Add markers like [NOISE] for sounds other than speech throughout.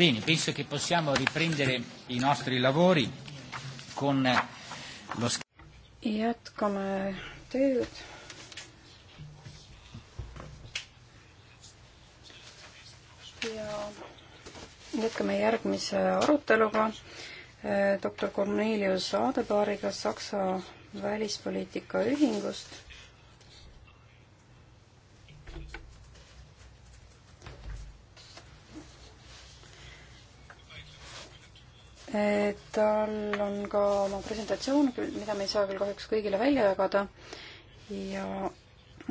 Bene, penso che possiamo riprendere i nostri lavori con eh, lo jätkame tööd. ja jätkame järgmise aruteluga eh, doktor Cornelius Adebaariga Saksa välispoliitika ühingust Eh, tal on ka oma presentatsioon, mida me ei saa küll kahjuks kõigile välja jagada ja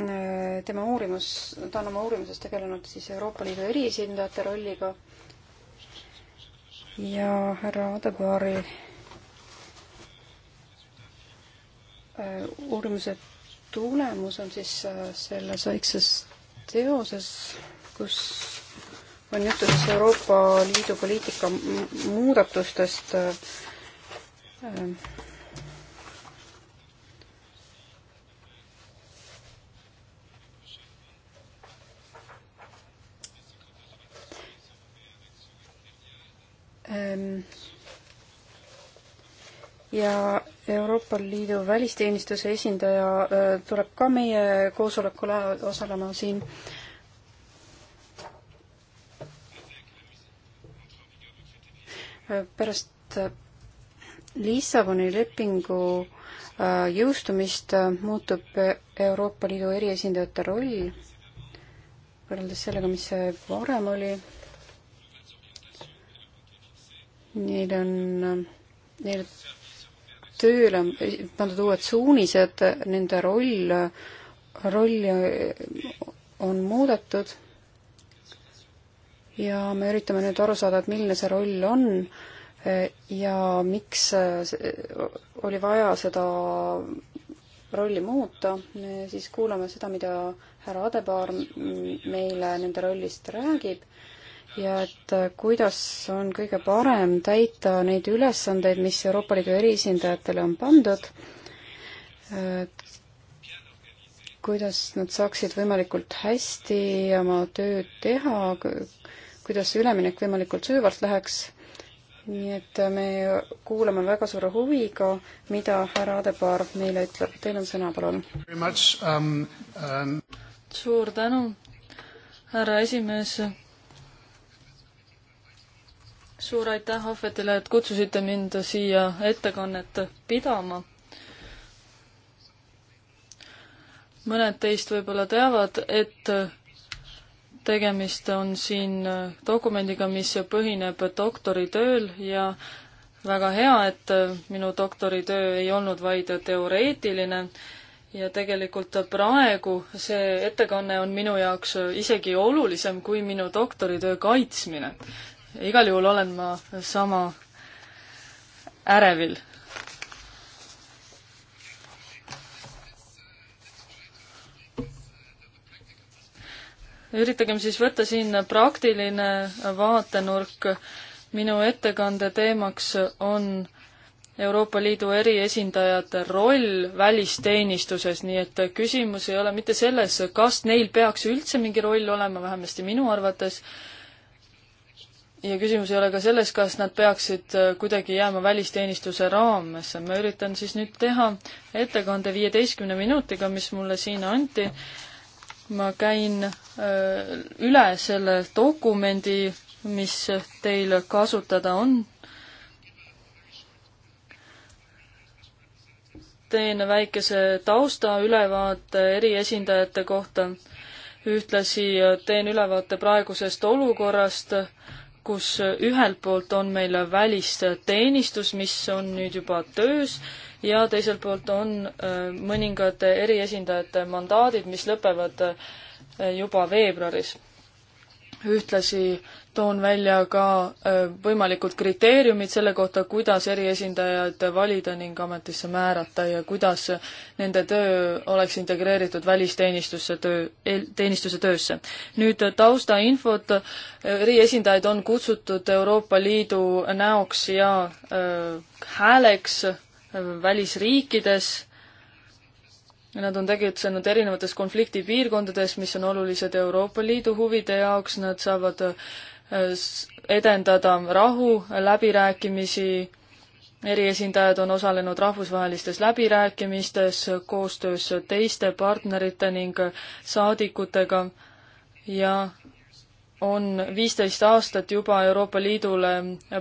eh, tema uurimus, ta on oma uurimuses tegelenud siis Euroopa Liidu eriesindajate rolliga ja härra Adebaari eh, uurimuse tulemus on siis selles väikses teoses, kus on juttu siis Euroopa Liidu poliitika muudatustest. Ähm, ja Euroopa Liidu välisteenistuse esindaja äh, tuleb ka meie koosolekul osalema siin äh, pärast äh, Lissaboni lepingu äh, jõustumist äh, muutub Euroopa Liidu eriesindajate roll võrreldes sellega, mis see varem oli. Neil on, neil tööle on pandud uued suunised, nende roll, rolli on muudetud ja me üritame nüüd aru saada, et milline see roll on e, ja miks e, oli vaja seda rolli muuta, me siis kuulame seda, mida härra Adebaar meile nende rollist räägib ja et e, kuidas on kõige parem täita neid ülesandeid, mis Euroopa Liidu eriesindajatele on pandud, kuidas nad saaksid võimalikult hästi oma tööd teha, kuidas see üleminek võimalikult sujuvalt läheks. nii et me kuulame väga suure huviga, mida härra Adepaar meile ütleb. Teil on sõna, palun. Um, um... suur tänu, härra esimees. suur aitäh Ahvetile, et kutsusite mind siia ettekannet pidama mõned teist võib-olla teavad, et tegemist on siin äh, dokumendiga, mis põhineb doktoritööl ja väga hea, et äh, minu doktoritöö ei olnud vaid teoreetiline ja tegelikult praegu see ettekanne on minu jaoks äh, isegi olulisem kui minu doktoritöö kaitsmine. igal juhul olen ma sama ärevil üritagem siis võtta siin praktiline vaatenurk. minu ettekande teemaks on Euroopa Liidu eriesindajate roll välisteenistuses, nii et küsimus ei ole mitte selles, kas neil peaks üldse mingi roll olema, vähemasti minu arvates, ja küsimus ei ole ka selles, kas nad peaksid kuidagi jääma välisteenistuse raamesse. ma üritan siis nüüd teha ettekande viieteistkümne minutiga, mis mulle siin anti ma käin äh, üle selle dokumendi, mis teil kasutada on. teen väikese taustaülevaate eriesindajate kohta. ühtlasi teen ülevaate praegusest olukorrast kus ühelt poolt on meil välisteenistus, mis on nüüd juba töös, ja teiselt poolt on äh, mõningad eriesindajate mandaadid, mis lõpevad äh, juba veebruaris ühtlasi toon välja ka äh, võimalikud kriteeriumid selle kohta, kuidas eriesindajad valida ning ametisse määrata ja kuidas nende töö oleks integreeritud välisteenistusse töö, teenistuse töösse. nüüd taustainfot, eriesindajaid on kutsutud Euroopa Liidu näoks ja äh, hääleks äh, välisriikides Nad on tegutsenud erinevates konfliktipiirkondades, mis on olulised Euroopa Liidu huvide jaoks, nad saavad äh, edendada rahu läbirääkimisi, eriesindajad on osalenud rahvusvahelistes läbirääkimistes koostöös teiste partnerite ning saadikutega ja on viisteist aastat juba Euroopa Liidule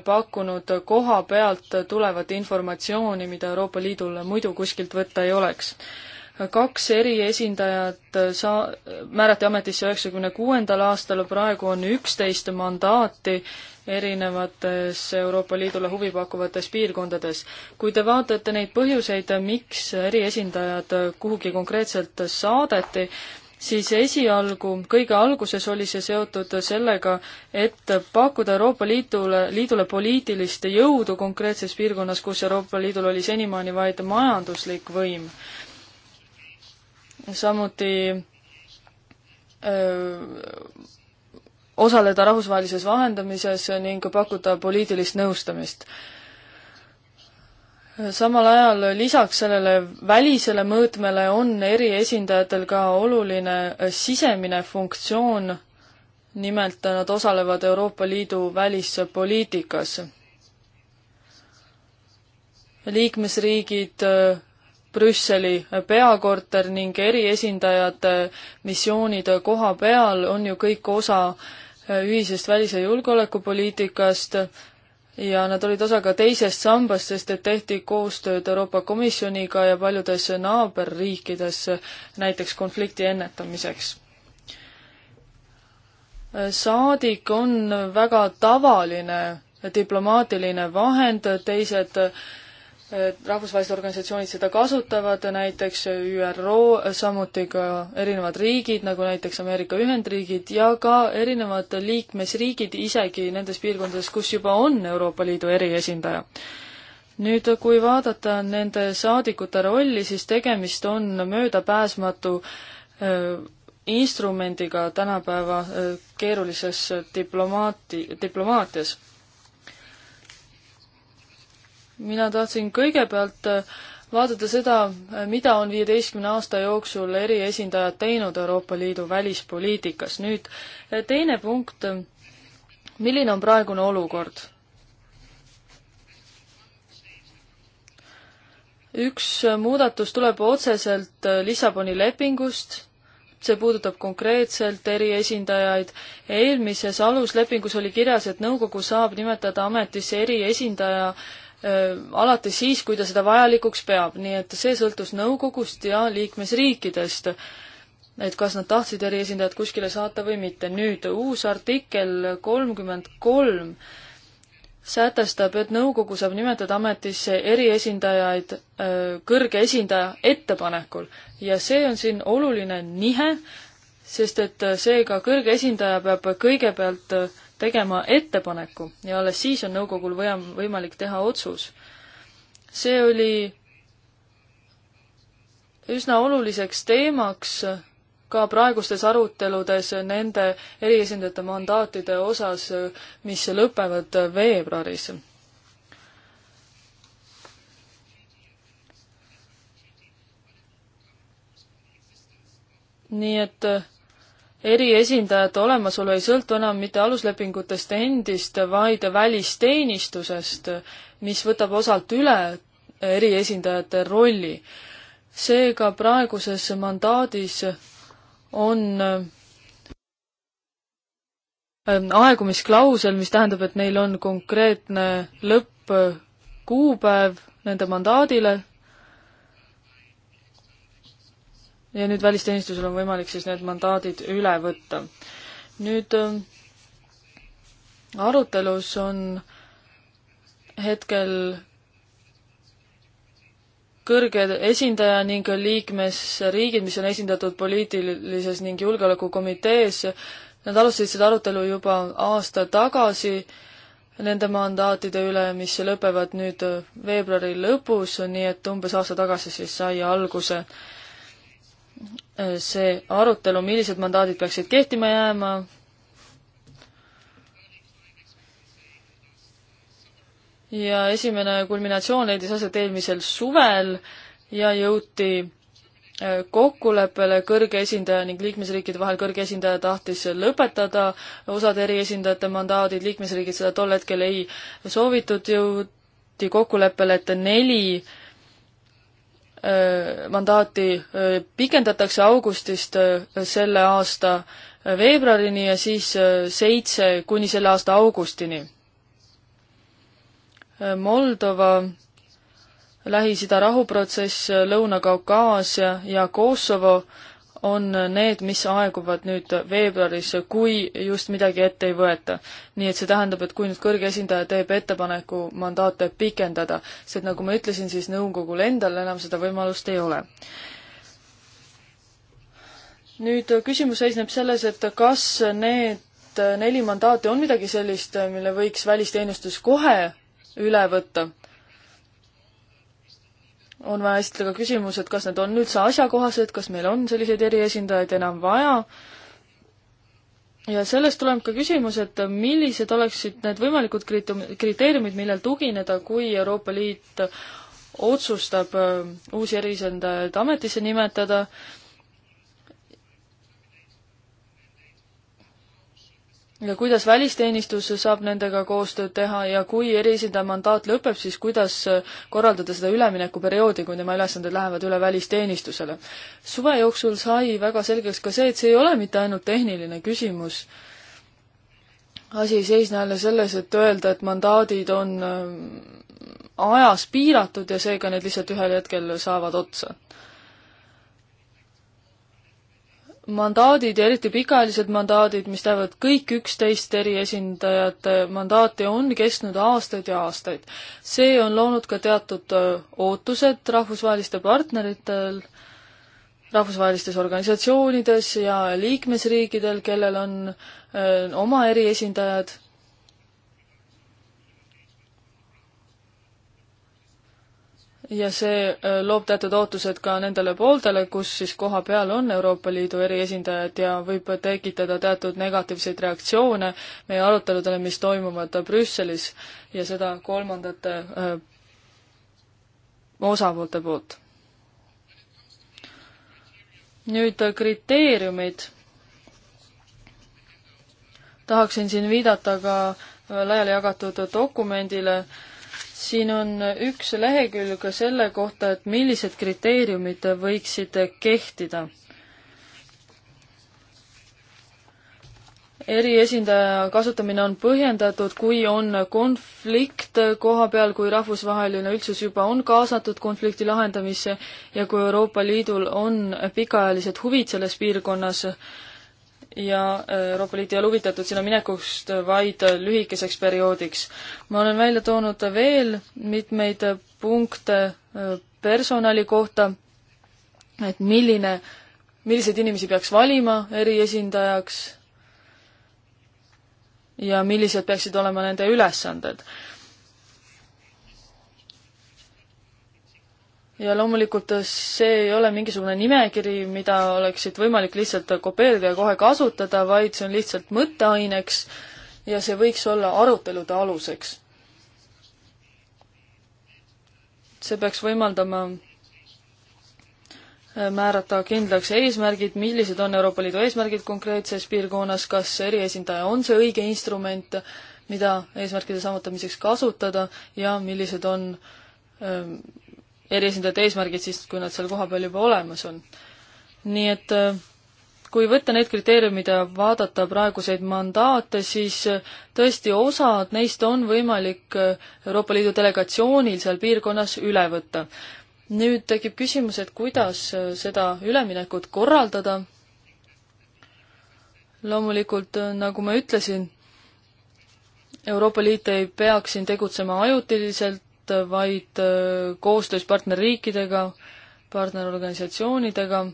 pakkunud koha pealt tulevat informatsiooni, mida Euroopa Liidul muidu kuskilt võtta ei oleks kaks eriesindajat äh, saa-, määrati ametisse üheksakümne kuuendal aastal, praegu on üksteist mandaati erinevates Euroopa Liidule huvi pakkuvates piirkondades. kui te vaatate neid põhjuseid, miks eriesindajad kuhugi konkreetselt saadeti, siis esialgu, kõige alguses oli see seotud sellega, et pakkuda Euroopa Liidule, liidule poliitilist jõudu konkreetses piirkonnas, kus Euroopa Liidul oli senimaani vaid majanduslik võim samuti öö, osaleda rahvusvahelises vahendamises ning pakkuda poliitilist nõustamist. samal ajal lisaks sellele välisele mõõtmele on eriesindajatel ka oluline sisemine funktsioon, nimelt nad osalevad Euroopa Liidu välispoliitikas. liikmesriigid Brüsseli peakorter ning eriesindajate äh, missioonid koha peal on ju kõik osa äh, ühisest välis- ja julgeolekupoliitikast ja nad olid osa ka teisest sambast, sest et tehti koostööd Euroopa Komisjoniga ja paljudes naaberriikides näiteks konflikti ennetamiseks. Äh, saadik on väga tavaline diplomaatiline vahend, teised äh, rahvusvahelised organisatsioonid seda kasutavad, näiteks ÜRO, samuti ka erinevad riigid, nagu näiteks Ameerika Ühendriigid ja ka erinevad liikmesriigid isegi nendes piirkondades, kus juba on Euroopa Liidu eriesindaja. nüüd, kui vaadata nende saadikute rolli, siis tegemist on möödapääsmatu äh, instrumendiga tänapäeva äh, keerulises diplomaati, diplomaatias mina tahtsin kõigepealt äh, vaadata seda, äh, mida on viieteistkümne aasta jooksul eriesindajad teinud Euroopa Liidu välispoliitikas. nüüd äh, teine punkt, milline on praegune olukord? üks muudatus tuleb otseselt Lissaboni lepingust, see puudutab konkreetselt eriesindajaid. eelmises aluslepingus oli kirjas, et nõukogu saab nimetada ametisse eriesindaja äh, alati siis, kui ta seda vajalikuks peab, nii et see sõltus nõukogust ja liikmesriikidest, et kas nad tahtsid eriesindajat kuskile saata või mitte. nüüd uus artikkel kolmkümmend kolm sätestab, et nõukogu saab nimetada ametisse eriesindajaid kõrge esindaja ettepanekul ja see on siin oluline nihe, sest et seega kõrge esindaja peab kõigepealt tegema ettepaneku ja alles siis on nõukogul või-, võimalik teha otsus. see oli üsna oluliseks teemaks ka praegustes aruteludes nende eriesindajate mandaatide osas, mis lõpevad veebruaris. nii et eriesindajate olemasolu ei sõltu enam mitte aluslepingutest endist, vaid välisteenistusest, mis võtab osalt üle eriesindajate rolli. seega praeguses mandaadis on ähm, aegumisklausel, mis tähendab, et neil on konkreetne lõppkuupäev nende mandaadile ja nüüd välisteenistusel on võimalik siis need mandaadid üle võtta. nüüd äh, arutelus on hetkel kõrge esindaja ning liikmesriigid, mis on esindatud poliitilises ning julgeolekukomitees, nad alustasid seda arutelu juba aasta tagasi nende mandaatide üle, mis lõpevad nüüd äh, veebruari lõpus, nii et umbes aasta tagasi siis sai alguse äh, see arutelu, millised mandaadid peaksid kehtima jääma, ja esimene kulminatsioon leidis aset eelmisel suvel ja jõuti äh, kokkuleppele kõrge esindaja ning liikmesriikide vahel. kõrge esindaja tahtis lõpetada osad eriesindajate mandaadid, liikmesriigid seda tol hetkel ei soovitud, jõuti kokkuleppele, et neli äh, Äh, mandaati äh, pikendatakse augustist äh, selle aasta veebruarini ja siis seitse kuni selle aasta augustini. Moldova, Lähis-Ida rahuprotsess, Lõuna-Kaukaasia ja Kosovo on need, mis aeguvad nüüd veebruaris, kui just midagi ette ei võeta. nii et see tähendab, et kui nüüd kõrge esindaja teeb ettepaneku mandaate pikendada, sest nagu ma ütlesin, siis nõukogul endal enam seda võimalust ei ole. nüüd küsimus seisneb selles, et kas need neli mandaati on midagi sellist, mille võiks välisteenistus kohe üle võtta on vaja esitleda ka küsimus, et kas need on üldse asjakohased, kas meil on selliseid eriesindajaid enam vaja. ja sellest tuleb ka küsimus, et millised oleksid need võimalikud kriteeriumid, millel tugineda, kui Euroopa Liit otsustab äh, uusi eriesindajaid ametisse nimetada ja kuidas välisteenistus saab nendega koostööd teha ja kui eriesindaja mandaat lõpeb, siis kuidas korraldada seda üleminekuperioodi, kui tema ülesanded lähevad üle välisteenistusele. suve jooksul sai väga selgeks ka see, et see ei ole mitte ainult tehniline küsimus, asi ei seisne jälle selles, et öelda, et mandaadid on ähm, ajas piiratud ja seega need lihtsalt ühel hetkel saavad otsa mandaadid ja eriti pikaajalised mandaadid, mis teevad kõik üksteist eri esindajate mandaati, on kestnud aastaid ja aastaid. see on loonud ka teatud ootused rahvusvaheliste partneritel, rahvusvahelistes organisatsioonides ja liikmesriikidel, kellel on öö, oma eriesindajad ja see äh, loob teatud ootused ka nendele pooltele, kus siis koha peal on Euroopa Liidu eriesindajad ja võib tekitada teatud negatiivseid reaktsioone meie aruteludele, mis toimuvad Brüsselis ja seda kolmandate öö, äh, osapoolte poolt. nüüd äh, kriteeriumid. tahaksin siin viidata ka laiali jagatud dokumendile, siin on üks lehekülg ka selle kohta, et millised kriteeriumid võiksid kehtida. eriesindaja kasutamine on põhjendatud, kui on konflikt koha peal, kui rahvusvaheline üldsus juba on kaasatud konflikti lahendamisse ja kui Euroopa Liidul on pikaajalised huvid selles piirkonnas äh, ja äh, Euroopa Liit ei ole huvitatud sinna minekust vaid lühikeseks perioodiks. ma olen välja toonud veel mitmeid punkte äh, personali kohta, et milline, milliseid inimesi peaks valima eriesindajaks ja millised peaksid olema nende ülesanded ja loomulikult äh, see ei ole mingisugune nimekiri, mida oleksid võimalik lihtsalt äh, kopeerida ja kohe kasutada, vaid see on lihtsalt mõtteaineks ja see võiks olla arutelude aluseks. see peaks võimaldama äh, määrata kindlaks eesmärgid, millised on Euroopa Liidu eesmärgid konkreetses piirkonnas, kas eriesindaja on see õige instrument, mida eesmärkide saavutamiseks kasutada ja millised on öö, ähm, eriesindajate eesmärgid siis, kui nad seal kohapeal juba olemas on. nii et äh, kui võtta need kriteeriumid ja vaadata praeguseid mandaate, siis äh, tõesti osad neist on võimalik äh, Euroopa Liidu delegatsioonil seal piirkonnas üle võtta. nüüd tekib küsimus, et kuidas seda üleminekut korraldada. loomulikult, nagu ma ütlesin, Euroopa Liit ei peaks siin tegutsema ajutiliselt, poolt, vaid äh, koostöös partnerriikidega, partnerorganisatsioonidega.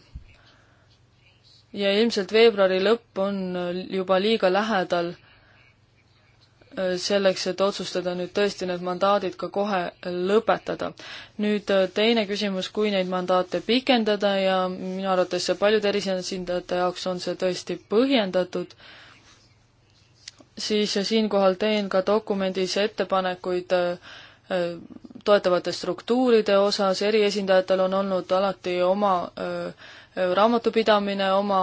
ja ilmselt veebruari lõpp on äh, juba liiga lähedal äh, selleks, et otsustada nüüd tõesti need mandaadid ka kohe lõpetada. nüüd teine küsimus, kui neid mandaate pikendada ja minu arvates see paljude erisesindajate jaoks on see tõesti põhjendatud, siis siinkohal teen ka dokumendis ettepanekuid Äh, toetavate struktuuride osas, eriesindajatel on olnud alati oma äh, äh, raamatupidamine, oma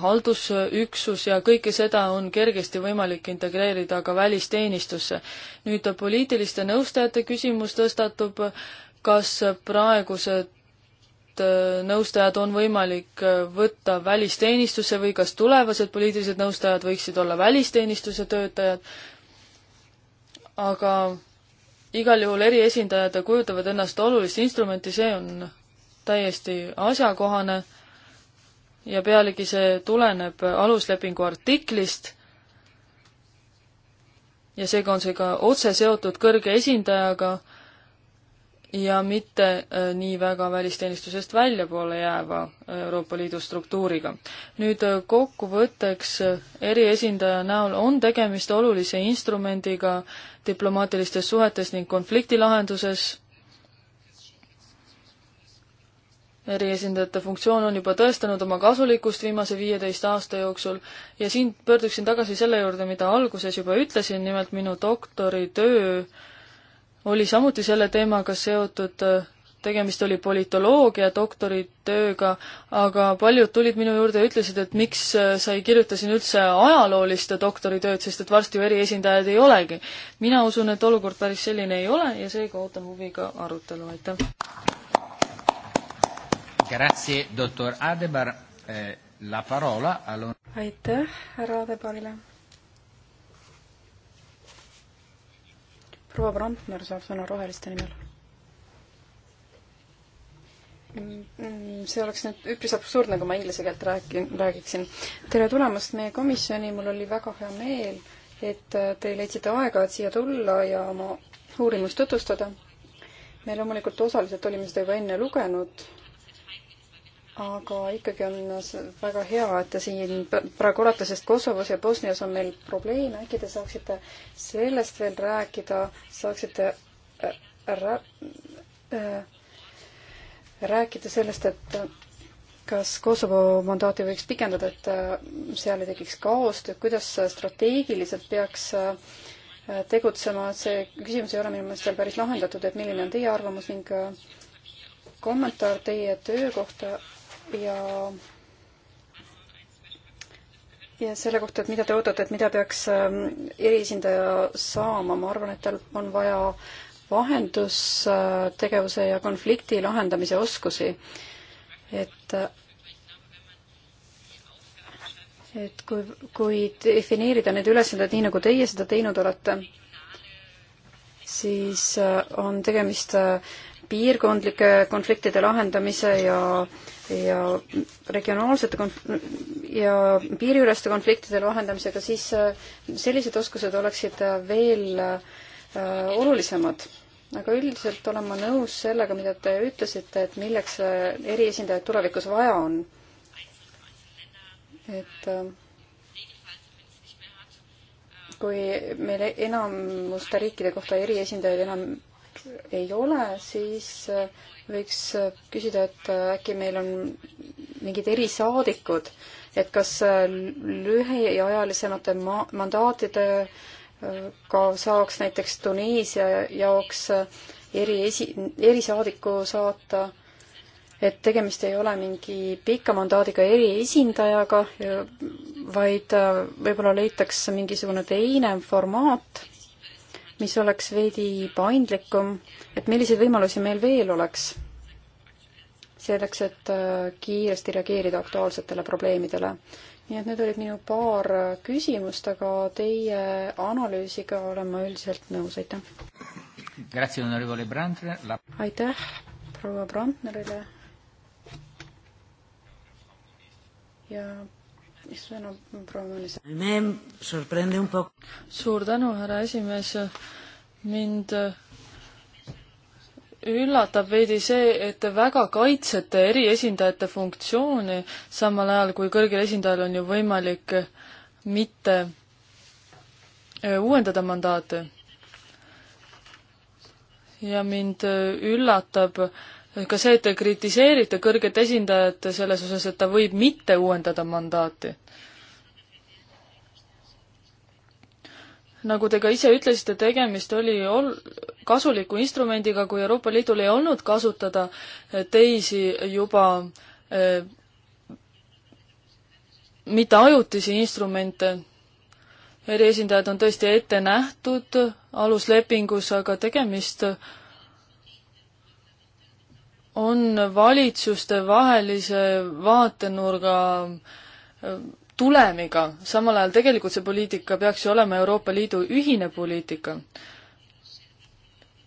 haldusüksus ja kõike seda on kergesti võimalik integreerida ka välisteenistusse. nüüd poliitiliste nõustajate küsimus tõstatub, kas praegused nõustajad on võimalik võtta välisteenistusse või kas tulevased poliitilised nõustajad võiksid olla välisteenistuse töötajad, aga igal juhul eriesindajad kujutavad ennast olulist instrumenti, see on täiesti asjakohane ja pealegi see tuleneb aluslepingu artiklist ja seega on see ka otse seotud kõrge esindajaga ja mitte äh, nii väga välisteenistusest väljapoole jääva äh, Euroopa Liidu struktuuriga. nüüd äh, kokkuvõtteks, eriesindaja näol on tegemist olulise instrumendiga diplomaatilistes suhetes ning konfliktilahenduses, eriesindajate funktsioon on juba tõestanud oma kasulikkust viimase viieteist aasta jooksul ja siin pöörduksin tagasi selle juurde, mida alguses juba ütlesin, nimelt minu doktoritöö äh, oli samuti selle teemaga seotud, tegemist oli politoloogia doktoritööga, aga paljud tulid minu juurde ja ütlesid, et miks äh, sa ei kirjuta siin üldse ajaloolist doktoritööd, sest et varsti ju eriesindajaid ei olegi. mina usun, et olukord päris selline ei ole ja seega ootan huviga arutelu, aitäh. Grazie, doktor Adebar eh,. La parola allora. aitäh härra Adebarile proua Brandner saab sõna roheliste nimel. see oleks nüüd üpris absurdne, kui ma inglise keelt räägin, räägiksin. tere tulemast meie komisjoni, mul oli väga hea meel, et te leidsite aega, et siia tulla ja oma uurimust tutvustada. me loomulikult osaliselt olime seda juba enne lugenud aga ikkagi on väga hea, et te siin praegu olete, sest Kosovos ja Bosnias on meil probleeme, äkki te saaksite sellest veel rääkida, saaksite ära, äh, äh, rääkida sellest, et äh, kas Kosovo mandaati võiks pikendada, et äh, seal ei tekiks kaost, et kuidas strateegiliselt peaks tegutsema, et see küsimus ei ole minu meelest seal päris lahendatud, et milline on teie arvamus ning kommentaar teie töö kohta ja ja selle kohta, et mida te ootate, et mida peaks ähm, eriesindaja saama, ma arvan, et tal on vaja vahendustegevuse äh, ja konflikti lahendamise oskusi. et äh, et kui, kui defineerida need ülesanded nii, nagu teie seda teinud olete, siis äh, on tegemist piirkondlike konfliktide lahendamise ja äh, ja regionaalsete konf- ja piiriüleste konfliktide lahendamisega, siis äh, sellised oskused oleksid äh, veel äh, olulisemad. aga üldiselt olen ma nõus sellega, mida te ütlesite, et milleks eriesindajaid tulevikus vaja on. et kui meil e-, enamuste riikide kohta eriesindajaid enam ei ole, siis äh, võiks äh, küsida, et äh, äkki meil on mingid erisaadikud, et kas lühiajalisemate ma-, mandaatidega saaks näiteks Tuneesia jaoks eri esi-, erisaadiku saata, et tegemist ei ole mingi pika mandaadiga eriesindajaga, vaid võib-olla leitakse mingisugune teine formaat mis oleks veidi paindlikum, et milliseid võimalusi meil veel oleks selleks, et äh, kiiresti reageerida aktuaalsetele probleemidele. nii et need olid minu paar küsimust, aga teie analüüsiga olen ma üldiselt nõus, aitäh. aitäh proua Brandnerile ja sõna proua Mõnise. suur tänu, härra esimees. mind äh, üllatab veidi see, et te väga kaitsete eriesindajate funktsiooni, samal ajal kui kõrgel esindajal on ju võimalik äh, mitte äh, uuendada mandaate. ja mind üllatab äh, ka see, et te kritiseerite kõrget esindajat selles osas, et ta võib mitte uuendada mandaati. nagu te ka ise ütlesite, tegemist oli ol-, kasuliku instrumendiga, kui Euroopa Liidul ei olnud kasutada eh, teisi juba eh, mitte ajutisi instrumente, eriesindajad on tõesti ette nähtud aluslepingus, aga tegemist eh, on valitsustevahelise vaatenurga äh, tulemiga, samal ajal tegelikult see poliitika peaks ju olema Euroopa Liidu ühine poliitika.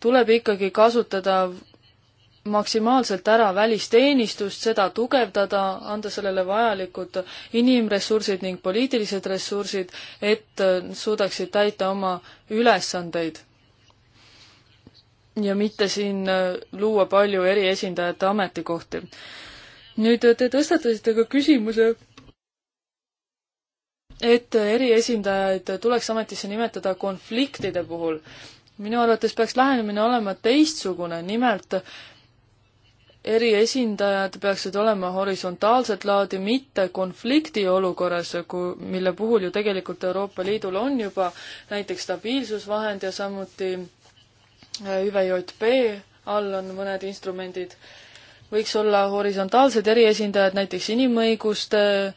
tuleb ikkagi kasutada maksimaalselt ära välisteenistust, seda tugevdada, anda sellele vajalikud inimressursid ning poliitilised ressursid, et äh, suudaksid täita oma ülesandeid ja mitte siin äh, luua palju eriesindajate ametikohti. nüüd äh, te tõstatasite ka küsimuse, et eriesindajaid tuleks ametisse nimetada konfliktide puhul. minu arvates peaks lähenemine olema teistsugune, nimelt eriesindajad peaksid olema horisontaalset laadi, mitte konflikti olukorras, kui, mille puhul ju tegelikult Euroopa Liidul on juba näiteks stabiilsusvahend ja samuti hüvejp all on mõned instrumendid, võiks olla horisontaalsed eriesindajad näiteks inimõiguste äh,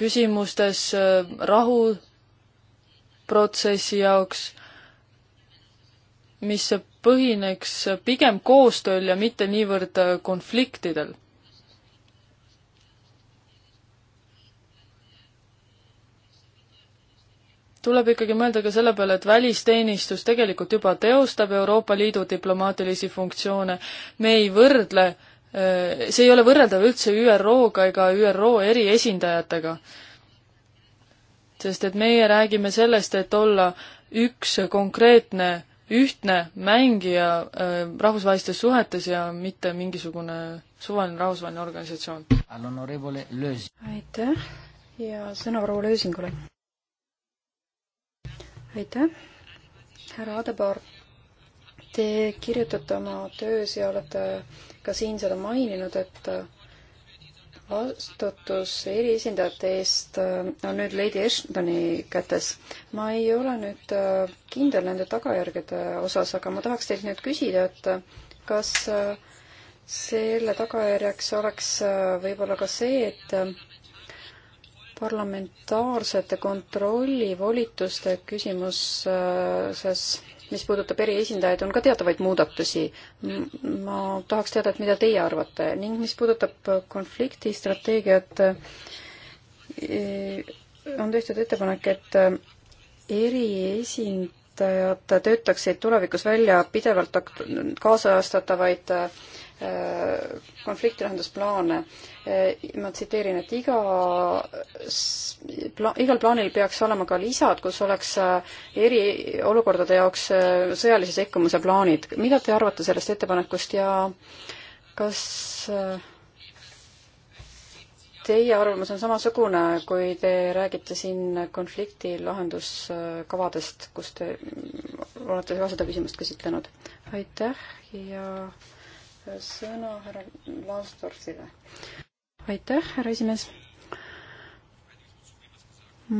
küsimustes, äh, rahuprotsessi jaoks, mis põhineks pigem koostööl ja mitte niivõrd äh, konfliktidel tuleb ikkagi mõelda ka selle peale, et välisteenistus tegelikult juba teostab Euroopa Liidu diplomaatilisi funktsioone. me ei võrdle, eh, see ei ole võrreldav üldse ÜRO-ga ega ÜRO eriesindajatega. sest et meie räägime sellest, et olla üks konkreetne ühtne mängija eh, rahvusvahelistes suhetes ja mitte mingisugune suvaline rahvusvaheline organisatsioon. aitäh ja sõna proua Lösingule aitäh, härra Adebar. Te kirjutate oma töös ja olete ka siin seda maininud, et vastutus eriesindajate eest äh, on nüüd Lady Ashtoni kätes. ma ei ole nüüd äh, kindel nende tagajärgede osas, aga ma tahaks teilt nüüd küsida, et äh, kas selle tagajärjeks oleks võib-olla ka see, et parlamentaarsete kontrollivolituste küsimuses, mis puudutab eriesindajaid, on ka teatavaid muudatusi. ma tahaks teada, et mida teie arvate ning mis puudutab konfliktistrateegiat, eh, on tehtud ettepanek, et eriesindajad töötaksid tulevikus välja pidevalt kaasajastatavaid äh, Äh, konfliktilahendusplaane. Äh, ma tsiteerin, et iga pla-, igal plaanil peaks olema ka lisad, kus oleks äh, eriolukordade jaoks sõjalise sekkumise plaanid. mida te arvate sellest ettepanekust ja kas teie arvamus on samasugune, kui te räägite siin konflikti lahenduskavadest, kus te olete ka seda küsimust käsitlenud? aitäh ja sõna härra Laastorfile. aitäh, härra esimees.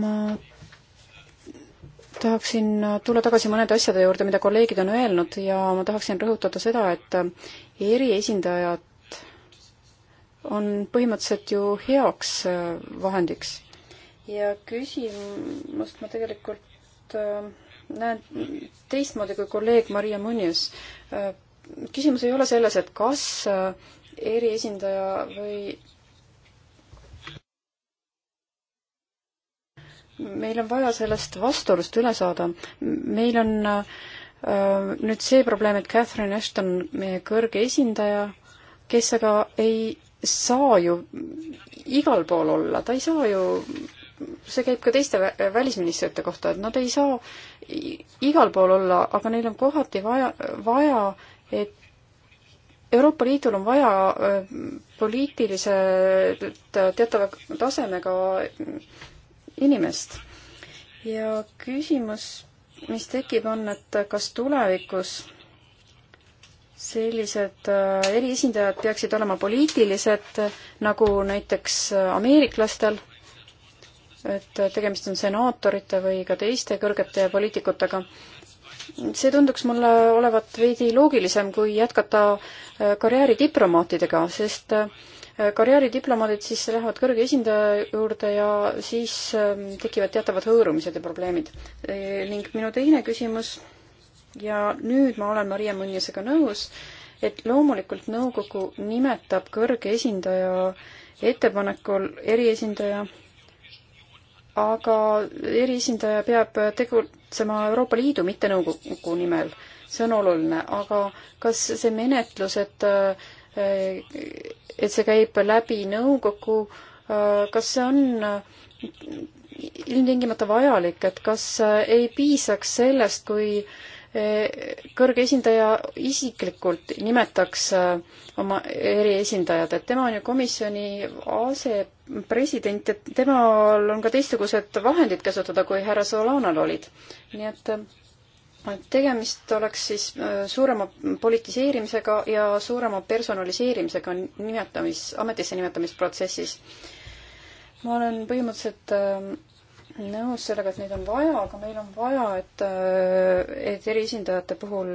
ma tahaksin tulla tagasi mõnede asjade juurde, mida kolleegid on öelnud ja ma tahaksin rõhutada seda, et eriesindajad on põhimõtteliselt ju heaks vahendiks. ja küsimust ma tegelikult äh, näen teistmoodi kui kolleeg Maria Munjes äh, küsimus ei ole selles, et kas äh, eriesindaja või meil on vaja sellest vastuolust üle saada. meil on äh, nüüd see probleem, et Catherine Ashton, meie kõrge esindaja, kes aga ei saa ju igal pool olla, ta ei saa ju see käib ka teiste välisministrite kohta, et nad ei saa igal pool olla, aga neil on kohati vaja, vaja et Euroopa Liidul on vaja poliitiliselt teatava tasemega inimest. ja küsimus, mis tekib, on, et kas tulevikus sellised eriesindajad peaksid olema poliitilised, nagu näiteks ameeriklastel, et tegemist on senaatorite või ka teiste kõrgete poliitikutega see tunduks mulle olevat veidi loogilisem, kui jätkata äh, karjääridiplomaatidega, sest äh, karjääridiplomaadid siis lähevad kõrge esindaja juurde ja siis ähm, tekivad teatavad hõõrumised ja probleemid. Äh, ning minu teine küsimus ja nüüd ma olen Maria Mõnnisega nõus, et loomulikult nõukogu nimetab kõrge esindaja ettepanekul eriesindaja aga eriesindaja peab tegutsema Euroopa Liidu, mitte nõukogu nimel. see on oluline, aga kas see menetlus, et et see käib läbi nõukogu, kas see on ilmtingimata vajalik, et kas ei piisaks sellest, kui kõrge esindaja isiklikult nimetaks oma eriesindajad, et tema on ju komisjoni ase president ja temal on ka teistsugused vahendid kasutada, kui härra Solanal olid. nii et äh, tegemist oleks siis äh, suurema politiseerimisega ja suurema personaliseerimisega nimetamis, ametisse nimetamisprotsessis. ma olen põhimõtteliselt äh, nõus sellega, et neid on vaja, aga meil on vaja, et, et eriesindajate puhul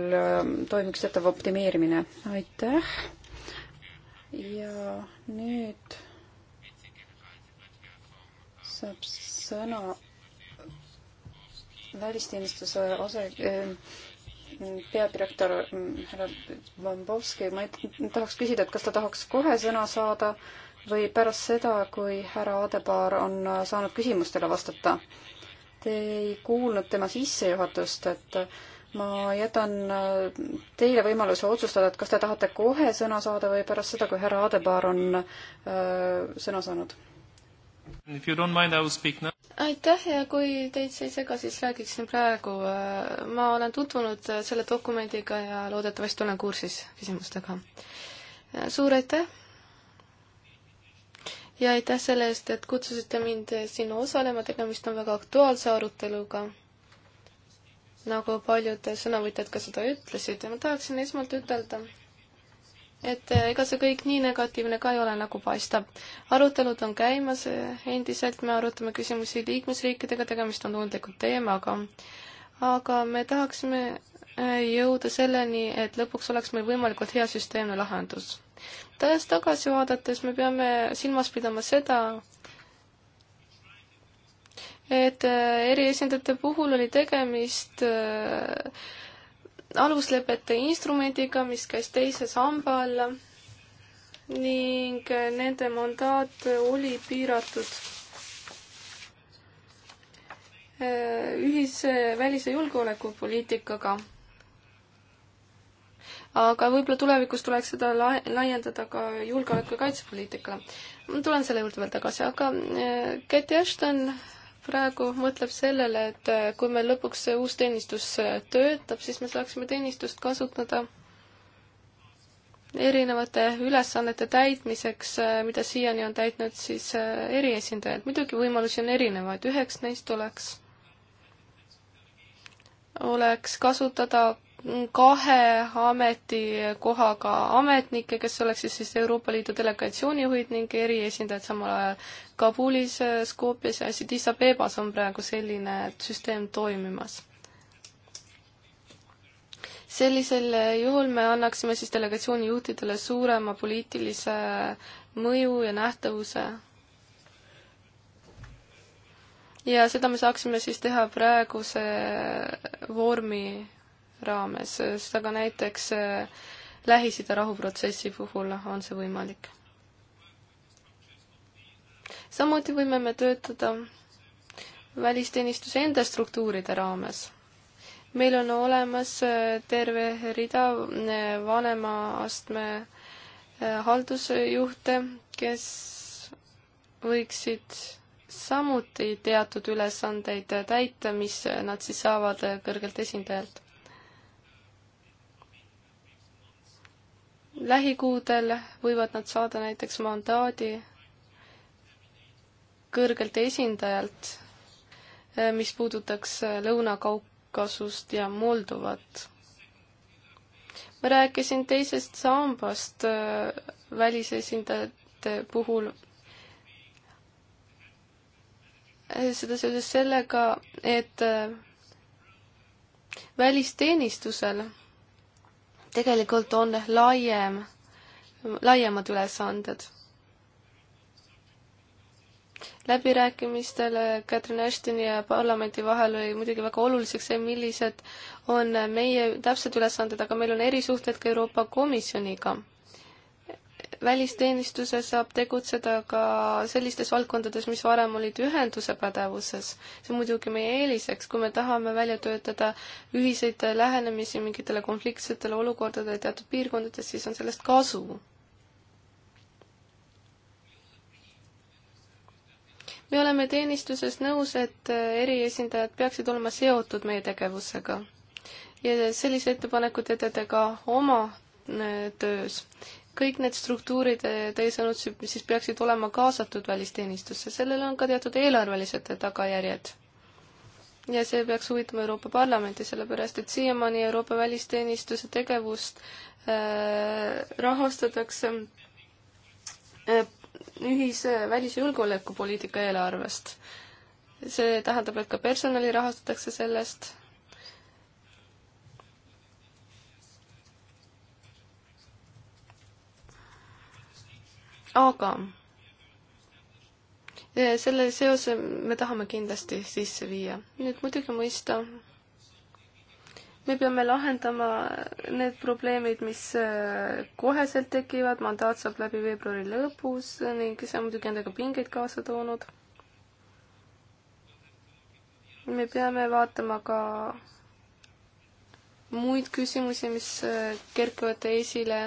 toimuks teatav optimeerimine. aitäh! ja nüüd saab sõna välisteenistuse ase äh, peadirektor äh, härra Vambovski, ma tahaks küsida, et kas ta tahaks kohe sõna saada või pärast seda, kui härra Adebar on äh, saanud küsimustele vastata. Te ei kuulnud tema sissejuhatust, et ma jätan teile võimaluse otsustada, et kas te tahate kohe sõna saada või pärast seda, kui härra Adebar on äh, sõna saanud aitäh ja kui teid see ei sega, siis räägiksin praegu. ma olen tutvunud äh, selle dokumendiga ja loodetavasti olen kursis küsimustega. Äh, suur aitäh! ja aitäh selle eest, et kutsusite mind sinna osalema, tegemist on väga aktuaalse aruteluga. nagu paljud sõnavõtjad ka seda ütlesid ja ma tahaksin esmalt ütelda, et äh, ega see kõik nii negatiivne ka ei ole, nagu paistab. arutelud on käimas, äh, endiselt me arutame küsimusi liikmesriikidega, tegemist on tundliku teemaga. aga me tahaksime äh, jõuda selleni, et lõpuks oleks meil võimalikult hea süsteemne lahendus. tõest tagasi vaadates me peame silmas pidama seda, et eriesindajate puhul oli tegemist äh, aluslepete instrumendiga, mis käis teise samba alla ning eh, nende mandaat oli piiratud. Eh, ühise välis- ja julgeolekupoliitikaga. aga võib-olla tulevikus tuleks seda la-, laiendada ka julgeoleku- ja kaitsepoliitikale. ma tulen selle juurde veel tagasi, aga Käti eh, Ashton praegu mõtleb sellele, et äh, kui meil lõpuks see uus teenistus äh, töötab, siis me saaksime teenistust kasutada erinevate ülesannete täitmiseks, äh, mida siiani on täitnud siis eriesindajad. muidugi võimalusi on erinevaid, üheks neist oleks, oleks kasutada kahe ametikohaga ametnikke, kes oleksid siis, siis Euroopa Liidu delegatsiooni juhid ning eriesindajad samal ajal. Kabulis, Skopjas ja Addis Abebas on praegu selline süsteem toimimas. sellisel juhul me annaksime siis delegatsiooni juhtidele suurema poliitilise mõju ja nähtavuse. ja seda me saaksime siis teha praeguse vormi raames, seda ka näiteks äh, Lähis-Ida rahuprotsessi puhul on see võimalik. samuti võime me töötada välisteenistuse enda struktuuride raames. meil on olemas äh, terve rida äh, vanema astme haldusjuhte, kes võiksid samuti teatud ülesandeid täita, mis nad siis saavad kõrgelt esindajalt. lähikuudel võivad nad saada näiteks mandaadi kõrgelt esindajalt, eh, mis puudutaks eh, Lõuna-Kaukasust ja Moldovat. ma rääkisin teisest sambast eh, välisesindajate puhul. seda seoses sellega, et välisteenistusel tegelikult on laiem, laiemad ülesanded. läbirääkimistel Catherine Ashtoni ja parlamendi vahel oli muidugi väga oluliseks see, millised on meie täpsed ülesanded, aga meil on erisuhted ka Euroopa Komisjoniga välisteenistuse saab tegutseda ka sellistes valdkondades, mis varem olid ühenduse pädevuses. see on muidugi meie eeliseks, kui me tahame välja töötada ühiseid lähenemisi mingitele konfliktsetele olukordadele teatud piirkondades, siis on sellest kasu. me oleme teenistuses nõus, et eriesindajad peaksid olema seotud meie tegevusega. ja sellise ettepaneku teete te ka oma äh, töös kõik need struktuurid eh, teie sõnul siis peaksid olema kaasatud välisteenistusse, sellel on ka teatud eelarvelised tagajärjed. ja see peaks huvitama Euroopa Parlamenti, sellepärast et siiamaani Euroopa välisteenistuse tegevust äh, rahastatakse äh, ühise välisjulgeolekupoliitika eelarvest. see tähendab, et ka personali rahastatakse sellest aga eh, selle seose me tahame kindlasti sisse viia. nüüd muidugi mõista, me peame lahendama need probleemid, mis eh, koheselt tekivad, mandaat saab läbi veebruari lõpus ning see on muidugi endaga pingeid kaasa toonud. me peame vaatama ka muid küsimusi, mis eh, kerkivad esile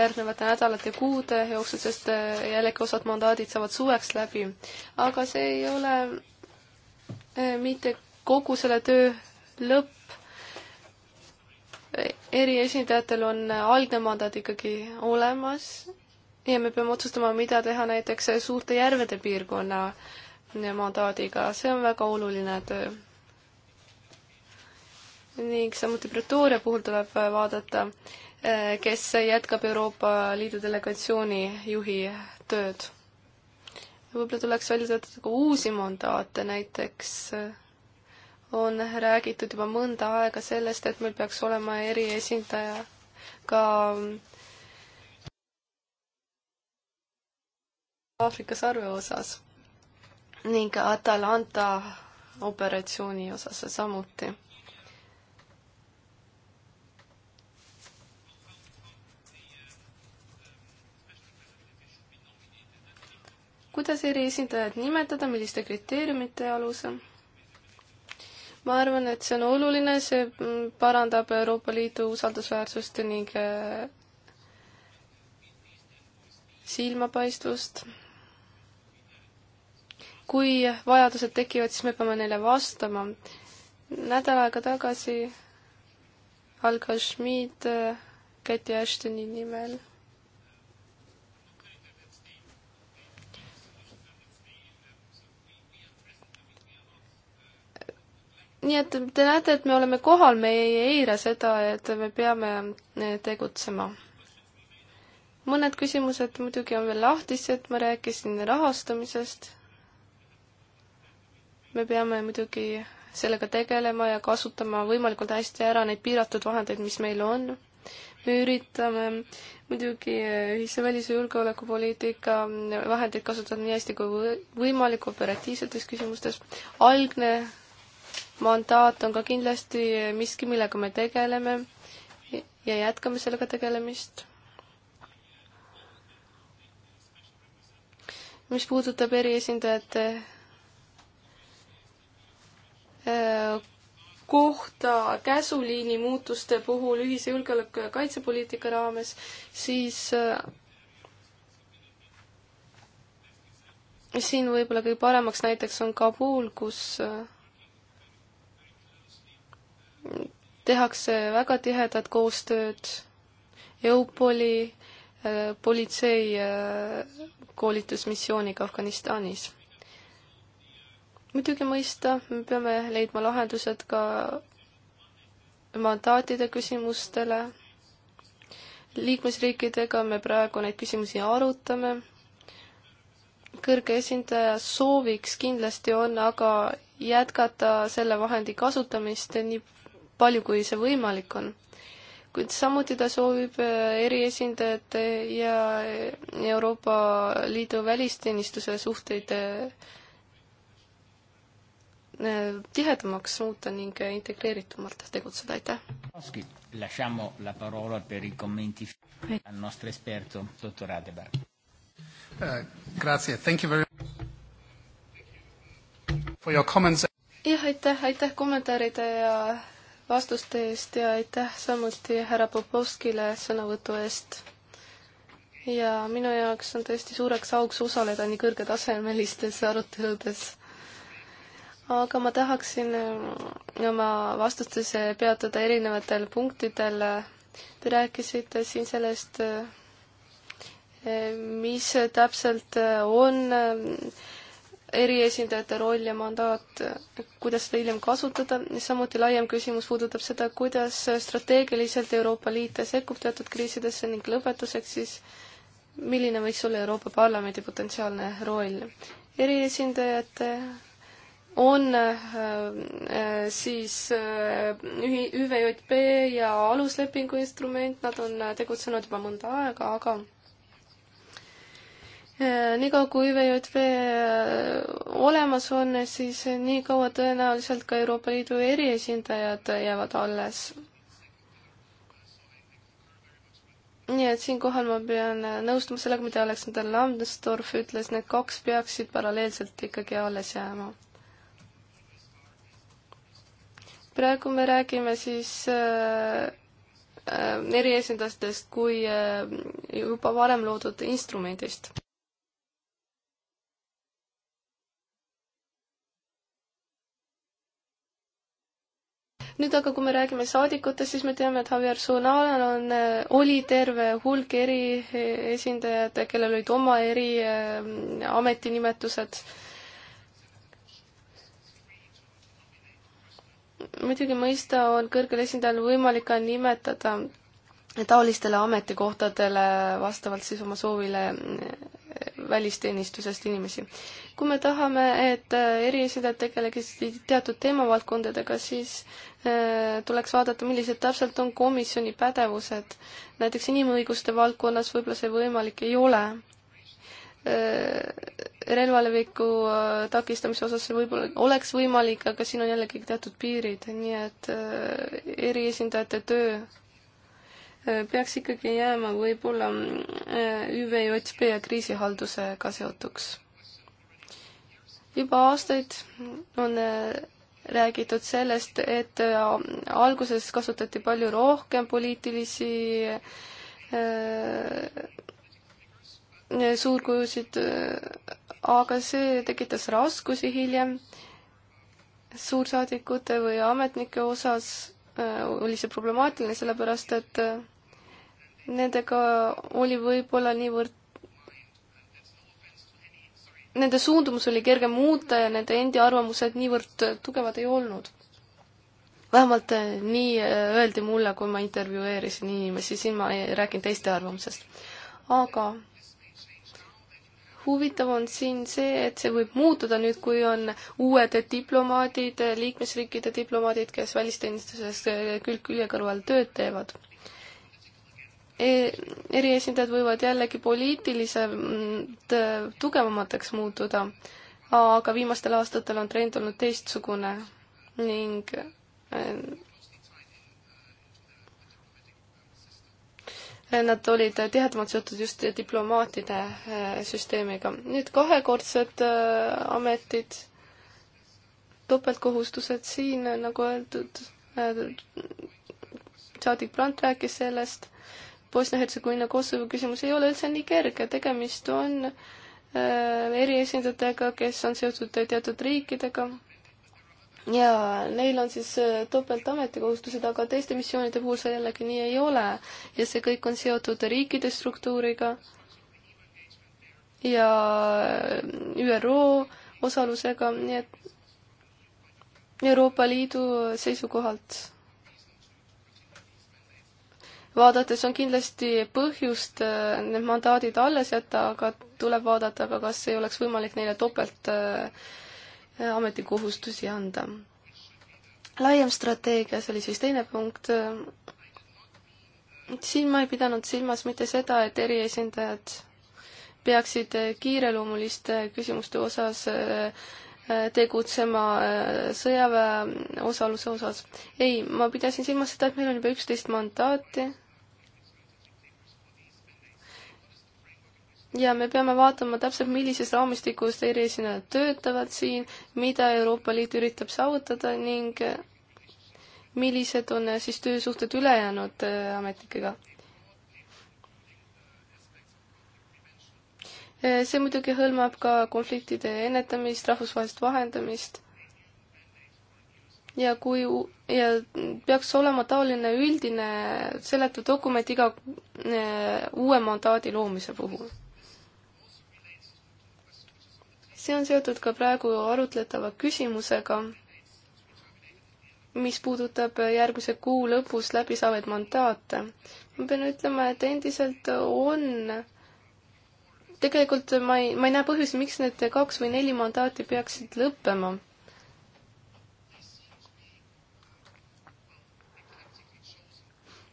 järgnevate nädalate, kuude jooksul, sest äh, jällegi osad mandaadid saavad suveks läbi. aga see ei ole äh, mitte kogu selle töö lõpp. eriesindajatel on äh, algne mandaat ikkagi olemas ja me peame otsustama, mida teha näiteks suurte järvede piirkonna mandaadiga, see on väga oluline töö. ning samuti Pretoria puhul tuleb vaadata, Eh, kes jätkab Euroopa Liidu delegatsiooni juhi tööd. võib-olla tuleks välja töötada ka uusi mandaate, näiteks eh, on räägitud juba mõnda aega sellest, et meil peaks olema eriesindaja ka mm, Aafrika sarve osas ning Atalanta operatsiooni osas samuti kuidas eriesindajad nimetada, milliste kriteeriumite alusel? ma arvan, et see on oluline, see mm, parandab Euroopa Liidu usaldusväärsust ning äh, silmapaistvust. kui vajadused tekivad, siis me peame neile vastama. nädal aega tagasi Al-Kashmid äh, Käti Ashtoni nimel nii et te näete, et me oleme kohal, me ei eira seda, et me peame eh, tegutsema. mõned küsimused muidugi on veel lahtised, ma rääkisin rahastamisest. me peame muidugi sellega tegelema ja kasutama võimalikult hästi ära neid piiratud vahendeid, mis meil on. me üritame muidugi eh, ühise välis- ja julgeolekupoliitika vahendeid kasutada nii hästi kui võimalik operatiivsetes küsimustes. algne mandaat on ka kindlasti miski, millega me tegeleme ja jätkame sellega tegelemist. mis puudutab eriesindajate äh, kohta käsuliini muutuste puhul ühise julgeoleku ja kaitsepoliitika raames, siis äh, siin võib-olla kõige paremaks näiteks on Kabul, kus äh, tehakse väga tihedat koostööd EUPOL-i äh, politsei äh, koolitusmissiooniga Afganistanis. muidugi mõista, me peame leidma lahendused ka mandaatide küsimustele. liikmesriikidega me praegu neid küsimusi arutame. kõrge esindaja sooviks kindlasti on aga jätkata selle vahendi kasutamist nii palju, kui see võimalik on. kuid samuti ta soovib äh, eriesindajate ja Euroopa Liidu välisteenistuse suhteid äh, äh, tihedamaks muuta ning integreeritumalt tegutseda, aitäh! Uh, grazie, thank you very for your comments. jah, aitäh, aitäh kommentaaride ja vastuste eest ja aitäh samuti härra Popovskile sõnavõtu eest. ja minu jaoks on tõesti suureks auks osaleda nii kõrgetasemelistes aruteludes. aga ma tahaksin ähm, oma vastustes peatuda erinevatel punktidel. Te rääkisite siin sellest, äh, mis täpselt äh, on ähm, eriesindajate roll ja mandaat, kuidas seda hiljem kasutada, samuti laiem küsimus puudutab seda, kuidas strateegiliselt Euroopa Liit sekkub teatud kriisidesse ning lõpetuseks siis, milline võiks olla Euroopa Parlamendi potentsiaalne roll. eriesindajate on äh, äh siis äh, ÜVJP ja aluslepingu instrument, nad on äh, tegutsenud juba mõnda aega, aga Äh, niikaua kui VJV äh, olemas on, siis äh, niikaua tõenäoliselt ka Euroopa Liidu eriesindajad jäävad alles. nii et siinkohal ma pean nõustuma sellega, mida Aleksander Lambsdorff ütles, need kaks peaksid paralleelselt ikkagi alles jääma. praegu me räägime siis äh, eriesindajatest kui juba varem loodud instrumendist. nüüd aga, kui me räägime saadikutest, siis me teame, et Javier Sonalal on, äh, oli terve hulk eri äh, esindajad, kellel olid oma eri äh, ametinimetused muidugi mõista on kõrgel esindajal võimalik ka nimetada taolistele ametikohtadele vastavalt siis oma soovile välisteenistusest inimesi. kui me tahame, et äh, eriesindajad tegeleksid teatud teemavaldkondadega, siis äh, tuleks vaadata, millised täpselt on komisjoni pädevused. näiteks inimõiguste valdkonnas võib-olla see võimalik ei ole. Äh, relvaleviku takistamise osas see võib-olla oleks võimalik, aga siin on jällegi teatud piirid, nii et eriesindajate töö peaks ikkagi jääma võib-olla mm, äh, ÜVJP ja kriisihaldusega seotuks. juba aastaid on äh, räägitud sellest, et äh, alguses kasutati palju rohkem poliitilisi suurkujusid, aga see tekitas raskusi hiljem suursaadikute või ametnike osas Äh, oli see problemaatiline, sellepärast et äh, nendega oli võib-olla niivõrd nende suundumus oli kerge muuta ja nende endi arvamused niivõrd äh, tugevad ei olnud. vähemalt nii öeldi mulle, kui ma intervjueerisin inimesi, siin ma ei rääkinud teiste arvamusest. aga huvitav on siin see, et see võib muutuda nüüd, kui on uued diplomaadid, liikmesriikide diplomaadid, kes välisteenistuses külg külje kõrval tööd teevad e. eriesindajad võivad jällegi poliitiliselt mm, tugevamateks muutuda, aga viimastel aastatel on trend olnud teistsugune ning äh, nad olid tihedamalt seotud just diplomaatide äh, süsteemiga. nüüd kahekordsed äh, ametid, topeltkohustused siin, äh, nagu öeldud, saadik Brandt rääkis sellest, Bosnia-Hertsegoviina Kosovo küsimus ei ole üldse nii kerge, tegemist on eriesindajatega, kes on seotud teatud riikidega jaa, neil on siis äh, topeltametikohustused, aga teiste missioonide puhul see jällegi nii ei ole ja see kõik on seotud riikide struktuuriga ja äh, ÜRO osalusega, nii et Euroopa Liidu seisukohalt vaadates on kindlasti põhjust äh, need mandaadid alles jätta, aga tuleb vaadata ka, kas ei oleks võimalik neile topelt äh, ametikohustusi anda. laiem strateegia, see oli siis teine punkt, siin ma ei pidanud silmas mitte seda, et eriesindajad peaksid kiireloomuliste küsimuste osas äh, tegutsema äh, sõjaväe osaluse osas. ei, ma pidasin silmas seda, et meil on juba üksteist mandaati ja me peame vaatama täpselt, millises raamistikus eriesinejad töötavad siin, mida Euroopa Liit üritab saavutada ning millised on siis töösuhted ülejäänud äh, ametnikega. Äh, see muidugi hõlmab ka konfliktide ennetamist, rahvusvahelist vahendamist ja kui ja peaks olema taoline üldine seletav dokument iga äh, uue mandaadi loomise puhul see on seotud ka praegu arutletava küsimusega, mis puudutab järgmise kuu lõpus läbi saavaid mandaate. ma pean ütlema, et endiselt on, tegelikult ma ei, ma ei näe põhjusi, miks need kaks või neli mandaati peaksid lõppema.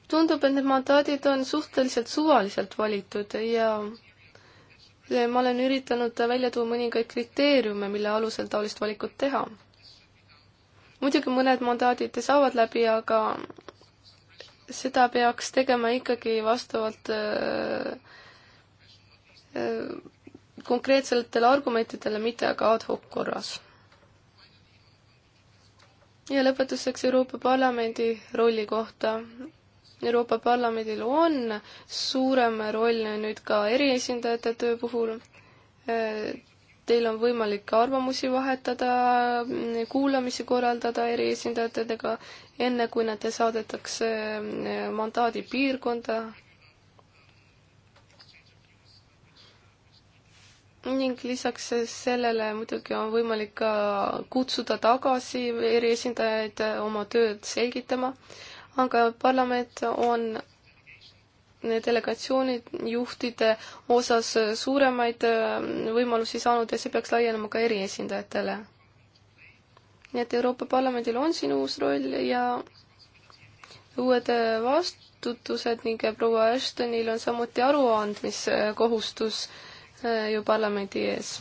tundub, et need mandaadid on suhteliselt suvaliselt valitud ja ma olen üritanud välja tuua mõningaid kriteeriume, mille alusel taolist valikut teha. muidugi mõned mandaadid saavad läbi, aga seda peaks tegema ikkagi vastavalt äh, äh, konkreetsetele argumentidele, mitte aga ad hoc korras. ja lõpetuseks Euroopa Parlamendi rolli kohta Euroopa Parlamendil on suurem roll nüüd ka eriesindajate töö puhul. Teil on võimalik arvamusi vahetada, kuulamisi korraldada eriesindajatega, enne kui nad saadetakse mandaadi piirkonda. ning lisaks sellele muidugi on võimalik ka kutsuda tagasi eriesindajaid oma tööd selgitama aga parlament on delegatsiooni juhtide osas suuremaid äh, võimalusi saanud ja see peaks laienema ka eriesindajatele. nii et Euroopa Parlamendil on siin uus roll ja uued äh, vastutused ning proua Ashtonil on samuti aruandmiskohustus äh, ju parlamendi ees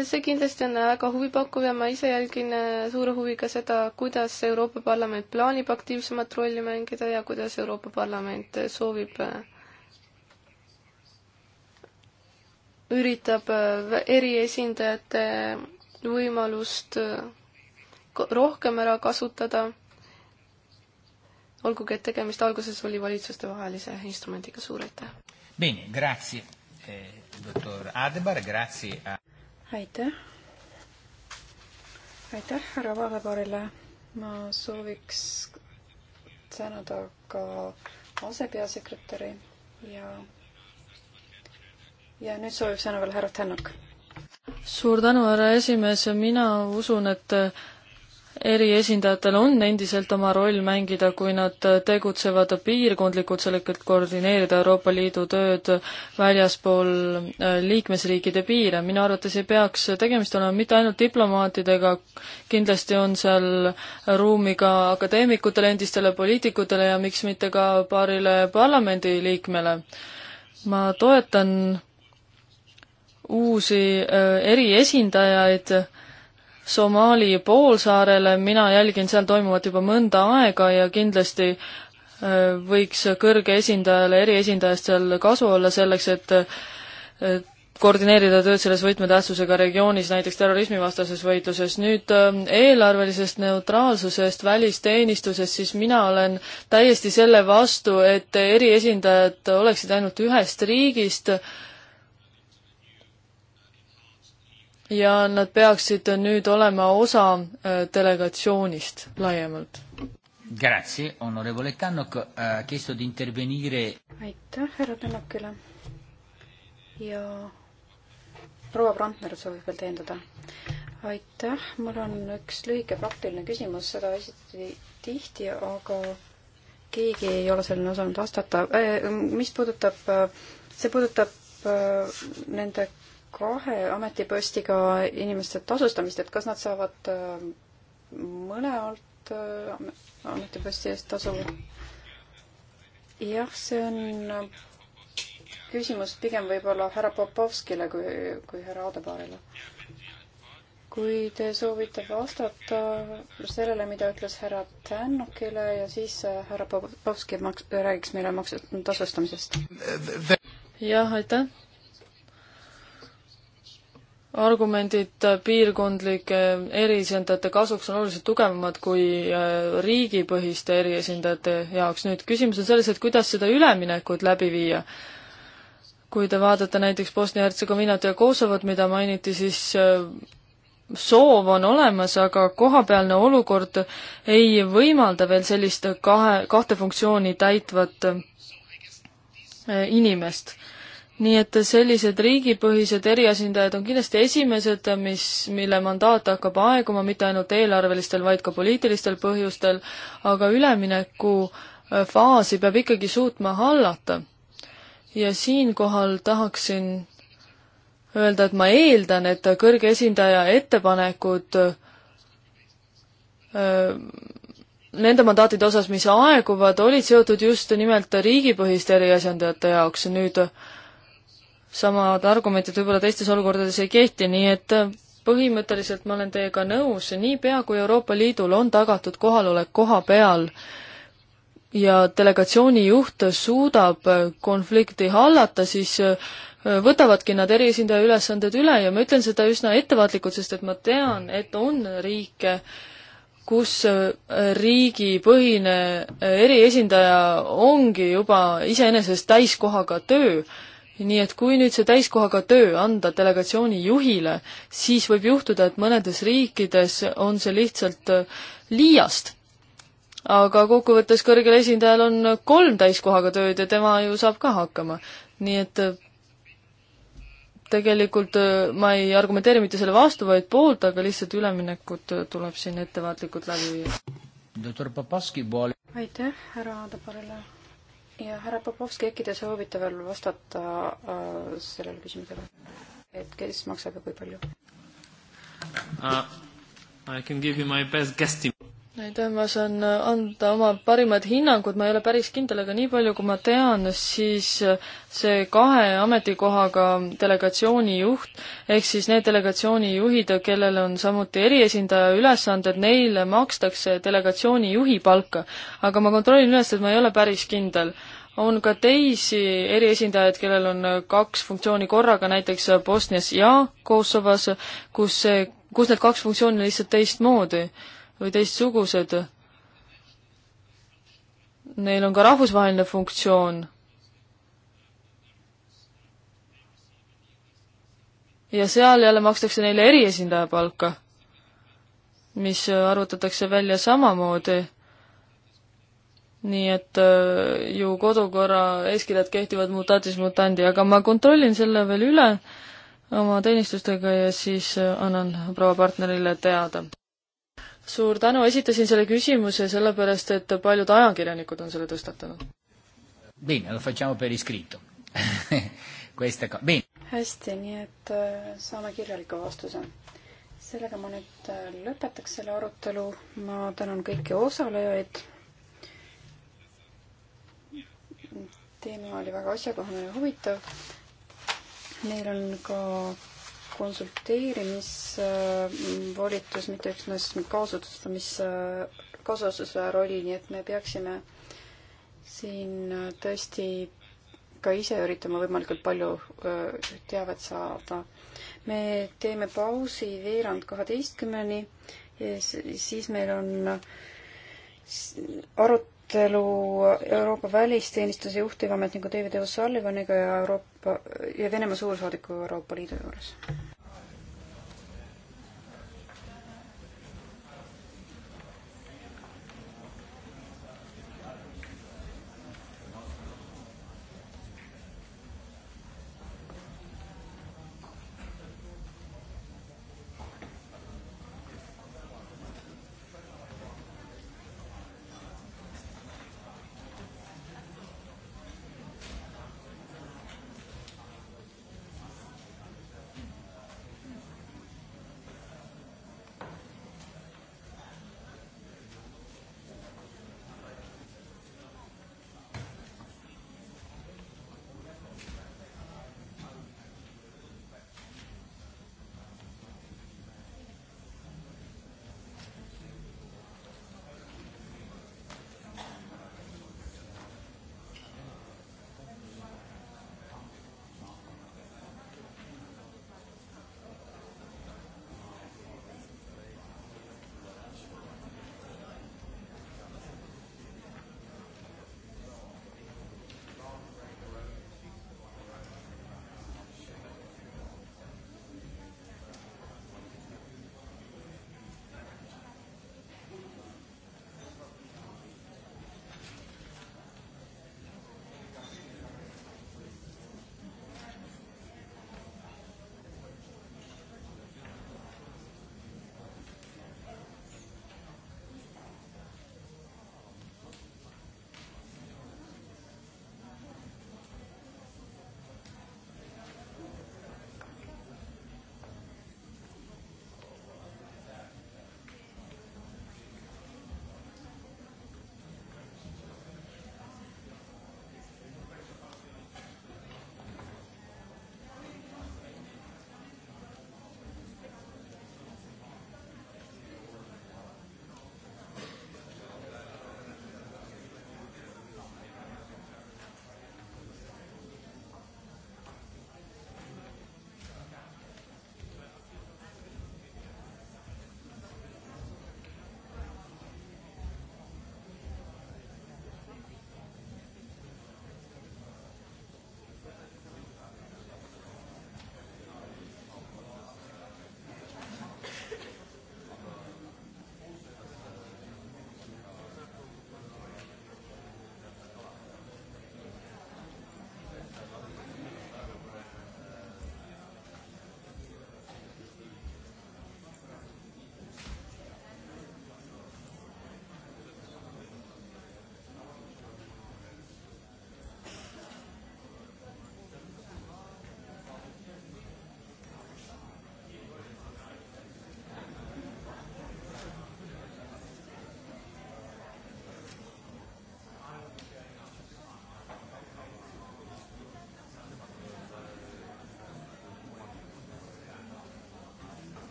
see kindlasti on väga huvipakkuv ja ma ise jälgin äh, suure huviga seda, kuidas Euroopa Parlament plaanib aktiivsemat rolli mängida ja kuidas Euroopa Parlament äh, soovib, äh, üritab eriesindajate võimalust rohkem ära kasutada, olgugi et tegemist alguses oli valitsustevahelise instrumendiga, suur aitäh! Bene, grazie eh,, doktor Adebar, grazie a aitäh. aitäh härra Vahepaarile. ma sooviks tänada ka asepeasekretäri ja, ja nüüd soovib sõna veel härra Tänak suur tänu, härra esimees, mina usun, et eriesindajatel on endiselt oma roll mängida, kui nad tegutsevad piirkondlikult, selleks et koordineerida Euroopa Liidu tööd väljaspool äh, liikmesriikide piire. minu arvates ei peaks tegemist olema mitte ainult diplomaatidega, kindlasti on seal ruumi ka akadeemikutele, endistele poliitikutele ja miks mitte ka paarile parlamendiliikmele. ma toetan uusi äh, eriesindajaid Somaali poolsaarele, mina jälgin seal toimuvat juba mõnda aega ja kindlasti äh, võiks kõrge esindajale, eriesindajast seal kasu olla selleks, et koordineerida tööd selles võtmetähtsusega regioonis, näiteks terrorismivastases võitluses. nüüd äh, eelarvelisest neutraalsusest välisteenistuses, siis mina olen täiesti selle vastu, et eriesindajad oleksid ainult ühest riigist, ja nad peaksid nüüd olema osa äh, delegatsioonist laiemalt. Grazie, onorevole Tannok ha äh, chiesto di intervenire. aitäh härra Tannokile ja proua Brandner soovib veel täiendada. aitäh, mul on üks lühike praktiline küsimus, seda esitati tihti, aga keegi ei ole sellele osanud vastata. Äh, mis puudutab, see puudutab nende kahe ametipostiga inimeste tasustamist, et kas nad saavad äh, mõlemalt äh, ametiposti eest tasu? jah, see on äh, küsimus pigem võib-olla härra Popovskile kui, kui härra Adepaarile. kui te soovite vastata sellele, mida ütles härra Tännukile ja siis härra Popovski maks-, räägiks meile maksu-, tasustamisest. jah, aitäh argumendid piirkondlike eriesindajate kasuks on oluliselt tugevamad kui äh, riigipõhiste eriesindajate jaoks. nüüd küsimus on selles, et kuidas seda üleminekut läbi viia. kui te vaatate näiteks Bosnia-Hertsegoviinat ja Kosovot, mida mainiti, siis äh, soov on olemas, aga kohapealne olukord ei võimalda veel sellist kahe, kahte funktsiooni täitvat äh, inimest nii et sellised riigipõhised eriesindajad on kindlasti esimesed, mis, mille mandaat hakkab aeguma mitte ainult eelarvelistel, vaid ka poliitilistel põhjustel, aga üleminekufaasi äh, peab ikkagi suutma hallata. ja siinkohal tahaksin öelda, et ma eeldan, et kõrge esindaja ettepanekud öö, äh, nende mandaatide osas, mis aeguvad, olid seotud just nimelt riigipõhiste eriasjandajate jaoks, nüüd samad argumendid võib-olla teistes olukordades ei kehti, nii et äh, põhimõtteliselt ma olen teiega nõus, niipea kui Euroopa Liidul on tagatud kohalolek koha peal ja delegatsiooni juht suudab äh, konflikti hallata, siis äh, võtavadki nad eriesindaja ülesanded üle ja ma ütlen seda üsna ettevaatlikult, sest et ma tean, et on riike, kus riigipõhine eriesindaja ongi juba iseenesest täiskohaga töö nii et kui nüüd see täiskohaga töö anda delegatsiooni juhile, siis võib juhtuda, et mõnedes riikides on see lihtsalt äh, liiast. aga kokkuvõttes kõrgel esindajal on kolm täiskohaga tööd ja tema ju saab ka hakkama. nii et äh, tegelikult äh, ma ei argumenteeri mitte selle vastu, vaid poolt, aga lihtsalt üleminekud tuleb siin ettevaatlikult läbi viia. aitäh härra Adaparile ja härra Popovski, äkki te soovite veel vastata äh, sellele küsimusele? et kes maksab ja kui palju uh,? I can give you my best guess aitäh, ma saan äh, anda oma parimad hinnangud, ma ei ole päris kindel, aga nii palju, kui ma tean, siis äh, see kahe ametikohaga delegatsiooni juht, ehk siis need delegatsiooni juhid, kellel on samuti eriesindaja ülesanded, neile makstakse delegatsiooni juhi palka. aga ma kontrollin üles, et ma ei ole päris kindel on ka teisi eriesindajaid, kellel on äh, kaks funktsiooni korraga, näiteks Bosnias ja Kosovos, kus see, kus need kaks funktsiooni on lihtsalt teistmoodi või teistsugused. Neil on ka rahvusvaheline funktsioon. ja seal jälle makstakse neile eriesindaja palka, mis arvutatakse välja samamoodi nii et äh, ju kodukorra eeskirjad kehtivad mutatis mutandi, aga ma kontrollin selle veel üle oma teenistustega ja siis äh, annan proua partnerile teada suur tänu, esitasin selle küsimuse sellepärast, et paljud ajakirjanikud on selle tõstatanud. Bene, lo facciamo per iscritto [LAUGHS] Questa ka-, bene. hästi, nii et äh, saame kirjaliku vastuse. sellega ma nüüd äh, lõpetaks selle arutelu, ma tänan kõiki osalejaid. teema oli väga asjakohane ja huvitav. meil on ka konsulteerimisvolitus, mitte üksnes kaasotsustamise, kaasotsuse roll, nii et me peaksime siin tõesti ka ise üritama võimalikult palju äh, teavet saada. me teeme pausi veerand kaheteistkümneni ja siis meil on arut-, arutelu Euroopa välisteenistuse juhtivametniku David O'Sullivaniga ja Euroopa ja Venemaa suursaadiku Euroopa Liidu juures.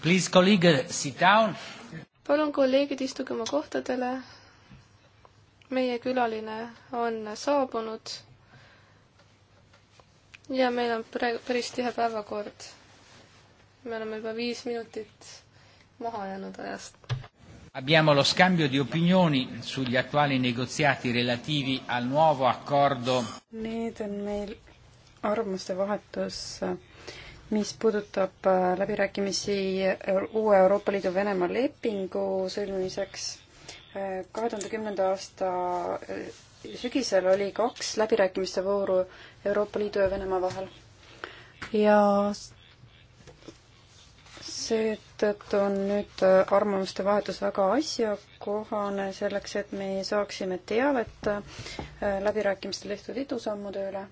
Please, colleague, sit down. palun, kolleegid, istuge oma kohtadele. meie külaline on saabunud. ja meil on praegu päris tihe päevakord. me oleme juba viis minutit maha jäänud ajast. Abbiamo lo scambio di opinioni sugli attuali negoziati relativi al nuovo accordo. Need on meil arvamuste vahetus mis puudutab äh, läbirääkimisi uue Euroopa Liidu Venemaa lepingu sõlmimiseks. Äh, kahe tuhande kümnenda aasta äh, sügisel oli kaks läbirääkimiste vooru Euroopa Liidu ja Venemaa vahel. ja seetõttu on nüüd arvamuste vahetus väga asjakohane selleks, et me saaksime teavet läbirääkimistel tehtud edusammude üle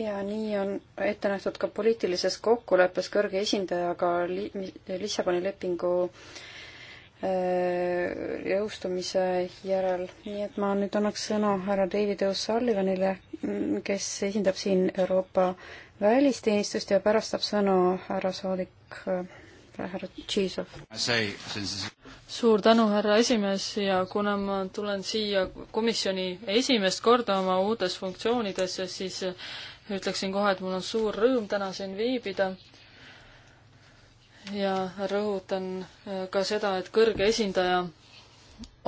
ja nii on ette nähtud ka poliitilises kokkuleppes kõrge esindajaga li-, Lissaboni lepingu äh, jõustumise järel, nii et ma nüüd annaks sõna härra David O'Sullivanile, mm, kes esindab siin Euroopa välisteenistust ja pärast saab sõna härra saadik äh, härra Tšiisov. suur tänu, härra esimees, ja kuna ma tulen siia komisjoni esimest korda oma uutes funktsioonides, siis ütleksin kohe, et mul on suur rõõm täna siin viibida ja rõhutan äh, ka seda, et kõrge esindaja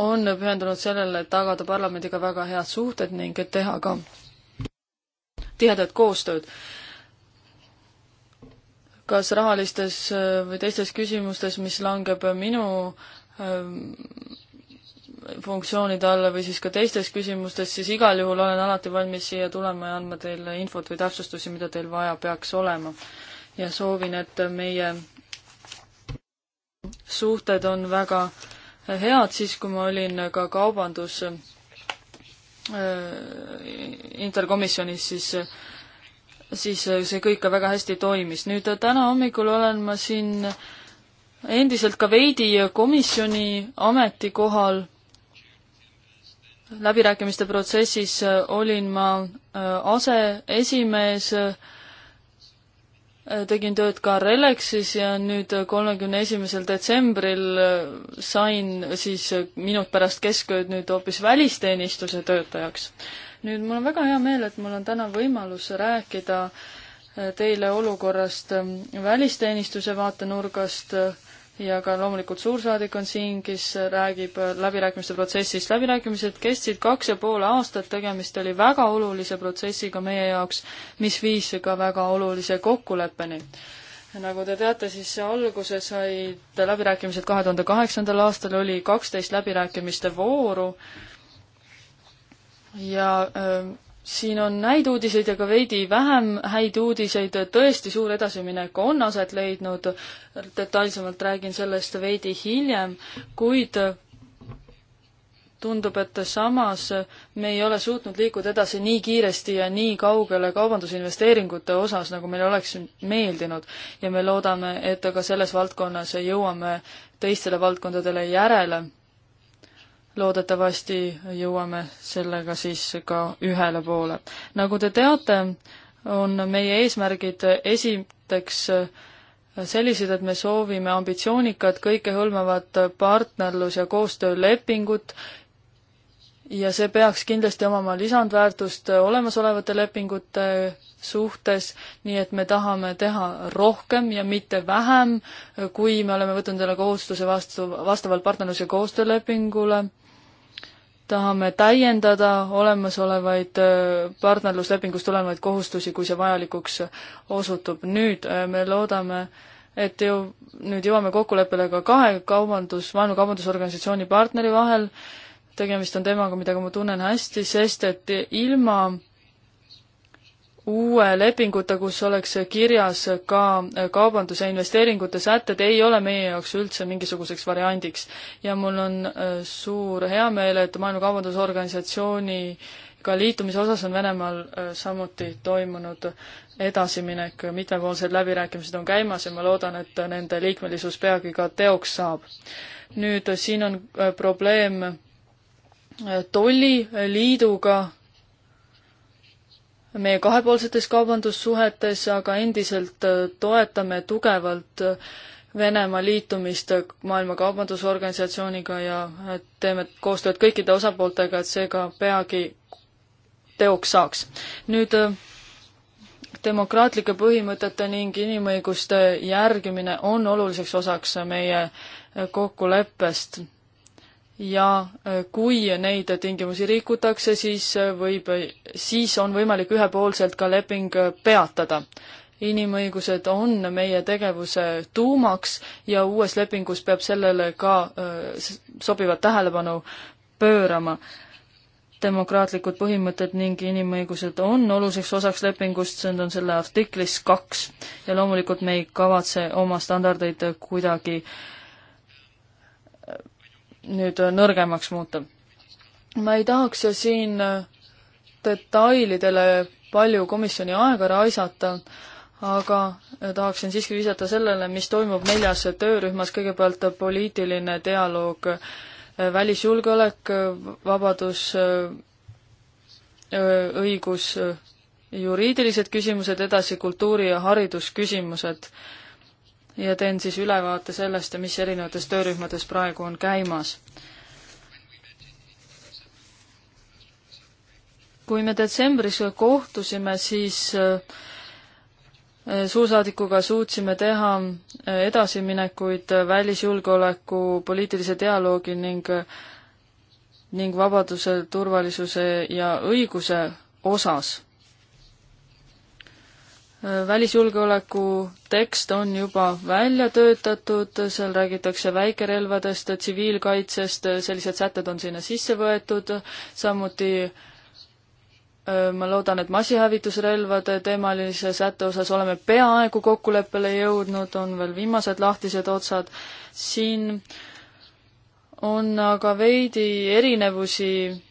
on pühendunud sellele, et tagada parlamendiga väga head suhted ning et teha ka tihedat koostööd. kas rahalistes äh, või teistes küsimustes, mis langeb minu ähm, funktsioonide alla või siis ka teistes küsimustes, siis igal juhul olen alati valmis siia tulema ja andma teile infot või täpsustusi, mida teil vaja peaks olema. ja soovin, et meie suhted on väga head, siis kui ma olin ka kaubandus äh, interkomisjonis, siis siis see kõik ka väga hästi toimis. nüüd täna hommikul olen ma siin endiselt ka veidi komisjoni ametikohal läbirääkimiste protsessis äh, olin ma äh, aseesimees, äh, tegin tööd ka Relexis ja nüüd kolmekümne esimesel detsembril sain siis minut pärast keskööd nüüd hoopis välisteenistuse töötajaks. nüüd mul on väga hea meel, et mul on täna võimalus rääkida teile olukorrast välisteenistuse vaatenurgast, ja ka loomulikult suursaadik on siin, kes räägib läbirääkimiste protsessist. läbirääkimised kestsid kaks ja pool aastat, tegemist oli väga olulise protsessiga meie jaoks, mis viis ka väga olulise kokkuleppeni. nagu te teate, siis alguse said läbirääkimised kahe tuhande kaheksandal aastal, oli kaksteist läbirääkimiste vooru ja öö, siin on häid uudiseid ja ka veidi vähem häid uudiseid, tõesti suur edasiminek on aset leidnud, detailsemalt räägin sellest veidi hiljem, kuid tundub, et samas me ei ole suutnud liikuda edasi nii kiiresti ja nii kaugele kaubandusinvesteeringute osas, nagu meile oleks meeldinud. ja me loodame, et ka selles valdkonnas jõuame teistele valdkondadele järele loodetavasti jõuame sellega siis ka ühele poole. nagu te teate, on meie eesmärgid esiteks sellised, et me soovime ambitsioonikat, kõikehõlmavat partnerlus- ja koostöölepingut ja see peaks kindlasti omama lisandväärtust olemasolevate lepingute suhtes, nii et me tahame teha rohkem ja mitte vähem, kui me oleme võtnud endale kohustuse vastu, vastavalt partnerlus- ja koostöölepingule tahame täiendada olemasolevaid äh, partnerluslepingust tulenevaid kohustusi, kui see vajalikuks osutub. nüüd äh, me loodame, et ju nüüd jõuame kokkuleppele ka kahe kaubandus, Maailma Kaubandusorganisatsiooni partneri vahel, tegemist on teemaga, mida ka ma tunnen hästi, sest et ilma uue lepinguta, kus oleks kirjas ka kaubanduse ja investeeringute sätted, ei ole meie jaoks üldse mingisuguseks variandiks. ja mul on äh, suur heameel, et Maailma Kaubandusorganisatsiooniga liitumise osas on Venemaal äh, samuti toimunud edasiminek, mitmepoolsed läbirääkimised on käimas ja ma loodan, et nende liikmelisus peagi ka teoks saab. nüüd äh, siin on probleem tolliliiduga, meie kahepoolsetes kaubandussuhetes, aga endiselt äh, toetame tugevalt äh, Venemaa liitumist äh, Maailma Kaubandusorganisatsiooniga ja teeme koostööd kõikide osapooltega, et see ka peagi teoks saaks. nüüd demokraatlike põhimõtete ning inimõiguste järgimine on oluliseks osaks meie kokkuleppest ja äh, kui neid tingimusi rikutakse, siis äh, võib, siis on võimalik ühepoolselt ka leping äh, peatada. inimõigused on meie tegevuse tuumaks ja uues lepingus peab sellele ka sobivat tähelepanu pöörama. demokraatlikud põhimõtted ning inimõigused on oluliseks osaks lepingust, see on selle artiklis kaks ja loomulikult me ei kavatse oma standardeid kuidagi äh, nüüd nõrgemaks muuta. ma ei tahaks siin detailidele palju komisjoni aega raisata, aga tahaksin siiski visata sellele, mis toimub neljas töörühmas, kõigepealt poliitiline dialoog, välisjulgeolek, vabadus, õigus, juriidilised küsimused, edasi kultuuri- ja haridusküsimused ja teen siis ülevaate sellest, mis erinevates töörühmades praegu on käimas. kui me detsembris kohtusime, siis äh, suursaadikuga suutsime teha äh, edasiminekuid äh, välisjulgeoleku, poliitilise dialoogi ning ning vabaduse, turvalisuse ja õiguse osas välisjulgeoleku tekst on juba välja töötatud, seal räägitakse väikerelvadest, tsiviilkaitsest, sellised sätted on sinna sisse võetud, samuti ma loodan, et massihävitusrelvade teemalise sätte osas oleme peaaegu kokkuleppele jõudnud, on veel viimased lahtised otsad. siin on aga veidi erinevusi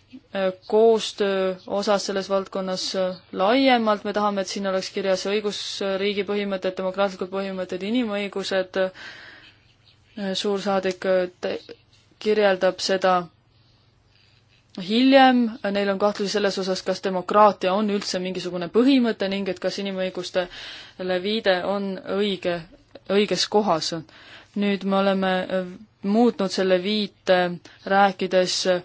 koostöö osas selles valdkonnas äh, laiemalt, me tahame, et siin oleks kirjas õigusriigi põhimõtted, demokraatlikud põhimõtted, inimõigused, äh, suursaadik äh, kirjeldab seda hiljem, neil on kahtlusi selles osas, kas demokraatia on üldse mingisugune põhimõte ning et kas inimõigustele viide on õige, õiges kohas. nüüd me oleme muutnud selle viite, rääkides äh,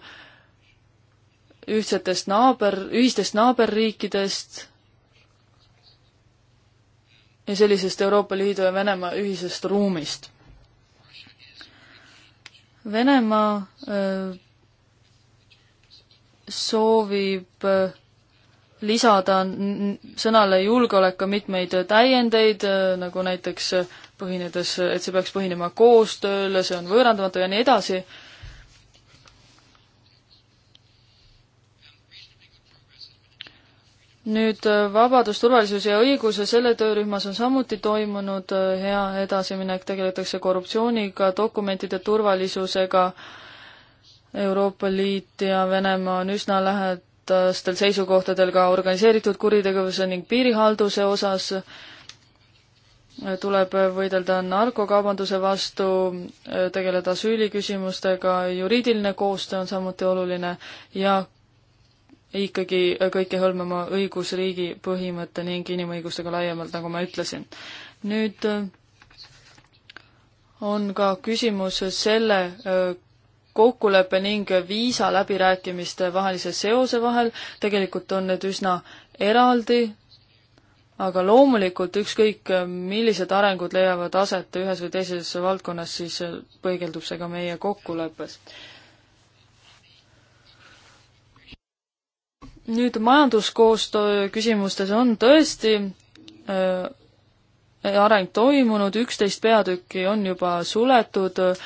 ühtsetest naaber, ühistest naaberriikidest ja sellisest Euroopa Liidu ja Venemaa ühisest ruumist. Venemaa äh, soovib äh, lisada sõnale julgeolek ka mitmeid täiendeid, äh, nagu näiteks põhinedes, et see peaks põhinema koostööle, see on võõrandamatu ja nii edasi nüüd äh, vabadus, turvalisus ja õigus ja selle töörühmas on samuti toimunud äh, hea edasiminek, tegeletakse korruptsiooniga, dokumentide turvalisusega. Euroopa Liit ja Venemaa on üsna lähedastel seisukohtadel ka organiseeritud kuritegevuse ning piirihalduse osas. tuleb võidelda narkokaubanduse vastu, tegeleda süüliküsimustega, juriidiline koostöö on samuti oluline ja ikkagi kõike hõlmama õigusriigi põhimõtte ning inimõigustega laiemalt, nagu ma ütlesin. nüüd äh, on ka küsimus selle äh, kokkuleppe ning viisa läbirääkimiste vahelise seose vahel, tegelikult on need üsna eraldi, aga loomulikult ükskõik, äh, millised arengud leiavad aset ühes või teises valdkonnas, siis peegeldub see ka meie kokkuleppes nüüd majanduskoostöö küsimustes on tõesti äh, areng toimunud, üksteist peatükki on juba suletud äh,,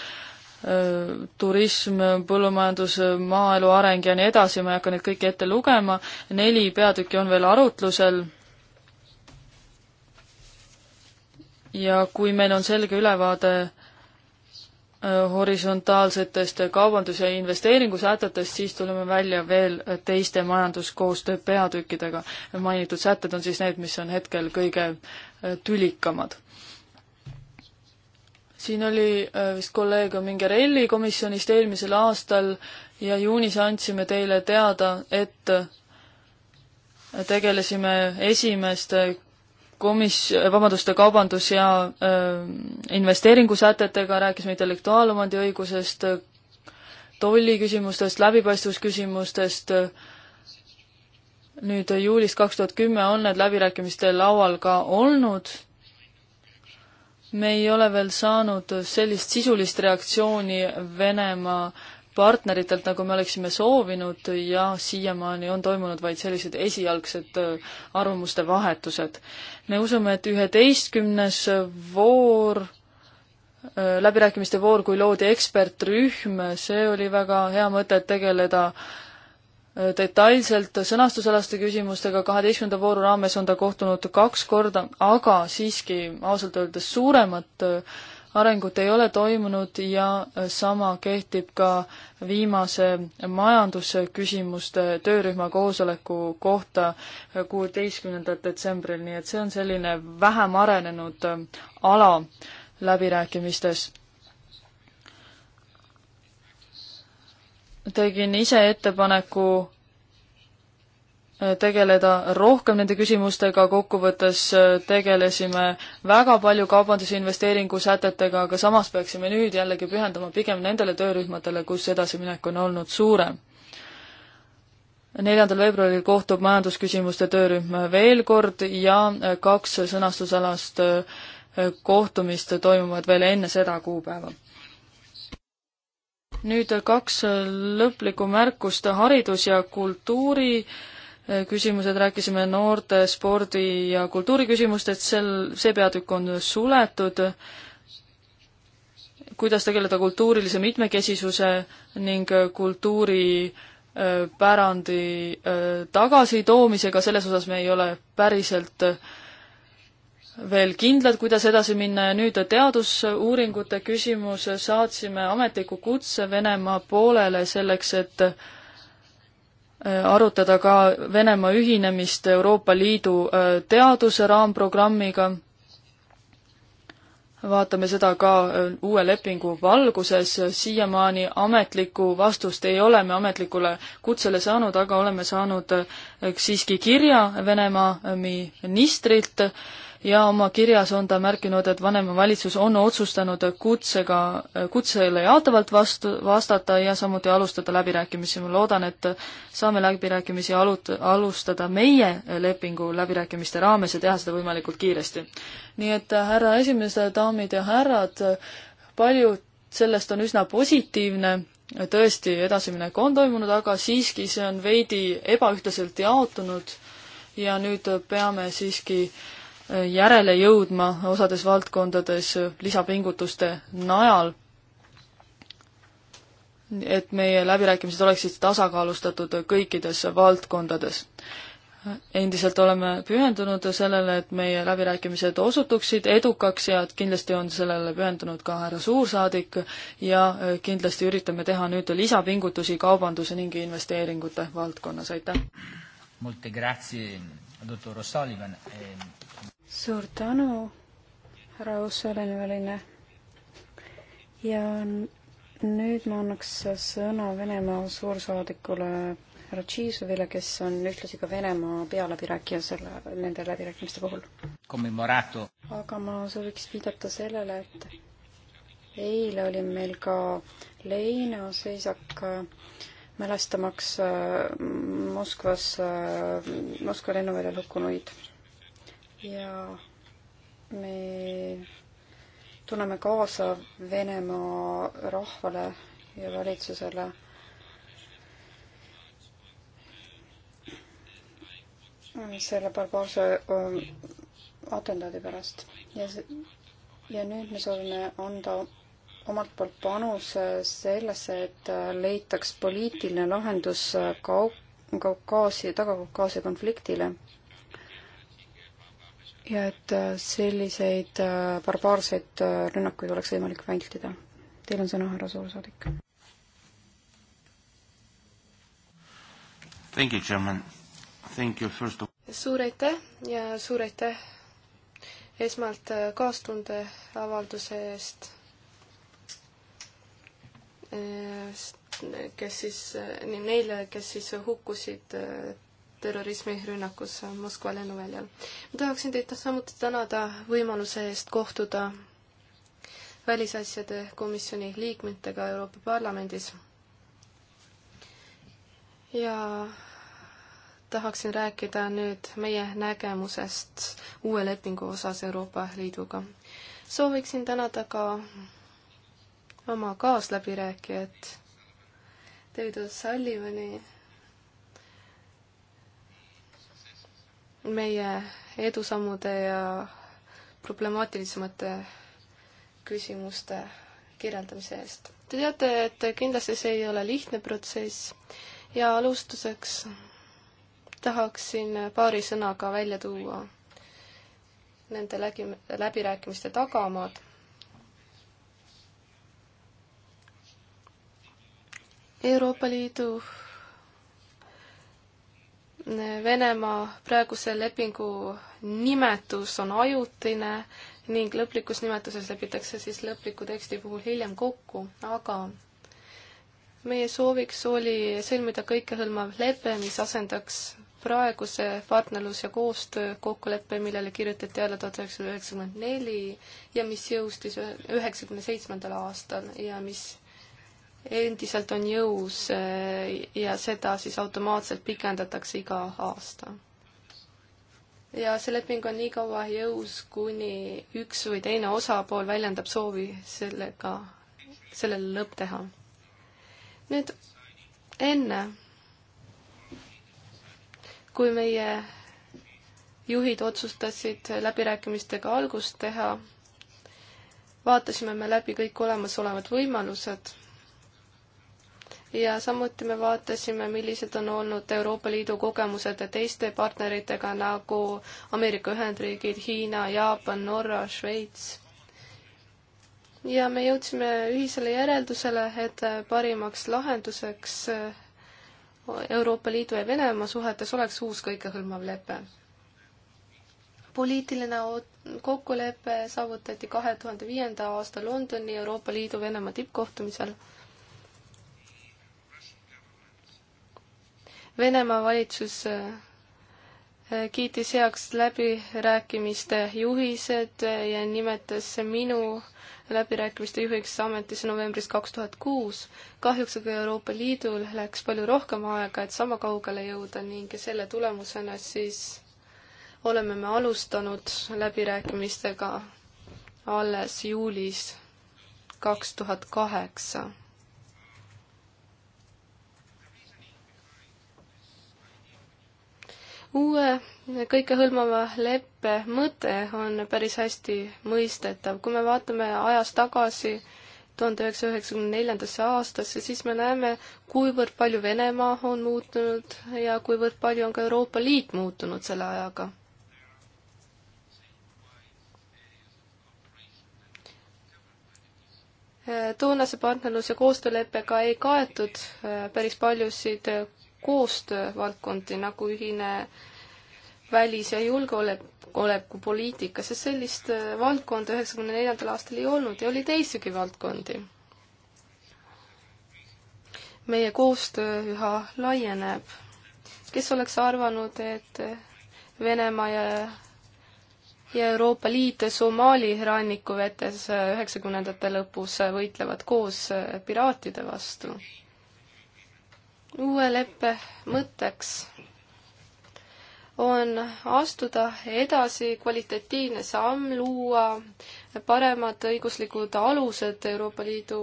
turism, põllumajandus, maaelu areng ja nii edasi, ma ei hakka neid kõiki ette lugema, neli peatükki on veel arutlusel. ja kui meil on selge ülevaade horisontaalsetest kaubandus- ja investeeringusätetest, siis tuleme välja veel teiste majanduskoostöö peatükkidega. mainitud sätted on siis need, mis on hetkel kõige äh, tülikamad. siin oli äh, vist kolleeg Mingerelli komisjonist eelmisel aastal ja juunis andsime teile teada, et äh, tegelesime esimeste komis-, vabandust, kaubandus- ja investeeringusätetega, rääkisime intellektuaalomandi õigusest, tolliküsimustest, läbipaistvusküsimustest, nüüd juulist kaks tuhat kümme on need läbirääkimiste laual ka olnud, me ei ole veel saanud sellist sisulist reaktsiooni Venemaa partneritelt, nagu me oleksime soovinud ja siiamaani on toimunud vaid sellised esialgsed arvamuste vahetused. me usume, et üheteistkümnes voor, läbirääkimiste voor, kui loodi ekspertrühm, see oli väga hea mõte, et tegeleda detailselt sõnastusalaste küsimustega, kaheteistkümnenda vooru raames on ta kohtunud kaks korda, aga siiski ausalt öeldes suuremat äh, arengut ei ole toimunud ja äh, sama kehtib ka viimase majandusküsimuste töörühma koosoleku kohta äh, kuueteistkümnendal detsembril, nii et see on selline vähem arenenud äh, ala läbirääkimistes tegin ise ettepaneku tegeleda rohkem nende küsimustega, kokkuvõttes äh, tegelesime väga palju kaubanduse investeeringusätetega, aga samas peaksime nüüd jällegi pühendama pigem nendele töörühmadele, kus edasiminek on olnud suurem. neljandal veebruaril kohtub majandusküsimuste töörühm veel kord ja äh, kaks sõnastusalast äh, kohtumist toimuvad veel enne seda kuupäeva nüüd kaks lõplikku märkust haridus- ja kultuuri äh, Äh, küsimused, rääkisime noorte spordi ja kultuuriküsimustest, sel, see peatükk on suletud. kuidas tegeleda kultuurilise mitmekesisuse ning kultuuripärandi äh, äh, tagasitoomisega, selles osas me ei ole päriselt veel kindlad, kuidas edasi minna ja nüüd teadusuuringute küsimus, saatsime ametliku kutse Venemaa poolele selleks, et Äh, arutada ka Venemaa ühinemist Euroopa Liidu äh, teaduse raamprogrammiga. vaatame seda ka äh, uue lepingu valguses, siiamaani ametlikku vastust ei ole me ametlikule kutsele saanud, aga oleme saanud siiski kirja Venemaa ministrilt ja oma kirjas on ta märkinud, et vanemavalitsus on otsustanud kutsega, kutsele jaatavalt vastu, vastata ja samuti alustada läbirääkimisi. ma loodan, et saame läbirääkimisi alut-, alustada meie lepingu läbirääkimiste raames ja teha seda võimalikult kiiresti. nii et härra esimees, daamid ja härrad, paljud sellest on üsna positiivne, tõesti, edasiminek on toimunud, aga siiski see on veidi ebaühtlaselt jaotunud ja nüüd peame siiski äh, järele jõudma osades valdkondades lisapingutuste najal, et meie läbirääkimised oleksid tasakaalustatud kõikides valdkondades. endiselt oleme pühendunud sellele, et meie läbirääkimised osutuksid edukaks ja et kindlasti on sellele pühendunud ka härra suursaadik ja kindlasti üritame teha nüüd lisapingutusi kaubanduse ning investeeringute valdkonnas, aitäh! Molte grazie, doktor Ossalivan ehm, suur tänu, härra Ussolinevaline. ja nüüd ma annaks sõna Venemaa suursaadikule härra Tšiisovile, kes on ühtlasi ka Venemaa pealäbirääkija selle, nende läbirääkimiste puhul. aga ma sooviks viidata sellele, et eile oli meil ka leinaseisak mälestamaks äh, Moskvas, äh, Moskva lennuväljal hukkunuid ja me tunneme kaasa Venemaa rahvale ja valitsusele. selle barbaarse ähm, atendaadi pärast ja see, ja nüüd me soovime anda omalt poolt panuse sellesse, et äh, leitaks poliitiline lahendus äh, Kauk-, Kaukaasia, Taga-Kaukaasia konfliktile ja et äh, selliseid äh, barbaarseid äh, rünnakuid oleks võimalik vältida. Teil on sõna, härra suursaadik. Thank you, Chairman. Thank you first of suur aitäh ja suur aitäh esmalt kaastunde avalduse eest, kes siis, nii neile, kes siis hukkusid terrorismirünnakus Moskva lennuväljal. ma tahaksin teid samuti tänada võimaluse eest kohtuda välisasjade komisjoni liikmetega Euroopa Parlamendis. ja tahaksin rääkida nüüd meie nägemusest uue lepingu osas Euroopa Liiduga. sooviksin tänada ka oma kaasläbirääkijat David O'Sullivani meie edusammude ja problemaatilisemate küsimuste kirjeldamise eest. Te teate, et kindlasti see ei ole lihtne protsess ja alustuseks tahaksin paari sõnaga välja tuua nende läbi, läbirääkimiste tagamaad. Euroopa Liidu Venemaa praeguse lepingu nimetus on ajutine ning lõplikus nimetuses lepitakse siis lõpliku teksti puhul hiljem kokku, aga meie sooviks oli sõlmida kõikehõlmav lepe, mis asendaks praeguse partnerlus- ja koostöökokkuleppe, millele kirjutati alla tuhat üheksasada üheksakümmend neli ja mis jõustis üheksakümne seitsmendal aastal ja mis endiselt on jõus eh, ja seda siis automaatselt pikendatakse iga aasta. ja see leping on nii kaua jõus, kuni üks või teine osapool väljendab soovi sellega, sellele lõpp teha. nüüd enne, kui meie juhid otsustasid läbirääkimistega algust teha, vaatasime me läbi kõik olemasolevad võimalused ja samuti me vaatasime, millised on olnud Euroopa Liidu kogemused teiste partneritega nagu Ameerika Ühendriigid, Hiina, Jaapan, Norra, Šveits. ja me jõudsime ühisele järeldusele, et parimaks lahenduseks Euroopa Liidu ja Venemaa suhetes oleks uus kõikehõlmav lepe. poliitiline kokkulepe saavutati kahe tuhande viienda aasta Londoni Euroopa Liidu Venemaa tippkohtumisel Venemaa valitsus äh, kiitis heaks läbirääkimiste juhised ja nimetas minu läbirääkimiste juhiks ametisse novembris kaks tuhat kuus. kahjuks aga Euroopa Liidul läks palju rohkem aega, et sama kaugele jõuda ning selle tulemusena siis oleme me alustanud läbirääkimistega alles juulis kaks tuhat kaheksa uue kõikehõlmava leppe mõte on päris hästi mõistetav. kui me vaatame ajas tagasi tuhande üheksasaja üheksakümne neljandasse aastasse, siis me näeme, kuivõrd palju Venemaa on muutunud ja kuivõrd palju on ka Euroopa Liit muutunud selle ajaga. toonase partnerlus- ja koostööleppega ei kaetud äh, päris paljusid koostöövaldkondi nagu ühine välis- ja julgeolekupoliitika, sest sellist äh, valdkonda üheksakümne neljandal aastal ei olnud ja oli teisigi valdkondi. meie koostöö üha laieneb. kes oleks arvanud, et äh, Venemaa ja ja Euroopa Liit Somaali rannikuvetes äh, üheksakümnendate lõpus võitlevad koos piraatide vastu uue leppe mõtteks on astuda edasi kvalitatiivne samm, luua paremad õiguslikud alused Euroopa Liidu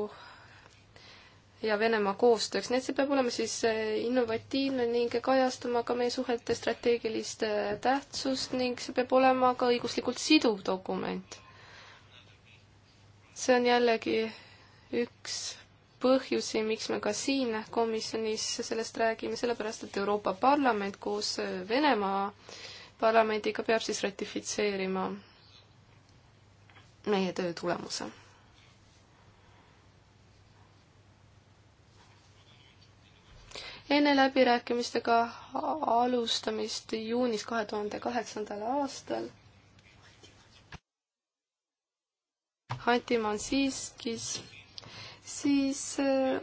ja Venemaa koostööks, nii et see peab olema siis eh, innovatiivne ning kajastuma ka meie suhete strateegilist eh, tähtsust ning see peab olema ka õiguslikult siduv dokument. see on jällegi üks põhjusi, miks me ka siin komisjonis sellest räägime, sellepärast et Euroopa Parlament koos Venemaa parlamendiga peab siis ratifitseerima meie töö tulemuse. enne läbirääkimistega alustamist juunis kahe tuhande kaheksandal aastal Anti Mansiskis siis äh,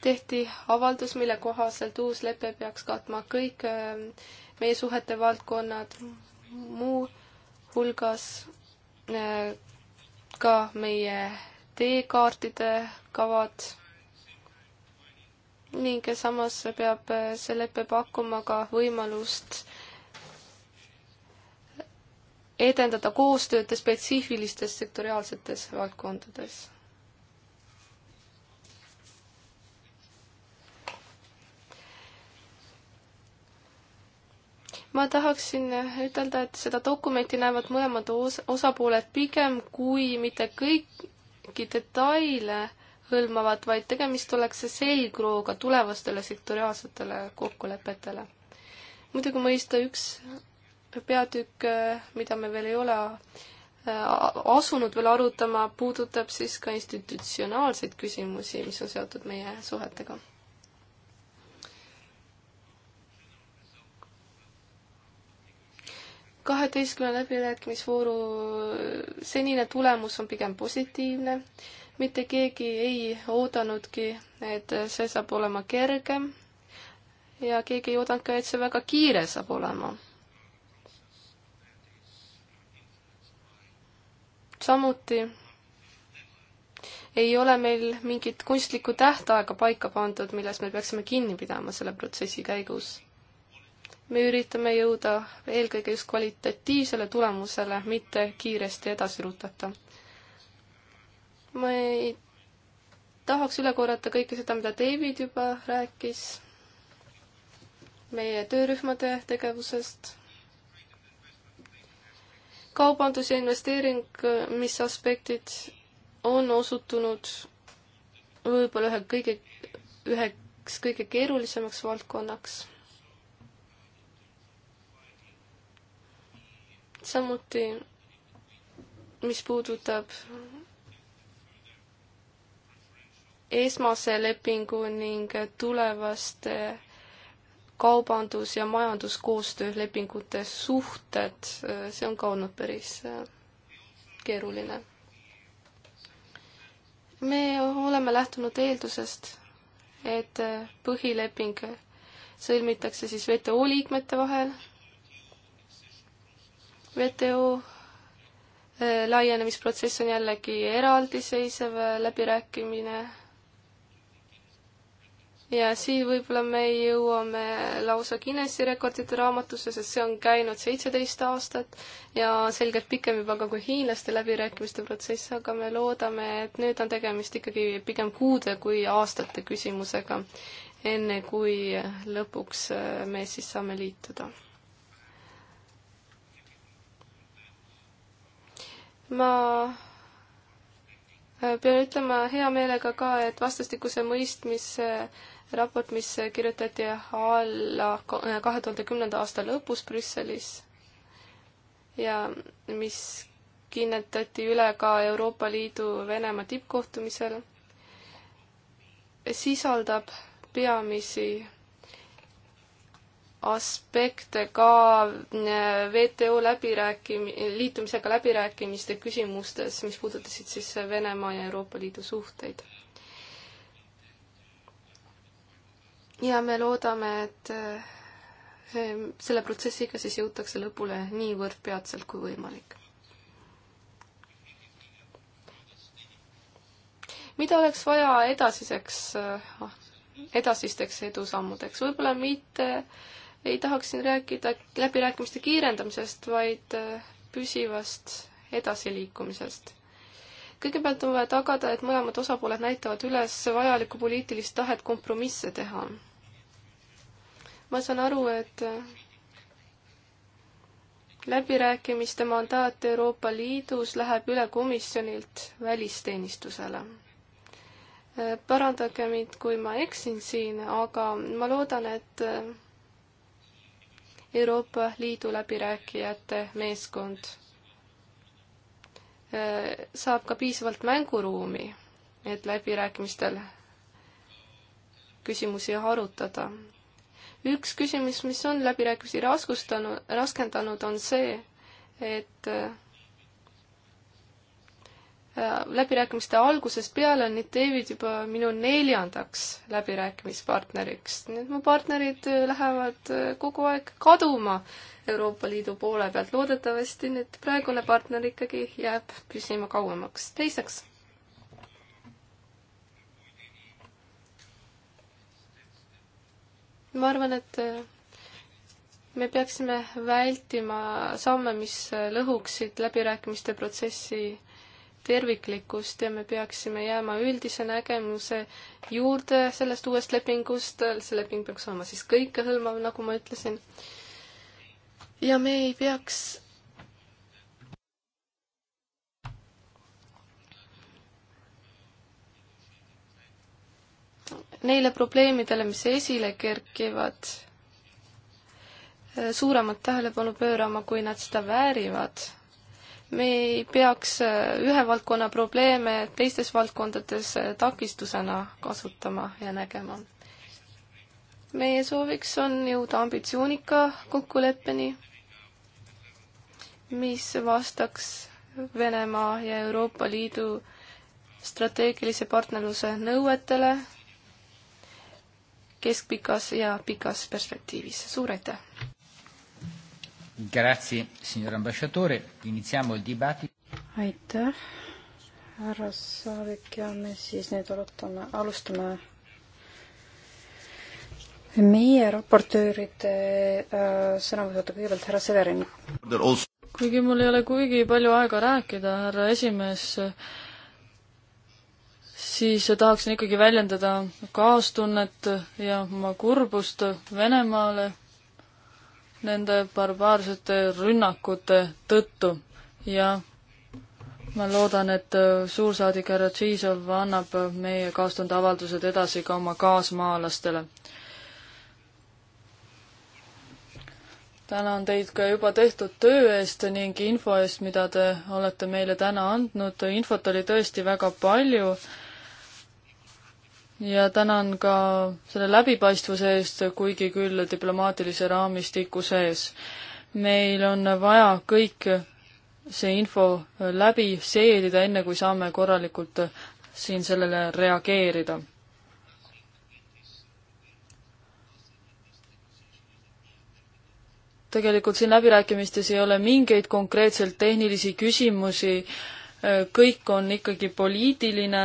tehti avaldus, mille kohaselt uus lepe peaks katma kõik äh, meie suhete valdkonnad, muu hulgas äh, ka meie teekaartide kavad ning samas peab see lepe pakkuma ka võimalust edendada koostööd spetsiifilistes sektoriaalsetes valdkondades ma tahaksin ütelda, et seda dokumenti näevad mõlemad os osapooled pigem kui mitte kõiki detaile hõlmavat, vaid tegemist oleks selgrooga tulevastele sektoriaalsetele kokkulepetele. muidugi mõista üks peatükk, mida me veel ei ole äh, asunud veel arutama, puudutab siis ka institutsionaalseid küsimusi, mis on seotud meie suhetega kaheteistkümne läbirääkimisvooru senine tulemus on pigem positiivne. mitte keegi ei oodanudki, et see saab olema kergem ja keegi ei oodanud ka, et see väga kiire saab olema. samuti ei ole meil mingit kunstlikku tähtaega paika pandud, millest me peaksime kinni pidama selle protsessi käigus me üritame jõuda eelkõige just kvalitatiivsele tulemusele, mitte kiiresti edasi rutata. ma ei tahaks üle korrata kõike seda, mida David juba rääkis meie töörühmade tegevusest. kaubandus ja investeering, mis aspektid on osutunud võib-olla ühe kõige, üheks kõige keerulisemaks valdkonnaks samuti, mis puudutab esmase lepingu ning tulevaste kaubandus- ja majanduskoostöölepingute suhted, see on ka olnud päris äh, keeruline. me oleme lähtunud eeldusest, et äh, põhileping sõlmitakse siis WTO liikmete vahel WTO äh, laienemisprotsess on jällegi eraldiseisev äh, läbirääkimine. ja siin võib-olla me jõuame lausa Guinessi rekordite raamatusse, sest see on käinud seitseteist aastat ja selgelt pikem juba ka kui hiinlaste läbirääkimiste protsess, aga me loodame, et nüüd on tegemist ikkagi pigem kuude kui aastate küsimusega, enne kui lõpuks äh, me siis saame liituda ma äh, pean ütlema hea meelega ka, et vastastikuse mõistmise raport, mis kirjutati alla äh, kahe tuhande kümnenda aasta lõpus Brüsselis ja mis kinnitati üle ka Euroopa Liidu Venemaa tippkohtumisel, sisaldab peamisi aspekte ka äh, WTO läbirääkim-, liitumisega läbirääkimiste küsimustes, mis puudutasid siis Venemaa ja Euroopa Liidu suhteid. ja me loodame, et äh, selle protsessiga siis jõutakse lõpule niivõrd peatselt kui võimalik. mida oleks vaja edasiseks, äh, edasisteks edusammudeks, võib-olla mitte äh, ei tahaks siin rääkida läbirääkimiste kiirendamisest, vaid äh, püsivast edasiliikumisest. kõigepealt on vaja tagada, et mõlemad osapooled näitavad üles vajalikku poliitilist tahet kompromisse teha. ma saan aru, et äh, läbirääkimiste mandaat Euroopa Liidus läheb üle komisjonilt välisteenistusele äh, parandage mind, kui ma eksin siin, aga ma loodan, et Euroopa Liidu läbirääkijate meeskond äh, saab ka piisavalt mänguruumi, et läbirääkimistel küsimusi arutada. üks küsimus, mis on läbirääkimisi raskustanud, raskendanud, on see, et äh, Äh, läbirääkimiste algusest peale on nüüd David juba minu neljandaks läbirääkimispartneriks. nii et mu partnerid äh, lähevad äh, kogu aeg kaduma Euroopa Liidu poole pealt. loodetavasti nüüd praegune partner ikkagi jääb püsima kauemaks. teiseks. ma arvan, et me peaksime vältima samme, mis lõhuksid läbirääkimiste protsessi terviklikkust ja me peaksime jääma üldise nägemuse juurde sellest uuest lepingust, see leping peaks olema siis kõikehõlmav, nagu ma ütlesin. ja me ei peaks neile probleemidele, mis esile kerkivad, suuremat tähelepanu pöörama, kui nad seda väärivad me ei peaks äh, ühe valdkonna probleeme teistes valdkondades äh, takistusena kasutama ja nägema. meie sooviks on jõuda ambitsioonika kokkuleppeni, mis vastaks Venemaa ja Euroopa Liidu strateegilise partnerluse nõuetele keskpikas ja pikas perspektiivis. suur aitäh! Grazie, signor ambasciatore. Iniziamo il dibattito. aitäh, härra Saarik ja me siis nüüd arutame, alustame meie raportööride äh, sõnavõttu kõigepealt härra Severin. kuigi mul ei ole kuigi palju aega rääkida, härra esimees, siis tahaksin ikkagi väljendada kaastunnet ja oma kurbust Venemaale nende barbaarsete rünnakute tõttu ja ma loodan, et äh, suursaadik härra Tšiisov annab äh, meie kaastunde avaldused edasi ka oma kaasmaalastele. tänan teid ka juba tehtud töö eest ning info eest, mida te olete meile täna andnud. infot oli tõesti väga palju ja tänan ka selle läbipaistvuse eest, kuigi küll diplomaatilise raamistiku sees. meil on vaja kõik see info läbi seedida, enne kui saame korralikult siin sellele reageerida. tegelikult siin läbirääkimistes ei ole mingeid konkreetselt tehnilisi küsimusi, kõik on ikkagi poliitiline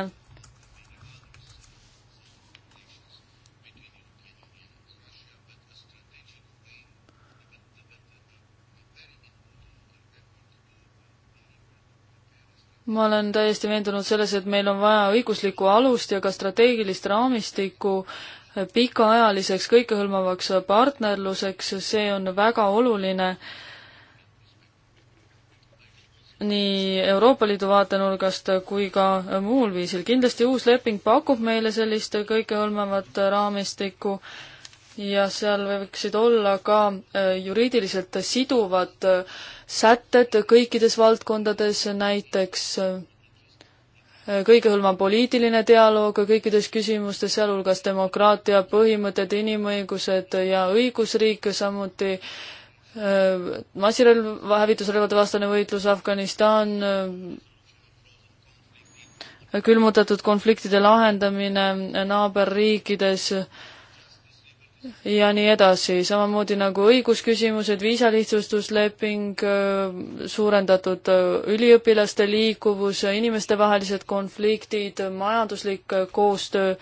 ma olen täiesti veendunud selles, et meil on vaja õiguslikku alust ja ka strateegilist raamistikku pikaajaliseks kõikehõlmavaks partnerluseks, see on väga oluline nii Euroopa Liidu vaatenurgast kui ka muul viisil. kindlasti uus leping pakub meile sellist kõikehõlmavat raamistikku ja seal võiksid olla ka äh, juriidiliselt siduvad äh, sätted kõikides valdkondades, näiteks äh, kõigehõlmav poliitiline dialoog kõikides küsimustes, sealhulgas demokraatia põhimõtted, inimõigused ja õigusriik, samuti masirelv, hävitusrelvade vastane võitlus, Afganistan, külmutatud konfliktide lahendamine naaberriikides ja nii edasi, samamoodi nagu õigusküsimused, viisalihtsustusleping, äh, suurendatud äh, üliõpilaste liikuvus, äh, inimestevahelised konfliktid, majanduslik koostöö,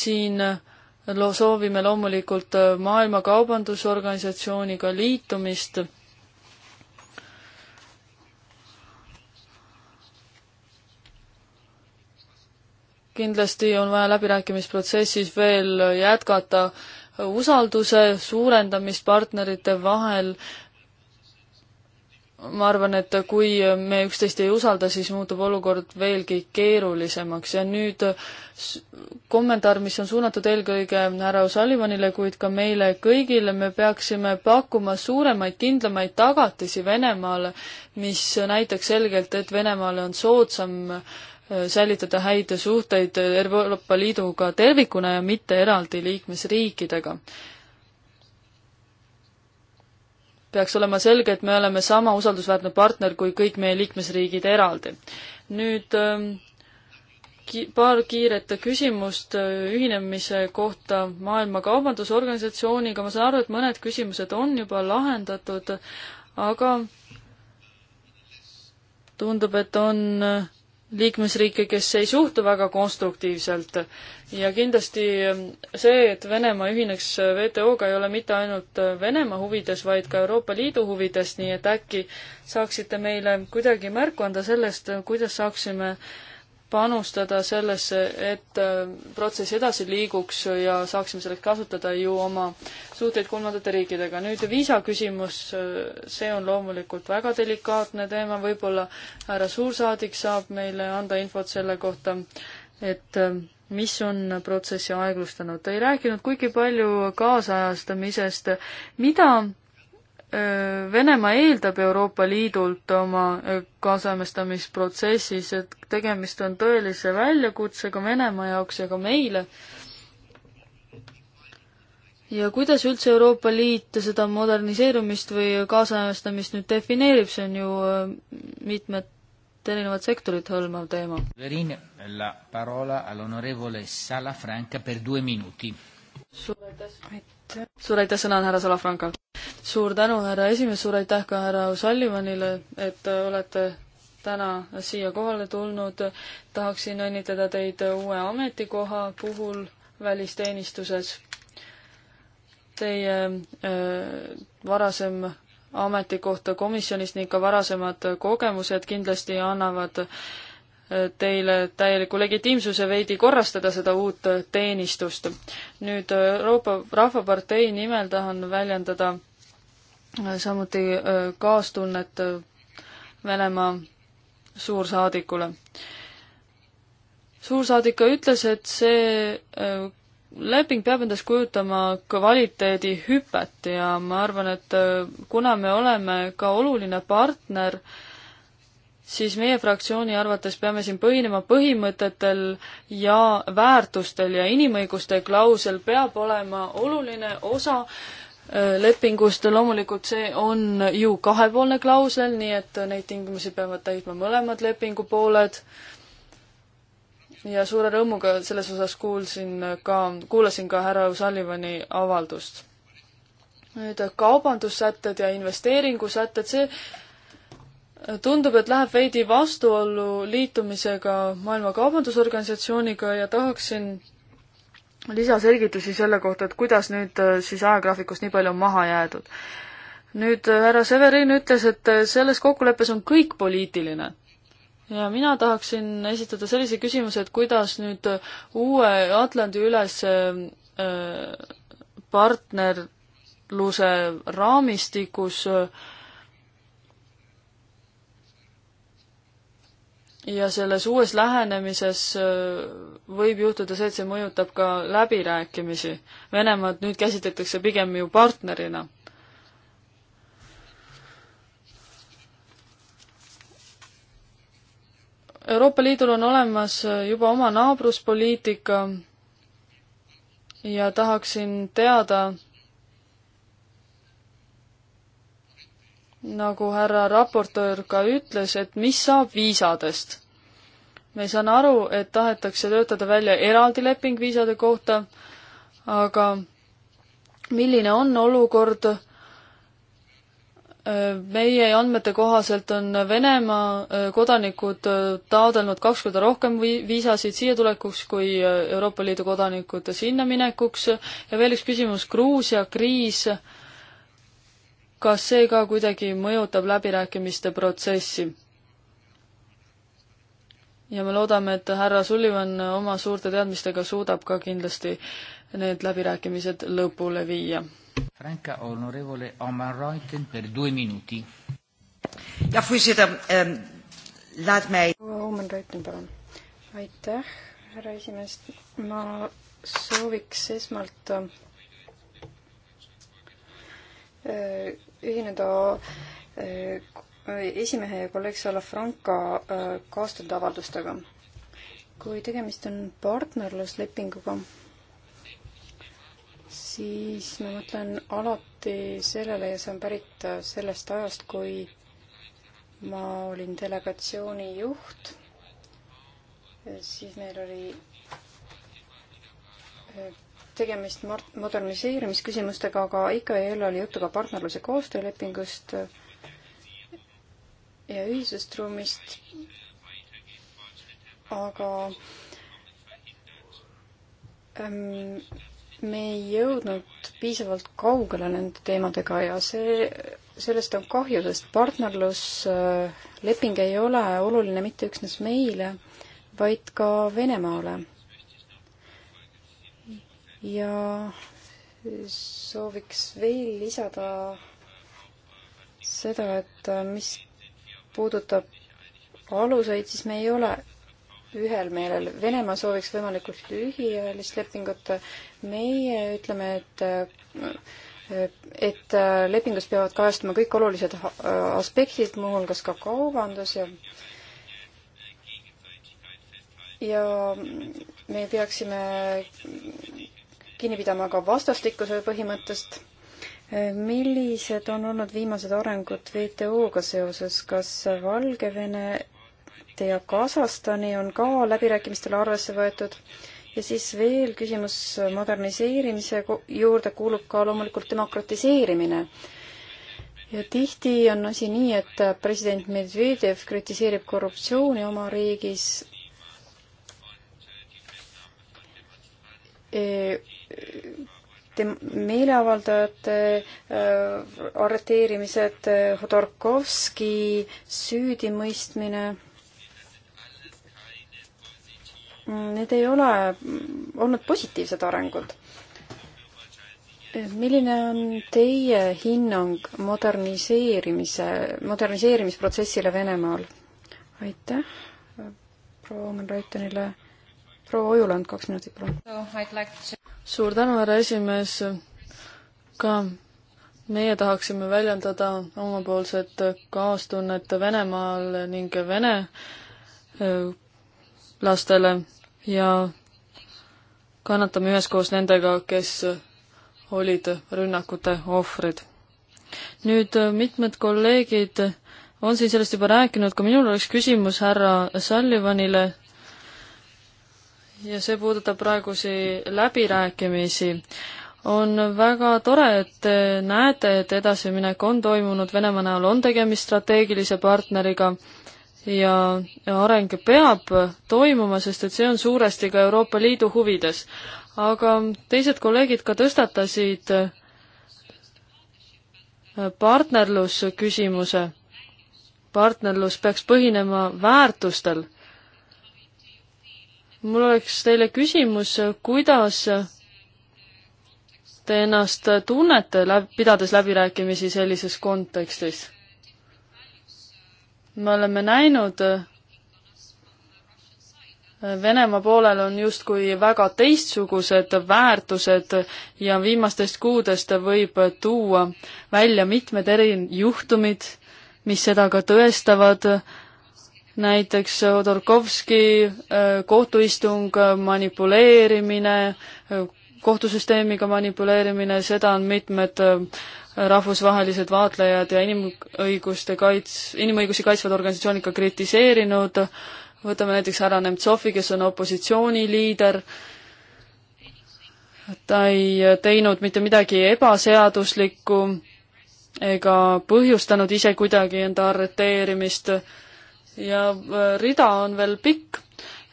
siin lo-, soovime loomulikult Maailma Kaubandusorganisatsiooniga liitumist kindlasti on vaja läbirääkimisprotsessis veel jätkata usalduse suurendamist partnerite vahel. ma arvan, et kui me üksteist ei usalda, siis muutub olukord veelgi keerulisemaks ja nüüd kommentaar, mis on suunatud eelkõige härra Ossalivanile, kuid ka meile kõigile, me peaksime pakkuma suuremaid, kindlamaid tagatisi Venemaale, mis näitaks selgelt, et Venemaale on soodsam äh, säilitada häid suhteid Euroopa Liiduga tervikuna ja mitte eraldi liikmesriikidega. peaks olema selge, et me oleme sama usaldusväärne partner kui kõik meie liikmesriigid eraldi. nüüd ähm, ki-, paar kiiret küsimust äh, ühinemise kohta Maailma Kaubandusorganisatsiooniga, ma saan aru, et mõned küsimused on juba lahendatud, aga tundub, et on äh, liikmesriike, kes ei suhtu väga konstruktiivselt ja kindlasti see, et Venemaa ühineks WTO-ga, ei ole mitte ainult Venemaa huvides, vaid ka Euroopa Liidu huvides, nii et äkki saaksite meile kuidagi märku anda sellest, kuidas saaksime äh, panustada sellesse, et äh, protsess edasi liiguks ja saaksime selleks kasutada ju oma suhteid kolmandate riikidega. nüüd viisaküsimus, äh, see on loomulikult väga delikaatne teema, võib-olla härra suursaadik saab meile anda infot selle kohta, et äh, mis on protsessi aeglustanud. Te ei rääkinud kuigi palju kaasajastamisest. mida Venemaa eeldab Euroopa Liidult oma äh, kaasamestamisprotsessis, et tegemist on tõelise väljakutsega Venemaa jaoks ja ka meile. ja kuidas üldse Euroopa Liit seda moderniseerumist või kaasamestamist nüüd defineerib, see on ju äh, mitmed erinevad sektorid hõlmav teema. suur aitäh! suur aitäh, sõna on härra Salafrankal. suur tänu, härra esimees, suur aitäh ka härra Ossalivanile, et olete täna siia kohale tulnud. tahaksin õnnitleda teid uue ametikoha puhul välisteenistuses. Teie äh, varasem ametikoht komisjonis ning ka varasemad kogemused kindlasti annavad äh, teile täieliku legitiimsuse veidi korrastada seda uut teenistust. nüüd äh, Euroopa Rahvapartei nimel tahan väljendada äh, samuti äh, kaastunnet Venemaa suursaadikule. suursaadik ka ütles, et see leping peab endast kujutama kvaliteedihüpet ja ma arvan, et kuna me oleme ka oluline partner äh, siis meie fraktsiooni arvates peame siin põhinema põhimõtetel ja väärtustel ja inimõiguste klausel peab olema oluline osa äh, lepingust, loomulikult see on ju kahepoolne klausel, nii et neid tingimusi peavad täitma mõlemad lepingupooled. ja suure rõõmuga selles osas kuulsin ka, kuulasin ka härra O'Sullivani avaldust. nüüd kaubandussätted ja investeeringusätted, see tundub, et läheb veidi vastuollu liitumisega Maailma Kaubandusorganisatsiooniga ja tahaksin lisaselgitusi selle kohta, et kuidas nüüd äh, siis ajagraafikust nii palju on maha jäädud. nüüd äh, härra Severin ütles, et äh, selles kokkuleppes on kõik poliitiline. ja mina tahaksin esitada sellise küsimuse, et kuidas nüüd uue Atlandi üles partnerluse raamistikus äh, ja selles uues lähenemises äh, võib juhtuda see, et see mõjutab ka läbirääkimisi. Venemaad nüüd käsitletakse pigem ju partnerina. Euroopa Liidul on olemas äh, juba oma naabruspoliitika ja tahaksin teada, nagu härra raportöör ka ütles, et mis saab viisadest. ma saan aru, et tahetakse töötada välja eraldi leping viisade kohta, aga milline on olukord meie andmete kohaselt on Venemaa äh, kodanikud äh, taotlenud kaks korda rohkem viisasid siia tulekuks kui äh, Euroopa Liidu kodanikud sinna minekuks ja veel üks küsimus, Gruusia kriis äh, kas see ka kuidagi mõjutab läbirääkimiste protsessi? ja me loodame, et härra Sullivan oma suurte teadmistega suudab ka kindlasti need läbirääkimised lõpule viia. Franca onorevole Omar Reuten per due minuti. jah, voorzitter ähm,, laat mij. Omar Reuten, palun. aitäh, härra esimees. ma sooviks esmalt äh, ühineda äh, esimehe ja kolleeg Salafranca äh, kaastatud avaldustega. kui tegemist on partnerluslepinguga, siis ma mõtlen alati sellele ja see on pärit äh, sellest ajast, kui ma olin delegatsiooni juht, siis meil oli tegemist moderniseerimisküsimustega, aga IKL oli juttu ka partnerluse koostöölepingust ja ühisest ruumist. aga ähm, me ei jõudnud piisavalt kaugele nende teemadega ja see, sellest on kahju, sest partnerlusleping äh, ei ole oluline mitte üksnes meile, vaid ka Venemaale ja sooviks veel lisada seda, et äh, mis puudutab aluseid, siis me ei ole ühel meelel. Venemaa sooviks võimalikult lühiajalist lepingut. meie ütleme, et äh, et äh, lepingus peavad kajastuma kõik olulised aspektid, muuhulgas ka kaubandus ja ja me peaksime kinni pidama ka vastastikuse põhimõttest. millised on olnud viimased arengud WTO-ga seoses, kas Valgevene ja Kasahstani on ka läbirääkimistele arvesse võetud? ja siis veel küsimus moderniseerimise juurde kuulub ka loomulikult demokratiseerimine. ja tihti on asi nii, et president Medvedjev kritiseerib korruptsiooni oma riigis e, tem-, meeleavaldajate äh, arreteerimised äh,, Hodorkovski süüdimõistmine, mm, need ei ole olnud positiivsed arengud. milline on teie hinnang moderniseerimise, moderniseerimisprotsessile Venemaal? aitäh proua Omen Reutenile, proua Ojuland, kaks minutit, palun suur tänu, härra esimees. ka meie tahaksime väljendada omapoolset kaastunnet Venemaal ning vene lastele ja kannatame üheskoos nendega, kes olid rünnakute ohvrid. nüüd mitmed kolleegid on siin sellest juba rääkinud, ka minul oleks küsimus härra Sullivanile ja see puudutab praegusi läbirääkimisi. on väga tore, et te näete, et edasiminek on toimunud Venemaa näol, on tegemist strateegilise partneriga ja areng peab toimuma, sest et see on suuresti ka Euroopa Liidu huvides. aga teised kolleegid ka tõstatasid partnerlusküsimuse. partnerlus peaks põhinema väärtustel mul oleks teile küsimus, kuidas te ennast tunnete läb-, pidades läbirääkimisi sellises kontekstis? me oleme näinud, Venemaa poolel on justkui väga teistsugused väärtused ja viimastest kuudest võib tuua välja mitmed erijuhtumid, mis seda ka tõestavad, näiteks Hodorkovski äh, kohtuistung, äh, manipuleerimine, äh, kohtusüsteemiga manipuleerimine, seda on mitmed rahvusvahelised vaatlejad ja inimõiguste kaits-, inimõigusi kaitsvad organisatsioonid ka kritiseerinud, võtame näiteks härra Nemtsovi, kes on opositsiooniliider, ta ei teinud mitte midagi ebaseaduslikku ega põhjustanud ise kuidagi enda arreteerimist ja äh, rida on veel pikk.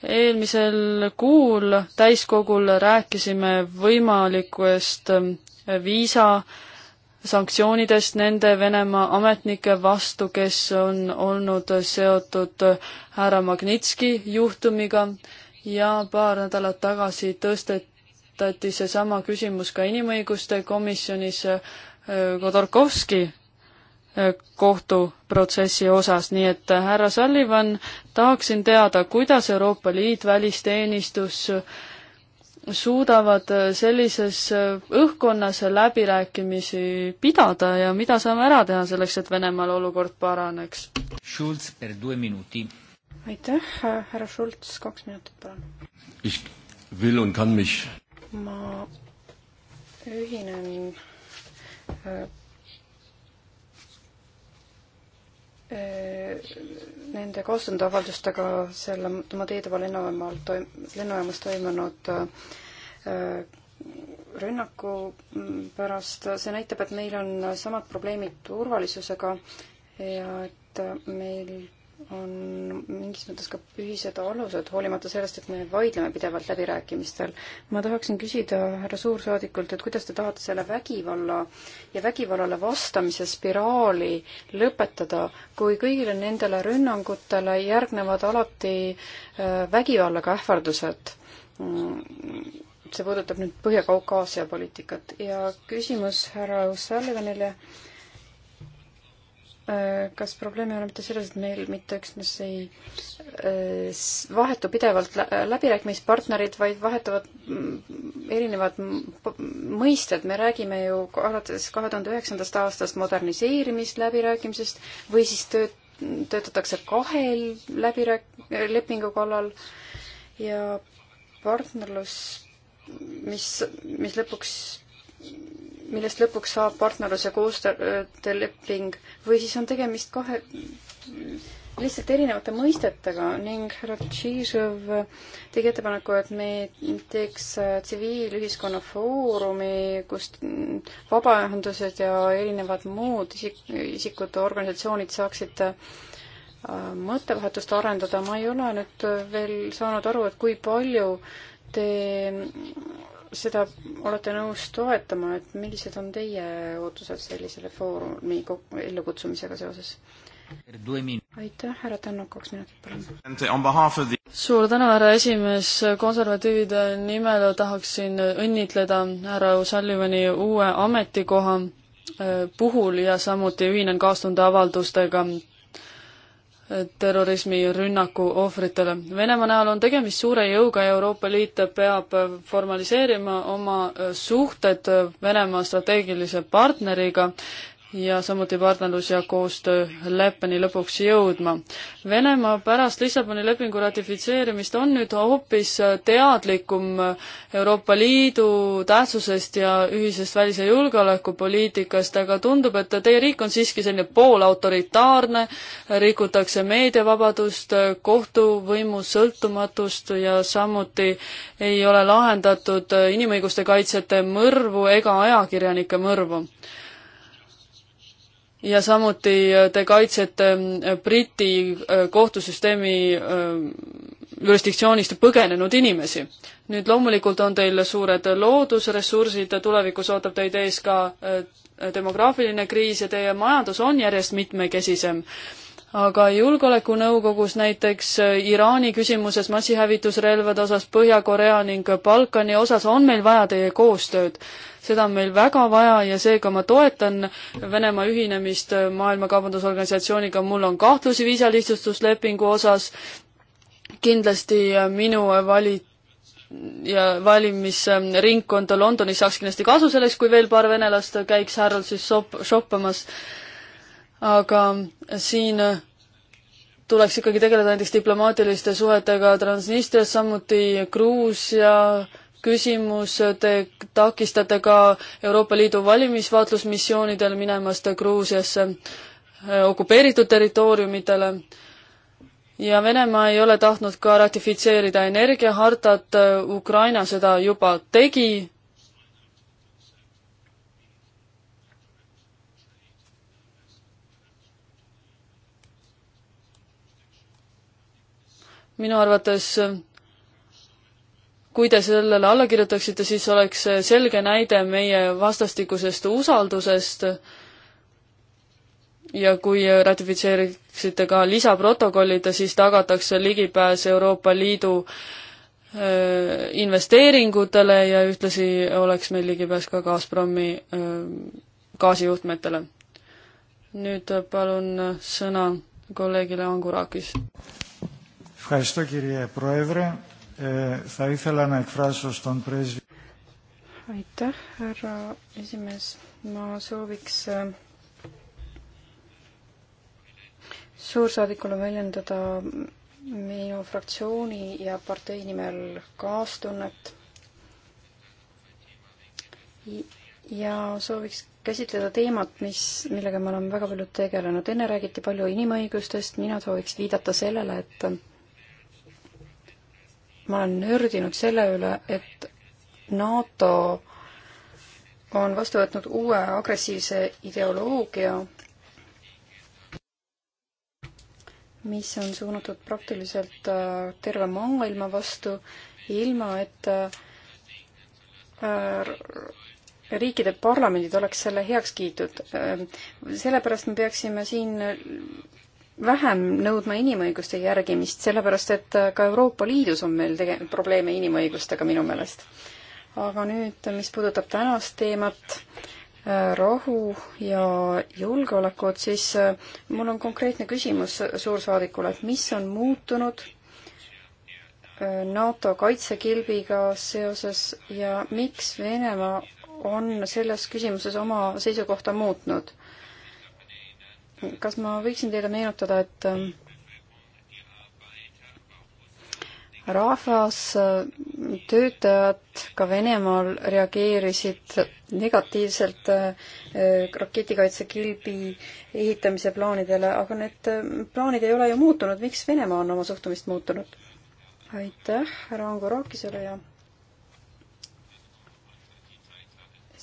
eelmisel kuul täiskogul rääkisime võimalikust ähm, viisa sanktsioonidest nende Venemaa ametnike vastu, kes on olnud seotud äh, härra Magnitski juhtumiga ja paar nädalat tagasi tõstetati seesama küsimus ka inimõiguste komisjonis äh, Kodorkovski Äh, kohtuprotsessi osas, nii et äh, härra Sullivan, tahaksin teada, kuidas Euroopa Liit, välisteenistus äh, suudavad sellises õhkkonnas läbirääkimisi pidada ja mida saame ära teha selleks, et Venemaal olukord paraneks? Schulz per due minuti. aitäh, härra Schulz, kaks minutit, palun. Ich will und kann mich. ma ühinen nende kaastunde avaldustega selle Madeedova lennujaamal toim-, lennujaamas toimunud äh, rünnaku mm, pärast, see näitab, et meil on samad probleemid turvalisusega ja et meil on mingis mõttes ka ühised alused, hoolimata sellest, et me vaidleme pidevalt läbirääkimistel. ma tahaksin küsida härra suursaadikult, et kuidas te tahate selle vägivalla ja vägivallale vastamise spiraali lõpetada, kui kõigile nendele rünnangutele järgnevad alati äh, vägivallaga ähvardused? Mm, see puudutab nüüd Põhja-Kaukaasia poliitikat ja küsimus härra O'Sullivanile äh, Äh, kas probleem ei ole mitte selles, et meil mitte üksnes ei äh, vahetu pidevalt läbirääkimispartnerid, vaid vahetuvad mm, erinevad mõisted, me räägime ju alates kahe tuhande üheksandast aastast moderniseerimisläbirääkimisest või siis tööd, töötatakse kahel läbirääk-, lepingu kallal ja partnerlus, mis, mis lõpuks millest lõpuks saab partnerlus- ja koostööleping või siis on tegemist kahe lihtsalt erinevate mõistetega ning härra Tšižev tegi ettepaneku, et me teeks äh, tsiviilühiskonna foorumi, kus vabaühendused ja erinevad muud isik, isikud, organisatsioonid saaksid äh, mõttevahetust arendada. ma ei ole nüüd äh, veel saanud aru, et kui palju te seda olete nõus toetama, et millised on teie ootused sellisele foorumi ellukutsumisega seoses? aitäh, härra Tännok, kaks minutit, palun. suur tänu, härra esimees, konservatiivide nimel tahaksin õnnitleda härra O'Sullivani uue ametikoha eh, puhul ja samuti ühinen kaastunde avaldustega terrorismirünnaku ohvritele. Venemaa näol on tegemist suure jõuga ja Euroopa Liit peab formaliseerima oma suhted Venemaa strateegilise partneriga ja samuti partnerlus- ja koostööleppeni lõpuks jõudma. Venemaa pärast Lissaboni lepingu ratifitseerimist on nüüd hoopis teadlikum Euroopa Liidu tähtsusest ja ühisest välis- ja julgeolekupoliitikast, aga tundub, et teie riik on siiski selline poolautoritaarne, rikutakse meediavabadust, kohtuvõimu sõltumatust ja samuti ei ole lahendatud inimõiguste kaitsjate mõrvu ega ajakirjanike mõrvu ja samuti äh, te kaitsete ähm, Briti äh, kohtusüsteemi ähm, jurisdiktsioonist põgenenud inimesi. nüüd loomulikult on teil suured loodusressursid, tulevikus ootab teid ees ka äh, demograafiline kriis ja teie majandus on järjest mitmekesisem. aga Julgeolekunõukogus näiteks Iraani küsimuses, massihävitusrelvade osas, Põhja-Korea ning Balkani osas on meil vaja teie koostööd seda on meil väga vaja ja seega ma toetan Venemaa ühinemist Maailma Kaubandusorganisatsiooniga, mul on kahtlusi viisalihtsustuslepingu osas, kindlasti minu vali- ja valimisringkonda Londonis saaks kindlasti kasu sellest, kui veel paar venelast käiks Harroldsis shop-, shoppamas, aga siin tuleks ikkagi tegeleda näiteks diplomaatiliste suhetega Transnistrias, samuti Gruusia küsimus, te takistate ka Euroopa Liidu valimisvaatlusmissioonidel minemast Gruusiasse eh, okupeeritud territooriumitele ja Venemaa ei ole tahtnud ka ratifitseerida energiahartat, eh, Ukraina seda juba tegi. minu arvates eh, kui te sellele alla kirjutaksite, siis oleks selge näide meie vastastikusest usaldusest ja kui ratifitseeriksite ka lisaprotokollid, siis tagatakse ligipääs Euroopa Liidu investeeringutele ja ühtlasi oleks meil ligipääs ka Gazpromi gaasijuhtmetele. nüüd palun sõna kolleegile Angurakis. Ευχαριστώ κύριε Πρόεδρε. Θα ήθελα να εκφράσω στον πρέσβη. Aitäh, härra esimees. Ma sooviks suursaadikule väljendada minu fraktsiooni ja partei nimel kaastunnet. Ja sooviks käsitleda teemat, mis, millega me oleme väga palju tegelenud. Enne räägiti palju inimõigustest. Mina sooviks viidata sellele, et ma olen nördinud selle üle, et NATO on vastu võtnud uue agressiivse ideoloogia, mis on suunatud praktiliselt äh, terve maailma vastu, ilma et äh, riikide parlamendid oleks selle heaks kiitnud. Äh, sellepärast me peaksime siin vähem nõudma inimõiguste järgimist, sellepärast et ka Euroopa Liidus on meil tege-, probleeme inimõigustega minu meelest. aga nüüd, mis puudutab tänast teemat, äh, rahu ja julgeolekut, siis äh, mul on konkreetne küsimus suursaadikule, et mis on muutunud äh, NATO kaitsekilbiga seoses ja miks Venemaa on selles küsimuses oma seisukohta muutnud? kas ma võiksin teile meenutada, et ähm, rahvas, äh, töötajad ka Venemaal reageerisid negatiivselt äh, äh, raketikaitsekilbi ehitamise plaanidele, aga need ähm, plaanid ei ole ju muutunud, miks Venemaa on oma suhtumist muutunud? aitäh härra Ango Raukisele ja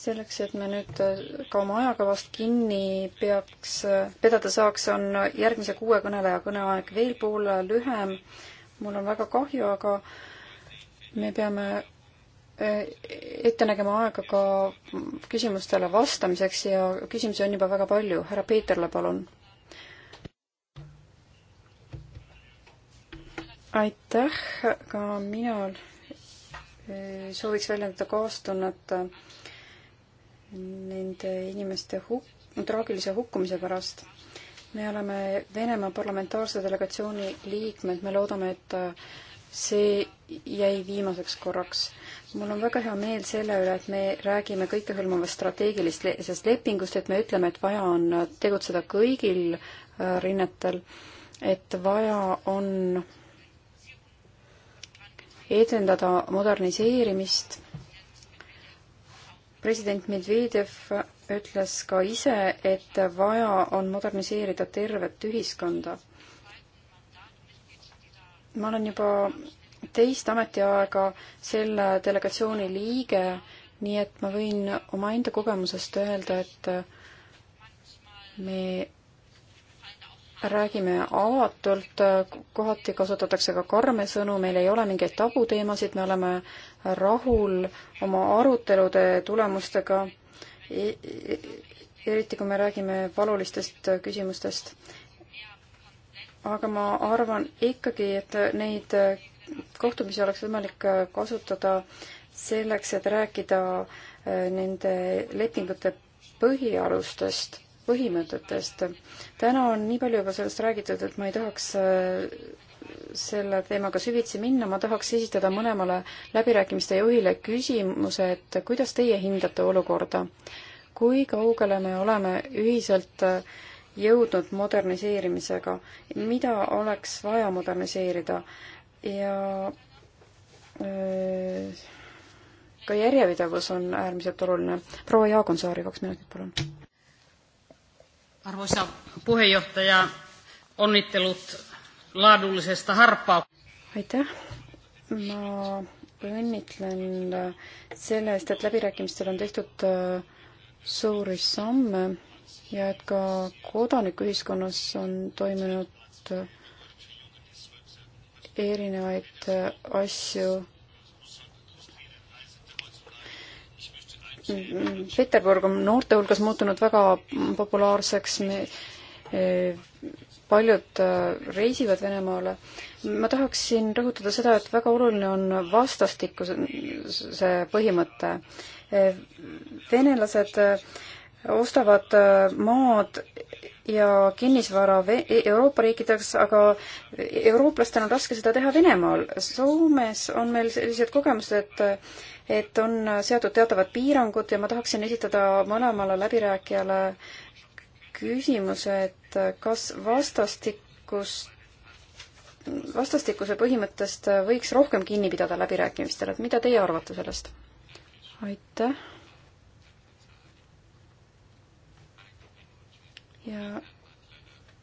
selleks, et me nüüd äh, ka oma ajakavast kinni peaks, äh, pidada saaks, on järgmise kuue kõneleja kõneaeg veel poole lühem. mul on väga kahju, aga me peame äh, ette nägema aega ka küsimustele vastamiseks ja küsimusi on juba väga palju. härra Peeterle, palun. aitäh, ka mina sooviks väljendada kaastunnet nende inimeste huk-, traagilise hukkumise pärast. me oleme Venemaa parlamentaarse delegatsiooni liikmed, me loodame, et see jäi viimaseks korraks. mul on väga hea meel selle üle, et me räägime kõikehõlmavast strateegilisest lepingust, et me ütleme, et vaja on tegutseda kõigil äh, rinnetel, et vaja on edendada moderniseerimist president Medvedev ütles ka ise, et vaja on moderniseerida tervet ühiskonda. ma olen juba teist ametiaega selle delegatsiooni liige, nii et ma võin omaenda kogemusest öelda, et me räägime avatult, kohati kasutatakse ka karme sõnu, meil ei ole mingeid tabuteemasid, me oleme rahul oma arutelude tulemustega, e-, e-, eriti kui me räägime valulistest küsimustest. aga ma arvan ikkagi, et neid kohtumisi oleks võimalik kasutada selleks, et rääkida e, nende lepingute põhialustest, põhimõtetest. täna on nii palju juba sellest räägitud, et ma ei tahaks selle teemaga süvitsi minna, ma tahaks esitada mõlemale läbirääkimiste juhile küsimuse, et kuidas teie hindate olukorda? kui kaugele me oleme ühiselt äh, jõudnud moderniseerimisega, mida oleks vaja moderniseerida ja öö, äh, ka järjepidevus on äärmiselt oluline. proua Jaagonsaari, kaks minutit, palun. arvoisa puhejuhataja, onnittelut laadullisesta harppaa. aitäh, ma õnnitlen selle eest, et läbirääkimistel on tehtud äh, suuri samme ja et ka kodanikuühiskonnas on toimunud äh, erinevaid äh, asju. Peterburg on noorte hulgas muutunud väga populaarseks paljud äh, reisivad Venemaale. ma tahaksin rõhutada seda, et väga oluline on vastastikuse põhimõte. Äh, venelased äh, ostavad maad ja kinnisvara e-, Euroopa riikides, aga eurooplastel on raske seda teha Venemaal. Soomes on meil sellised kogemused, et et on seatud teatavad piirangud ja ma tahaksin esitada mõlemale läbirääkijale äh, küsimuse, et kas vastastikust vastastikuse põhimõttest võiks rohkem kinni pidada läbirääkimistel, et mida teie arvate sellest? aitäh. ja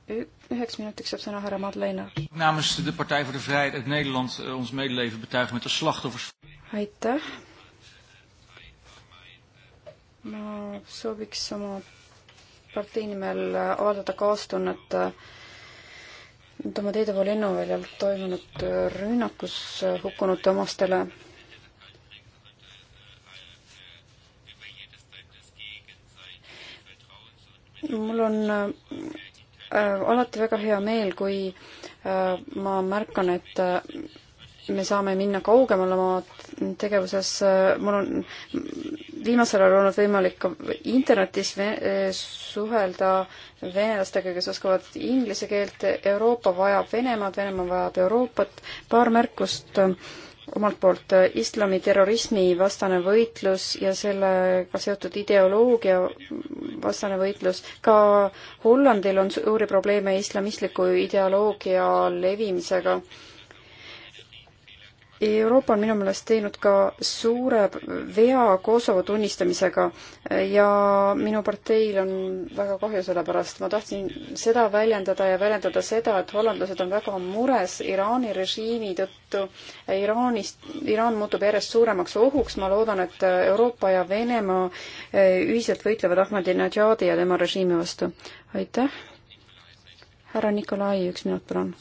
üheks minutiks saab sõna härra Madleina. namens de Partij voor de Vrijheid uit Nederland eh, ons medeleven betuigen met de slachtoffers. aitäh. ma sooviks oma partei nimel äh, avaldada kaastunnet Tomadeedova äh, lennuväljal toimunud äh, rünnakus hukkunute omastele. mul on alati väga hea meel, kui ma märkan, et me saame minna kaugemale oma tegevuses, mul on, viimasel ajal olnud võimalik ka internetis ve eh, suhelda venelastega, kes oskavad inglise keelt. Euroopa vajab Venemaad, Venemaa vajab Euroopat. paar märkust eh, omalt poolt eh, islami terrorismi vastane võitlus ja sellega seotud ideoloogia vastane võitlus. ka Hollandil on suuri probleeme islamistliku ideoloogia levimisega Euroopa on minu meelest teinud ka suure vea Kosovo tunnistamisega ja minu parteil on väga kahju selle pärast. ma tahtsin seda väljendada ja väljendada seda, et hollandlased on väga mures Iraani režiimi tõttu. Iraanist, Iraan muutub järjest suuremaks ohuks. ma loodan, et Euroopa ja Venemaa eh, ühiselt võitlevad Ahmadinejadi ja tema režiimi vastu. aitäh. härra Nikolai, üks minut, palun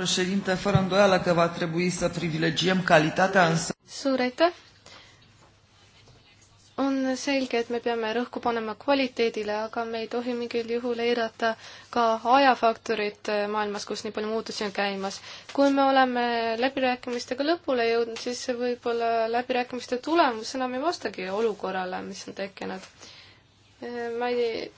președinte, fără îndoială că va trebui să privilegiem calitatea, însă... suur aitäh! on selge, et me peame rõhku panema kvaliteedile, aga me ei tohi mingil juhul eirata ka ajafaktorit maailmas, kus nii palju muutusi on käimas. kui me oleme läbirääkimistega lõpule jõudnud, siis võib-olla läbirääkimiste tulemus enam ei vastagi olukorrale, mis on tekkinud. ma ei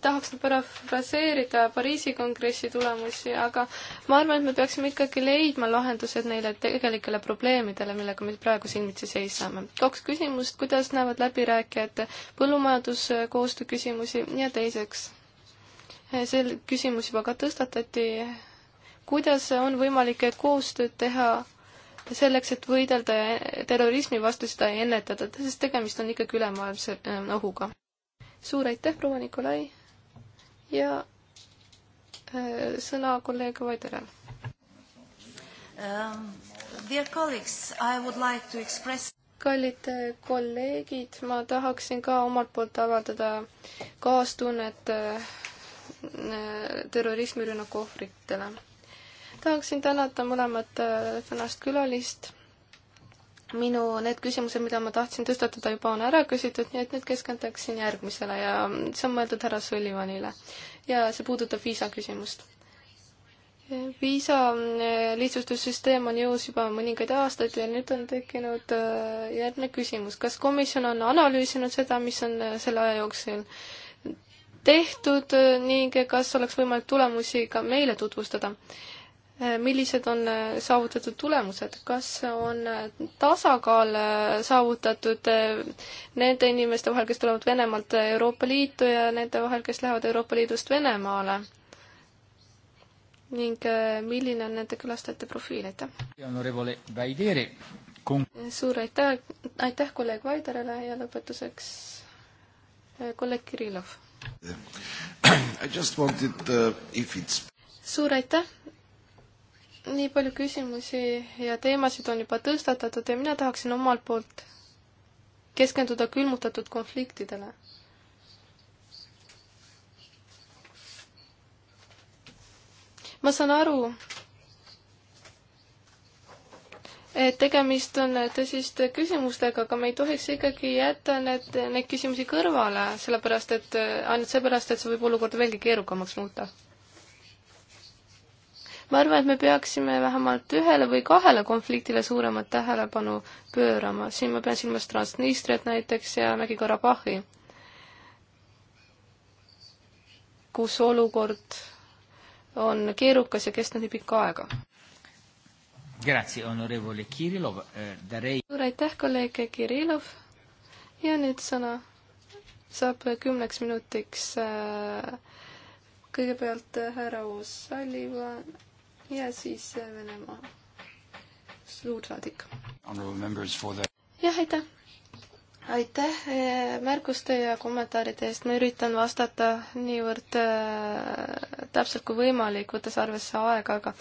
tahaks parafraseerida Pariisi kongressi tulemusi, aga ma arvan, et me peaksime ikkagi leidma lahendused neile tegelikele probleemidele, millega me praegu silmitsi seisame. kaks küsimust, kuidas näevad läbirääkijad põllumajanduskoostöö küsimusi ja teiseks, see küsimus juba ka tõstatati, kuidas on võimalik koostööd teha selleks, et võidelda terrorismi vastu seda ennetada, sest tegemist on ikkagi ülemaailmse äh, ohuga. suur aitäh, proua Nikolai! ja äh, sõna kolleeg Vaiderale um,. Like express... kallid äh, kolleegid, ma tahaksin ka omalt poolt avaldada kaastunnet äh, terrorismirünnaku ohvritele. tahaksin tänada mõlemat tänast külalist minu, need küsimused, mida ma tahtsin tõstatada, juba on ära küsitud, nii et nüüd keskenduksin järgmisele ja see on mõeldud härra Sullivanile. ja see puudutab viisa küsimust. viisa eh, lihtsustussüsteem on jõus juba mõningaid aastaid ja nüüd on tekkinud eh, järgmine küsimus. kas komisjon on analüüsinud seda, mis on eh, selle aja jooksul tehtud ning kas oleks võimalik tulemusi ka meile tutvustada? Eh, millised on eh, saavutatud tulemused, kas on eh, tasakaal saavutatud nende inimeste vahel, kes tulevad Venemaalt Euroopa Liitu ja nende vahel, kes lähevad Euroopa Liidust Venemaale? ning milline on nende külastajate profiil, aitäh! suur aitäh, aitäh kolleeg Vaiderele ja lõpetuseks kolleeg Kirillov. Uh, suur aitäh, nii palju küsimusi ja teemasid on juba tõstatatud ja mina tahaksin omalt poolt keskenduda külmutatud konfliktidele. ma saan aru, et tegemist on tõsiste küsimustega, aga me ei tohiks ikkagi jätta need, neid küsimusi kõrvale, sellepärast et, ainult seepärast, et see võib olukorda veelgi keerukamaks muuta ma arvan, et me peaksime vähemalt ühele või kahele konfliktile suuremat tähelepanu pöörama, siin ma pean silmas Transnistriat näiteks ja Mägi-Karabahhi, kus olukord on keerukas ja kestnud nii pikka aega. Grazie, onorevole Kirillov äh,, darei. suur aitäh, kolleeg Kirillov. ja nüüd sõna saab kümneks minutiks äh, kõigepealt eh, härra Ossalivan ja siis eh, Venemaa suursaadik. jah, aitäh! aitäh eh, märkuste ja kommentaaride eest, ma üritan vastata niivõrd eh, täpselt kui võimalik, võttes arvesse aega, aga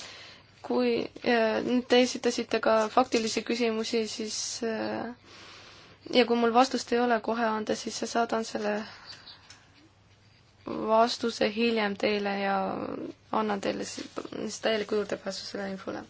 kui nüüd te esitasite ka faktilisi küsimusi, siis ja kui mul vastust ei ole kohe anda, siis saadan selle vastuse hiljem teile ja annan teile siis täieliku juurdepääsu sellele infole.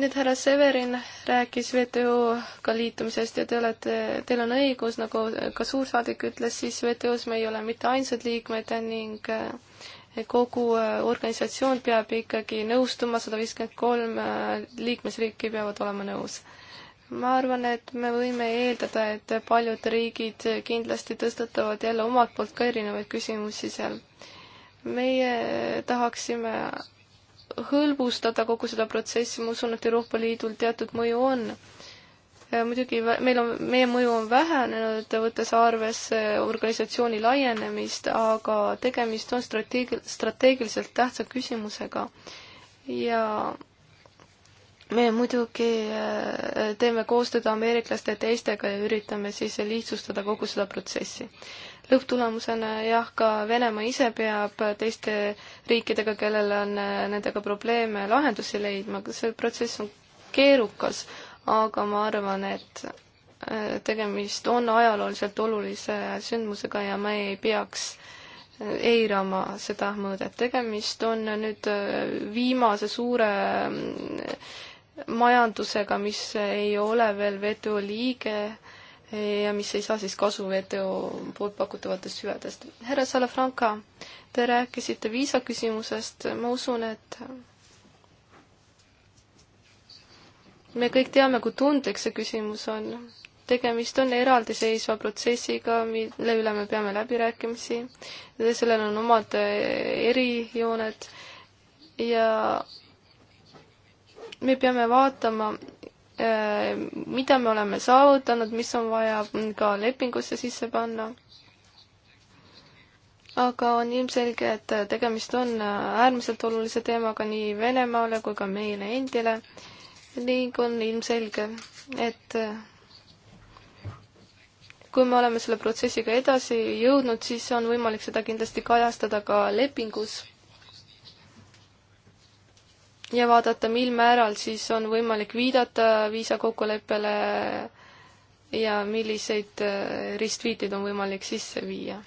nüüd härra Severin rääkis WTO-ga liitumisest ja te olete, teil on õigus, nagu ka suursaadik ütles, siis WTO-s me ei ole mitte ainsad liikmed ning eh, kogu eh, organisatsioon peab ikkagi nõustuma, sada viiskümmend kolm eh, liikmesriiki peavad olema nõus ma arvan, et me võime eeldada, et paljud riigid kindlasti tõstatavad jälle omalt poolt ka erinevaid küsimusi seal. meie tahaksime hõlbustada kogu seda protsessi, ma usun, et Euroopa Liidul teatud mõju on. muidugi meil on, meie mõju on vähenenud, võttes arvesse organisatsiooni laienemist, aga tegemist on strateegil-, strateegiliselt tähtsa küsimusega ja me muidugi äh, teeme koostööd ameeriklaste ja teistega ja üritame siis lihtsustada kogu seda protsessi. lõpptulemusena jah, ka Venemaa ise peab teiste riikidega, kellel on äh, nendega probleeme, lahendusi leidma, see protsess on keerukas, aga ma arvan, et äh, tegemist on ajalooliselt olulise sündmusega ja me ei peaks eirama seda mõõdet. tegemist on nüüd viimase suure mm, majandusega, mis ei ole veel WTO liige ja mis ei saa siis kasu WTO poolt pakutavatest hüvedest. härra Salafranca, te rääkisite viisaküsimusest, ma usun, et me kõik teame, kui tundlik see küsimus on. tegemist on eraldiseisva protsessiga, mille üle me peame läbirääkimisi, sellel on omad erijooned ja me peame vaatama, äh, mida me oleme saavutanud, mis on vaja ka lepingusse sisse panna. aga on ilmselge, et tegemist on äärmiselt olulise teemaga nii Venemaale kui ka meile endile ning on ilmselge, et äh, kui me oleme selle protsessiga edasi jõudnud, siis on võimalik seda kindlasti kajastada ka lepingus ja vaadata, mil määral siis on võimalik viidata viisakokkuleppele ja milliseid äh, ristviiteid on võimalik sisse viia.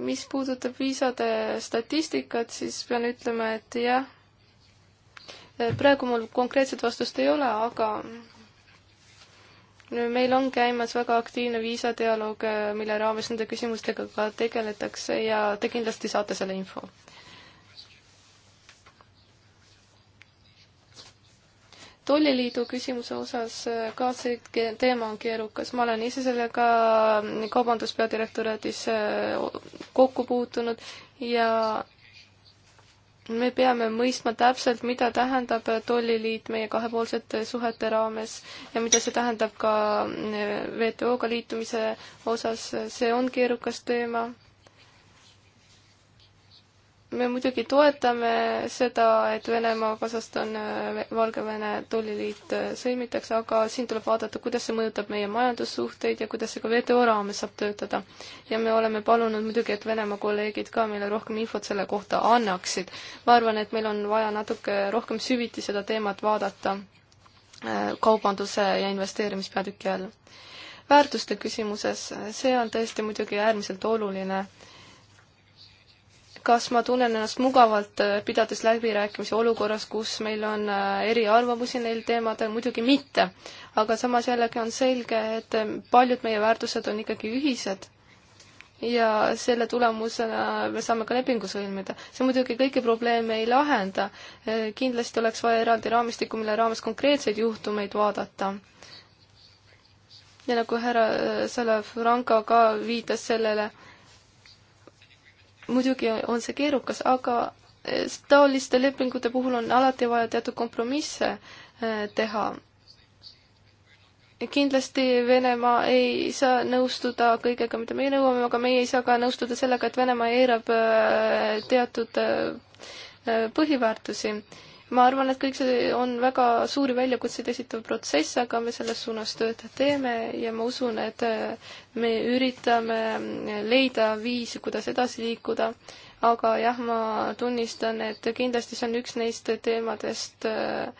mis puudutab viisade statistikat, siis pean ütlema, et jah, äh, praegu mul konkreetset vastust ei ole, aga meil on käimas väga aktiivne viisadialoog, äh, mille raames nende küsimustega ka tegeletakse ja te kindlasti saate selle info. tolliliidu küsimuse osas äh, ka see teema on keerukas, ma olen ise sellega mm, kaubanduspeadirektoraadis äh, kokku puutunud ja me peame mõistma täpselt, mida tähendab tolliliit meie kahepoolsete suhete raames ja mida see tähendab ka mm, WTO-ga liitumise osas, see on keerukas teema me muidugi toetame seda, et Venemaa, Kasahstan, Valgevene tolliliit äh, sõlmitakse, aga siin tuleb vaadata, kuidas see mõjutab meie majandussuhteid ja kuidas see ka WTO raames saab töötada. ja me oleme palunud muidugi, et Venemaa kolleegid ka meile rohkem infot selle kohta annaksid. ma arvan, et meil on vaja natuke rohkem süviti seda teemat vaadata äh, kaubanduse ja investeerimispeatüki all. väärtuste küsimuses, see on tõesti muidugi äärmiselt oluline kas ma tunnen ennast mugavalt, äh, pidades läbirääkimisi olukorras, kus meil on äh, eriarvamusi neil teemadel, muidugi mitte. aga samas jällegi on selge, et äh, paljud meie väärtused on ikkagi ühised ja selle tulemusena me saame ka lepingu sõlmida. see muidugi kõiki probleeme ei lahenda, kindlasti oleks vaja eraldi raamistikku, mille raames konkreetseid juhtumeid vaadata ja nagu härra Salafranca ka viitas sellele, muidugi on see keerukas, aga eh, taoliste lepingute puhul on alati vaja teatud kompromisse eh, teha. kindlasti Venemaa ei saa nõustuda kõigega, mida meie nõuame, aga meie ei saa ka nõustuda sellega, et Venemaa eirab eh, teatud põhiväärtusi ma arvan, et kõik see on väga suuri väljakutseid esitav protsess, aga me selles suunas tööd teeme ja ma usun, et äh, me üritame äh, leida viisi, kuidas edasi liikuda. aga jah, ma tunnistan, et kindlasti see on üks neist teemadest, äh,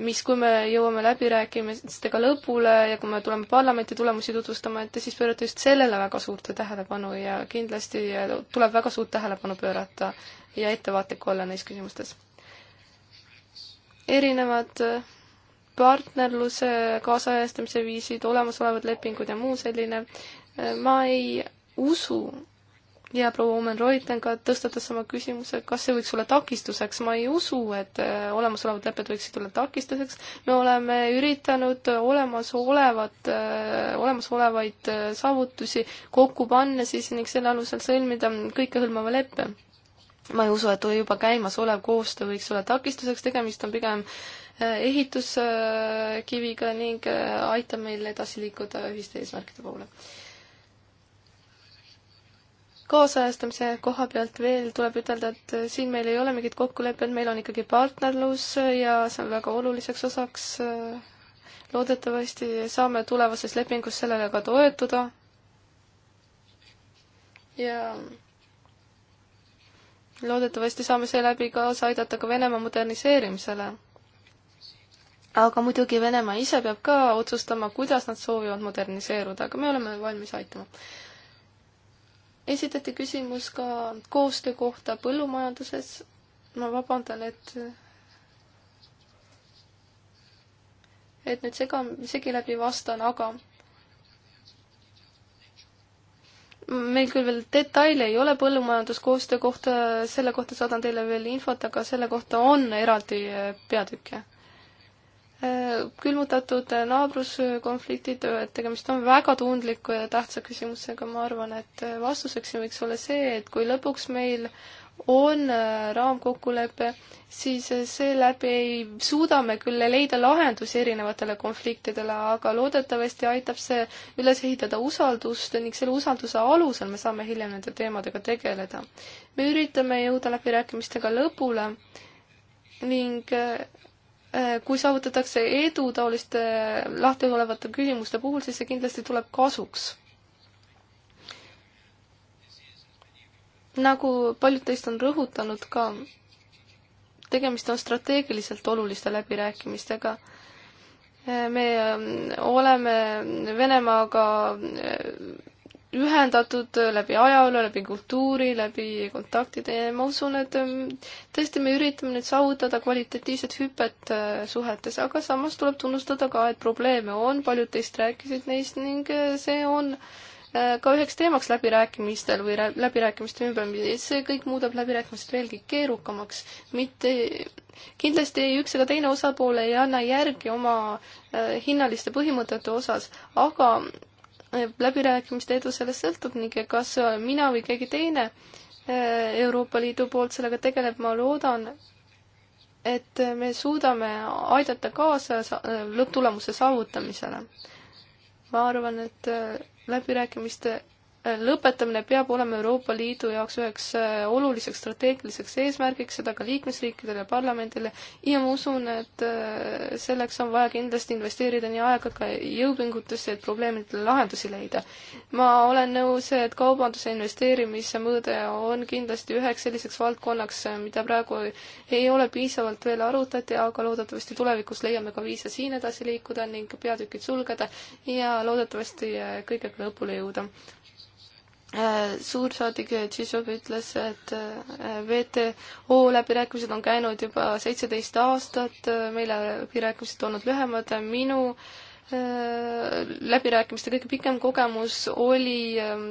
mis, kui me jõuame läbirääkimistega lõpule ja kui me tuleme parlamenti tulemusi tutvustama, et siis pöörata just sellele väga suurt tähelepanu ja kindlasti tuleb väga suurt tähelepanu pöörata ja ettevaatlik olla neis küsimustes erinevad äh, partnerluse kaasajastamise viisid, olemasolevad lepingud ja muu selline. Äh, ma ei usu ja proua Omen Reuten ka tõstatas sama küsimuse, kas see võiks olla takistuseks, ma ei usu, et äh, olemasolevad lepped võiksid olla takistuseks, me oleme üritanud olemasolevat, olemasolevaid saavutusi kokku panna siis ning selle alusel sõlmida kõikehõlmava leppe ma ei usu, et juba käimasolev koostöö võiks olla takistuseks, tegemist on pigem äh, ehituskiviga ning äh, aitab meil edasi liikuda ühiste eesmärkide poole. kaasajastamise koha pealt veel tuleb ütelda, et äh, siin meil ei ole mingit kokkulepet, meil on ikkagi partnerlus ja see on väga oluliseks osaks. loodetavasti saame tulevases lepingus sellele ka toetuda. ja loodetavasti saame seeläbi kaasa aidata ka Venemaa moderniseerimisele. aga muidugi Venemaa ise peab ka otsustama, kuidas nad soovivad moderniseeruda, aga me oleme valmis aitama. esitati küsimus ka koostöö kohta põllumajanduses. ma vabandan, et et nüüd sega, segi läbi vastan, aga meil küll veel detaile ei ole põllumajanduskoostöö kohta, selle kohta saadan teile veel infot, aga selle kohta on eraldi äh, peatükke. Äh, külmutatud naabruskonfliktid, et äh, tegemist on väga tundliku ja tähtsa küsimusega, ma arvan, et vastuseks võiks olla see, et kui lõpuks meil on äh, raamkokkulepe, siis äh, seeläbi ei suuda me küll leida lahendusi erinevatele konfliktidele, aga loodetavasti aitab see üles ehitada usaldust ning selle usalduse alusel me saame hiljem nende teemadega tegeleda. me üritame jõuda läbirääkimistega lõpule ning äh, kui saavutatakse edu taoliste lahti olevate küsimuste puhul, siis see kindlasti tuleb kasuks nagu paljud teist on rõhutanud ka, tegemist on strateegiliselt oluliste läbirääkimistega. me ähm, oleme Venemaaga äh, ühendatud läbi ajaloo, läbi kultuuri, läbi kontaktide ja ma usun, et ähm, tõesti me üritame nüüd saavutada kvalitatiivset hüpet äh, suhetes, aga samas tuleb tunnustada ka, et probleeme on, paljud teist rääkisid neist ning äh, see on äh, Äh, ka üheks teemaks läbirääkimistel või läbirääkimiste ümber, see kõik muudab läbirääkimised veelgi keerukamaks. mitte, kindlasti ei üks ega teine osapool ei anna järgi oma äh, hinnaliste põhimõtete osas, aga äh, läbirääkimiste edu sellest sõltub ning kas mina või keegi teine Euroopa Liidu poolt sellega tegeleb, ma loodan, et me suudame aidata kaasa lõpptulemuse saavutamisele ma arvan, et äh, läbirääkimiste lõpetamine peab olema Euroopa Liidu jaoks üheks äh, oluliseks strateegiliseks eesmärgiks, seda ka liikmesriikidele ja parlamendile ja ma usun, et äh, selleks on vaja kindlasti investeerida nii aega ka jõupingutesse, et probleemidele lahendusi leida. ma olen nõus, et kaubanduse investeerimise mõõde on kindlasti üheks selliseks valdkonnaks, äh, mida praegu ei ole piisavalt veel arutati, aga loodetavasti tulevikus leiame ka viise siin edasi liikuda ning peatükid sulgeda ja loodetavasti kõigega lõpule jõuda Äh, suursaadik Tšišov ütles, et äh, WTO läbirääkimised on käinud juba seitseteist aastat, äh, meil läbirääkimised olnud lühemad, minu läbirääkimiste kõige pikem kogemus oli ähm,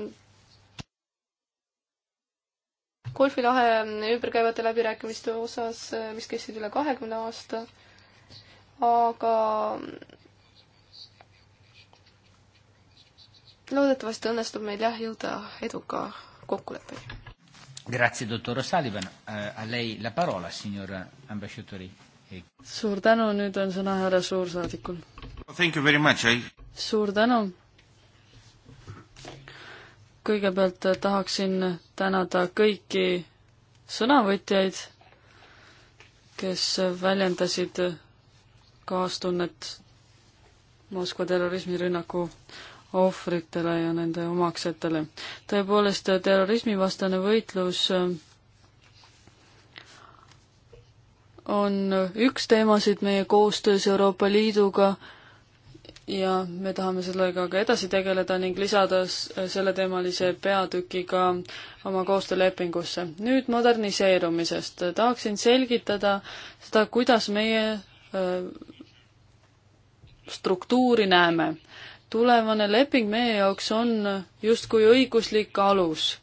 Golfi lahe ümber käivate läbirääkimiste osas, mis kestsid üle kahekümne aasta, aga loodetavasti õnnestub meil jah, jõuda eduka kokkuleppeni. Grazie, doktor Salivan uh,. Eh, a lei la parola, signor ambasciatori. Eh. suur tänu, nüüd on sõna härra suursaadikul. Thank you very much I.... suur tänu. kõigepealt eh, tahaksin tänada kõiki sõnavõtjaid, kes väljendasid kaastunnet Moskva terrorismirünnaku ohvritele ja nende omaksetele. tõepoolest, terrorismivastane võitlus äh, on üks teemasid meie koostöös Euroopa Liiduga ja me tahame sellega ka edasi tegeleda ning lisada selleteemalise peatüki ka oma koostöölepingusse. nüüd moderniseerumisest. tahaksin selgitada seda, kuidas meie äh, struktuuri näeme tulevane leping meie jaoks on justkui õiguslik alus.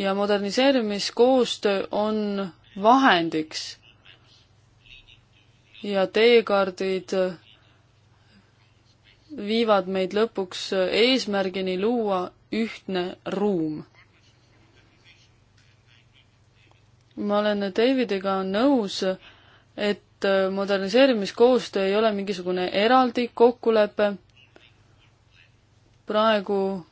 ja moderniseerimiskoostöö on vahendiks ja teekaardid viivad meid lõpuks eesmärgini luua ühtne ruum. ma olen Davidiga nõus, et et äh, moderniseerimiskoostöö ei ole mingisugune eraldi kokkulepe. praegu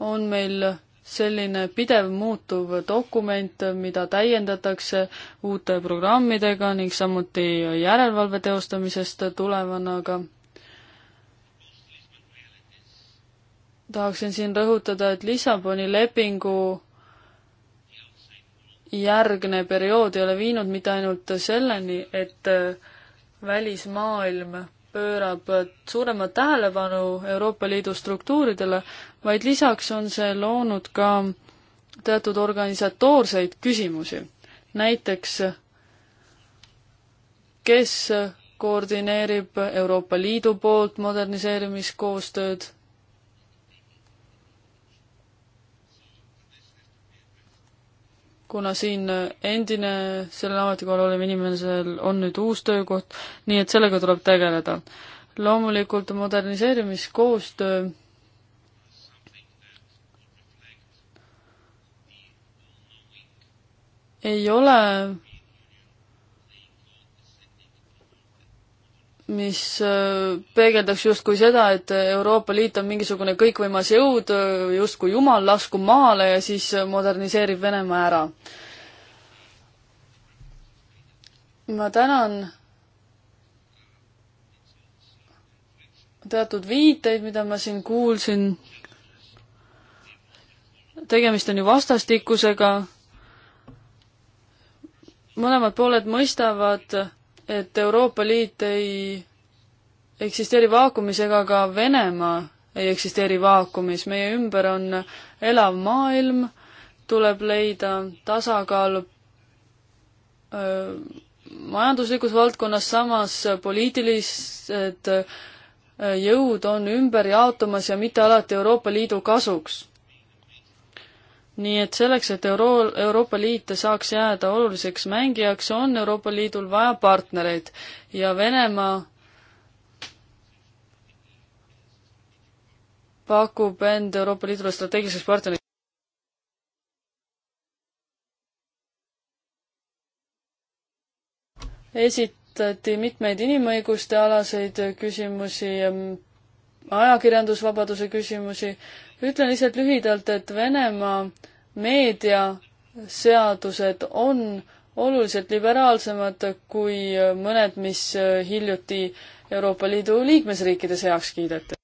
on meil selline pidev muutuv dokument, mida täiendatakse uute programmidega ning samuti järelevalve teostamisest tulevanaga. tahaksin siin rõhutada, et Lissaboni lepingu järgne periood ei ole viinud mitte ainult selleni, et äh, välismaailm pöörab suuremat tähelepanu Euroopa Liidu struktuuridele, vaid lisaks on see loonud ka teatud organisatoorseid küsimusi. näiteks, kes koordineerib Euroopa Liidu poolt moderniseerimiskoostööd kuna siin endine sellel ametikohal olev inimesel on nüüd uus töökoht, nii et sellega tuleb tegeleda. loomulikult moderniseerimiskoostöö ei ole mis äh, peegeldaks justkui seda, et Euroopa Liit on mingisugune kõikvõimas jõud, äh, justkui jumal lasku maale ja siis äh, moderniseerib Venemaa ära. ma tänan teatud viiteid, mida ma siin kuulsin. tegemist on ju vastastikusega. mõlemad pooled mõistavad et Euroopa Liit ei eksisteeri vaakumis ega ka Venemaa ei eksisteeri vaakumis, meie ümber on elav maailm, tuleb leida tasakaal öö, majanduslikus valdkonnas, samas poliitilised jõud on ümber jaotumas ja mitte alati Euroopa Liidu kasuks nii et selleks, et Euro-, Euroopa Liit saaks jääda oluliseks mängijaks, on Euroopa Liidul vaja partnereid ja Venemaa pakub end Euroopa Liidule strateegiliseks partneriks. esitati mitmeid inimõiguste alaseid küsimusi ajakirjandusvabaduse küsimusi. ütlen lihtsalt lühidalt, et Venemaa meediaseadused on oluliselt liberaalsemad kui mõned, mis hiljuti Euroopa Liidu liikmesriikides heaks kiideti.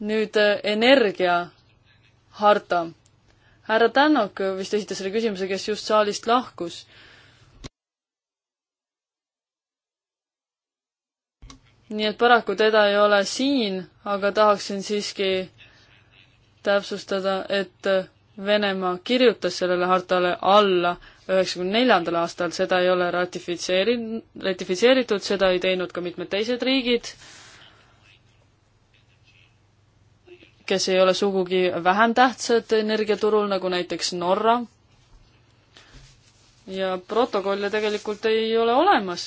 nüüd äh, energiaharta. härra Tännok vist esitas selle küsimuse, kes just saalist lahkus nii et paraku teda ei ole siin, aga tahaksin siiski täpsustada, et Venemaa kirjutas sellele hartale alla üheksakümne neljandal aastal, seda ei ole ratifitseeri-, ratifitseeritud, seda ei teinud ka mitmed teised riigid, kes ei ole sugugi vähem tähtsad energiaturul, nagu näiteks Norra. ja protokolle tegelikult ei ole olemas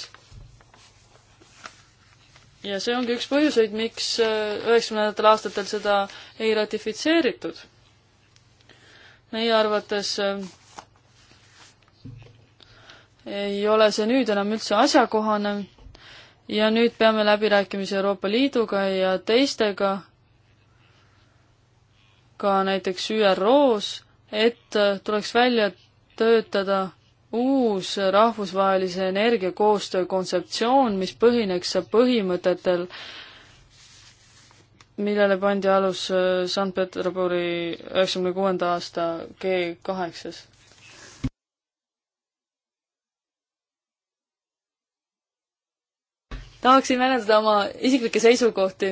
ja see ongi üks põhjuseid, miks äh, üheksakümnendatel aastatel seda ei ratifitseeritud. meie arvates äh, ei ole see nüüd enam üldse asjakohane ja nüüd peame läbirääkimisi Euroopa Liiduga ja teistega, ka näiteks ÜRO-s, et äh, tuleks välja töötada uus rahvusvahelise energiakoostöö kontseptsioon, mis põhineks põhimõtetel, millele pandi alus äh, St Peterburi üheksakümne kuuenda aasta G kaheksas. tahaksin väljendada oma isiklikke seisukohti.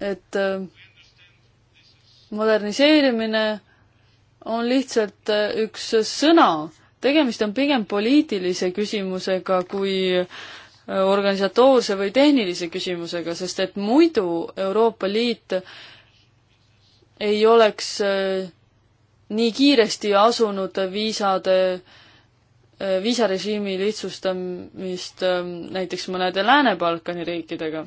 et äh, moderniseerimine on lihtsalt äh, üks sõna. tegemist on pigem poliitilise küsimusega kui äh, organisatoorse või tehnilise küsimusega, sest et muidu Euroopa Liit ei oleks äh, nii kiiresti asunud viisade, viisarežiimi lihtsustamist näiteks mõnede Lääne-Balkani riikidega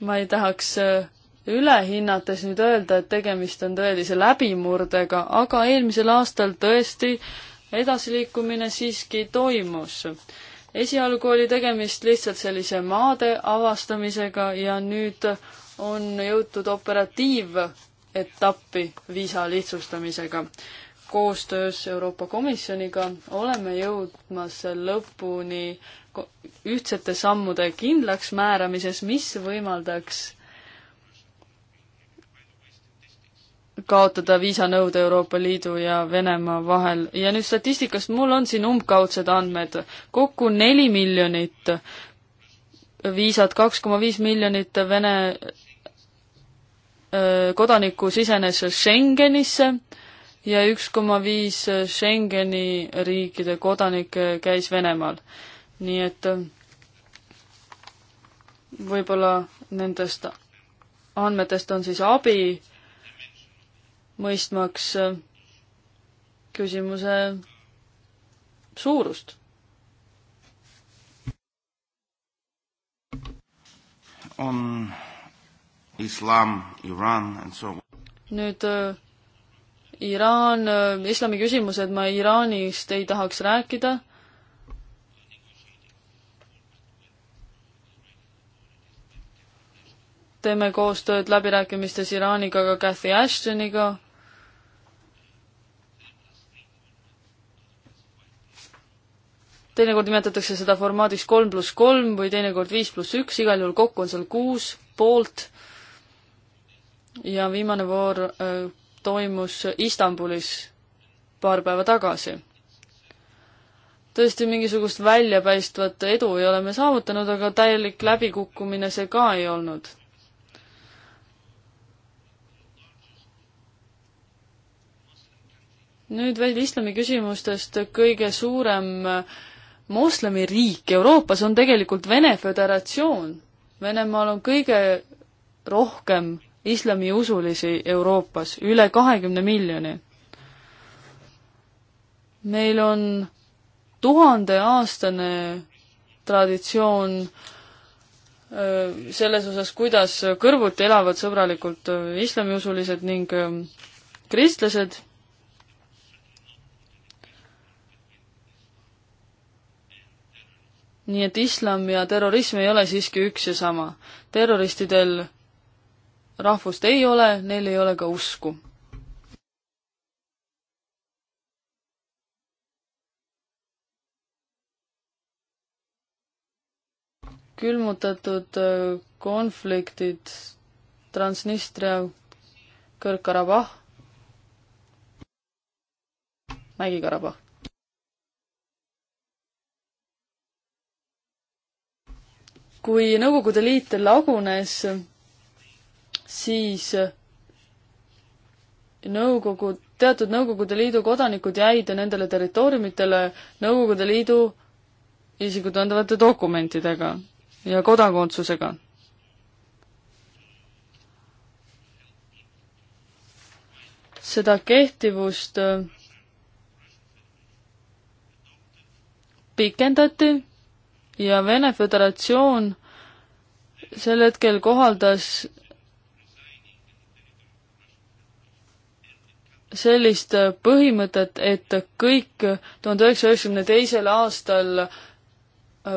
ma ei tahaks äh, üle hinnates nüüd öelda, et tegemist on tõelise läbimurdega, aga eelmisel aastal tõesti edasiliikumine siiski toimus. esialgu oli tegemist lihtsalt sellise maade avastamisega ja nüüd on jõutud operatiivetappi viisa lihtsustamisega. koostöös Euroopa Komisjoniga oleme jõudmas lõpuni ühtsete sammude kindlaksmääramises, mis võimaldaks kaotada viisanõude Euroopa Liidu ja Venemaa vahel. ja nüüd statistikast, mul on siin umbkaudsed andmed, kokku neli miljonit viisat, kaks koma viis miljonit Vene kodanikku sisenes Schengenisse ja üks koma viis Schengeni riikide kodanikke äh, käis Venemaal nii et äh, võib-olla nendest andmetest on siis abi mõistmaks äh, küsimuse suurust. on islam, Iraan and so on. nüüd äh, Iraan, islami küsimused, ma Iraanist ei tahaks rääkida teeme koostööd läbirääkimistes Iraaniga, ka Cathy Ashtoniga. teinekord nimetatakse seda formaadiks kolm pluss kolm või teinekord viis pluss üks, igal juhul kokku on seal kuus poolt. ja viimane voor äh, toimus Istanbulis paar päeva tagasi. tõesti, mingisugust väljapaistvat edu ei ole me saavutanud, aga täielik läbikukkumine see ka ei olnud. nüüd veel islami küsimustest kõige suurem äh, moslemiriik Euroopas on tegelikult Vene Föderatsioon. Venemaal on kõige rohkem islamiusulisi Euroopas, üle kahekümne miljoni. meil on tuhandeaastane traditsioon äh, selles osas, kuidas kõrvuti elavad sõbralikult äh, islamiusulised ning kristlased nii et islam ja terrorism ei ole siiski üks ja sama. terroristidel rahvust ei ole, neil ei ole ka usku. külmutatud äh, konfliktid Transnistria, Kõrg-Karabahh, Mägi-Karabahh. kui Nõukogude Liit lagunes, siis Nõukogu, teatud Nõukogude Liidu kodanikud jäid nendele territooriumitele Nõukogude Liidu isikut andvate dokumentidega ja kodakondsusega. seda kehtivust pikendati ja Vene Föderatsioon sel hetkel kohaldas sellist põhimõtet, et kõik tuhande üheksasaja üheksakümne teisel aastal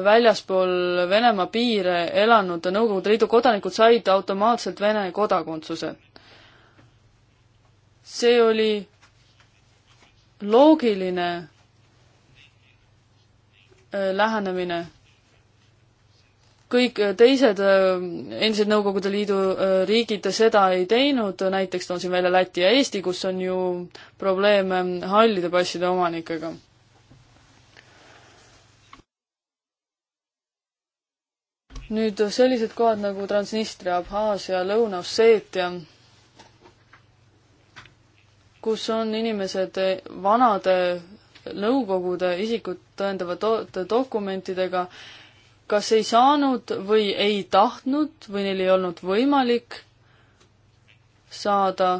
väljaspool Venemaa piire elanud Nõukogude Liidu kodanikud said automaatselt Vene kodakondsuse. see oli loogiline äh, lähenemine kõik äh, teised äh, endised Nõukogude Liidu äh, riigid seda ei teinud, näiteks toon siin välja Läti ja Eesti, kus on ju probleeme hallide passide omanikega. nüüd sellised kohad nagu Transnistria, Abhaasia, Lõuna-Osseetia, kus on inimesed eh, vanade Nõukogude isikut tõendava to-, dokumentidega, kas ei saanud või ei tahtnud või neil ei olnud võimalik saada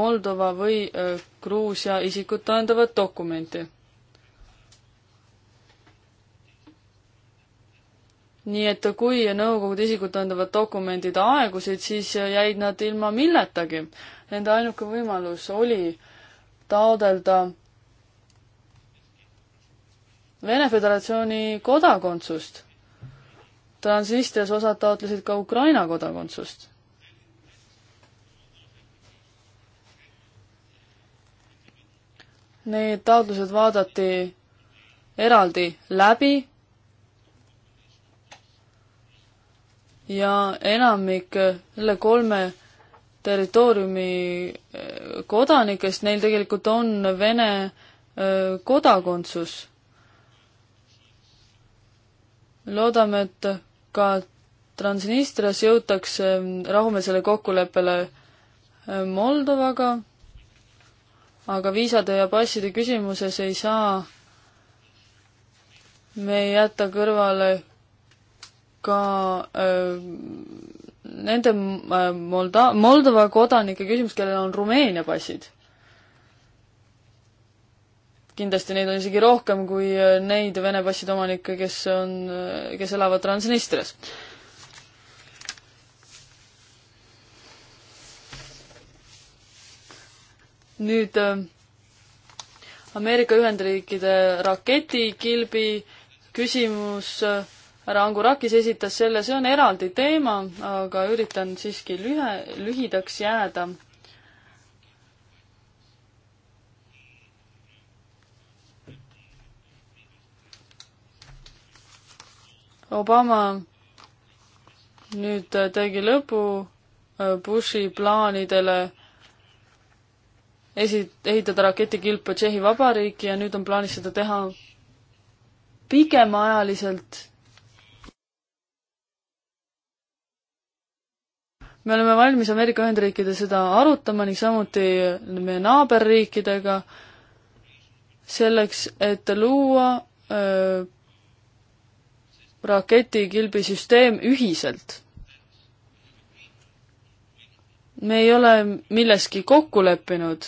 Moldova või äh, Gruusia isikut tõendavat dokumenti. nii et kui Nõukogude isikut tõendavad dokumendid aegusid, siis jäid nad ilma milletagi. Nende ainuke võimalus oli taodelda Vene Föderatsiooni kodakondsust Transnistrias osad taotlesid ka Ukraina kodakondsust. Need taotlused vaadati eraldi läbi ja enamik selle kolme territooriumi eh, kodanikest, neil tegelikult on Vene eh, kodakondsus. loodame, et ka Transnistrias jõutakse rahumeelsele kokkuleppele Moldovaga, aga viisade ja passide küsimuses ei saa me jätta kõrvale ka öö, äh, nende äh, Molda-, Moldova kodanike küsimus, kellel on Rumeenia passid kindlasti neid on isegi rohkem kui äh, neid Vene passide omanikke, kes on, äh, kes elavad Transnistrias. nüüd äh, Ameerika Ühendriikide raketikilbi küsimus härra Angurakis esitas selle, see on eraldi teema, aga üritan siiski lühe, lühidaks jääda Obama nüüd tegi lõpu äh, Bushi plaanidele esi-, ehitada raketikilpa Tšehhi Vabariiki ja nüüd on plaanis seda teha pikemaajaliselt. me oleme valmis Ameerika Ühendriikide seda arutama ning samuti meie naaberriikidega selleks, et luua öö, äh, raketikilbisüsteem ühiselt. me ei ole milleski kokku leppinud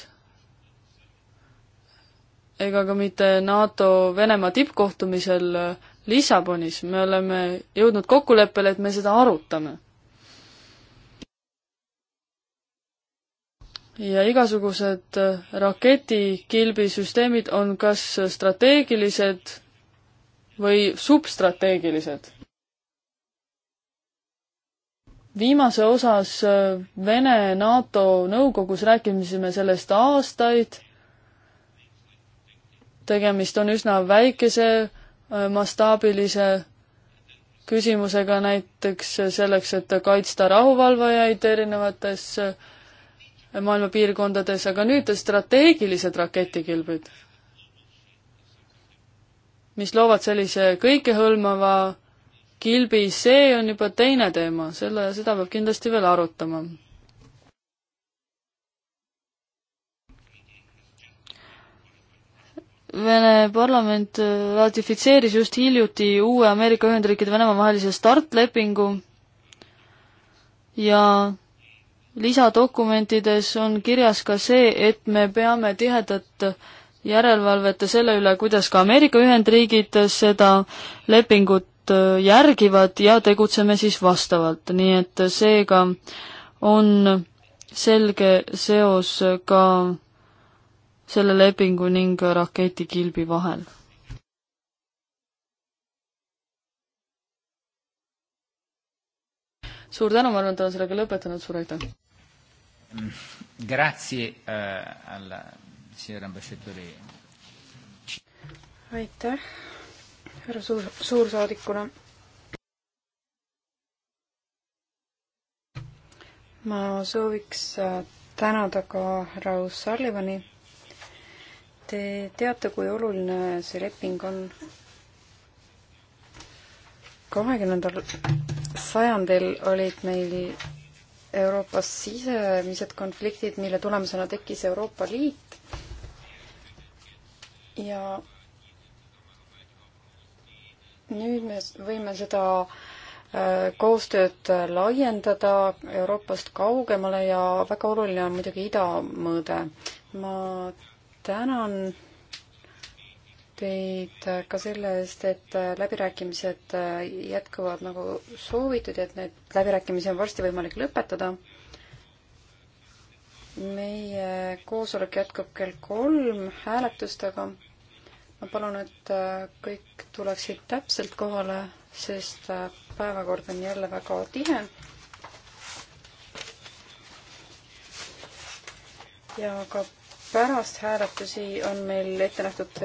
ega ka mitte NATO-Venemaa tippkohtumisel Lissabonis, me oleme jõudnud kokkuleppele, et me seda arutame. ja igasugused raketikilbisüsteemid on kas strateegilised või substrateegilised. viimase osas äh, Vene NATO nõukogus rääkisime sellest aastaid. tegemist on üsna väikese äh, mastaabilise küsimusega näiteks selleks, et kaitsta rahuvalvajaid erinevates äh, maailma piirkondades, aga nüüd strateegilised raketikilbid mis loovad sellise kõikehõlmava kilbi, see on juba teine teema, selle, seda peab kindlasti veel arutama. Vene parlament ratifitseeris just hiljuti uue Ameerika Ühendriikide Venemaa vahelise startlepingu ja lisadokumentides on kirjas ka see, et me peame tihedat järelevalvet selle üle, kuidas ka Ameerika Ühendriigid seda lepingut äh, järgivad ja tegutseme siis vastavalt, nii et seega on selge seos ka selle lepingu ning raketikilbi vahel. suur tänu, ma arvan, et olen sellega lõpetanud, suur aitäh! Grazie äh, alla aitäh härra suur, suursaadikule. ma sooviks äh, tänada ka härra O'Sullivani. Te teate, kui oluline see leping on. kahekümnendal sajandil olid meil Euroopas sisemised konfliktid, mille tulemusena tekkis Euroopa Liit ja nüüd me võime seda äh, koostööd laiendada Euroopast kaugemale ja väga oluline on muidugi idamõõde. ma tänan teid ka selle eest, et äh, läbirääkimised äh, jätkuvad nagu soovitud ja et neid läbirääkimisi on varsti võimalik lõpetada. meie koosolek jätkub kell kolm hääletustega ma palun, et äh, kõik tuleksid täpselt kohale, sest äh, päevakord on jälle väga tihe. ja ka pärast hääletusi on meil ette nähtud veel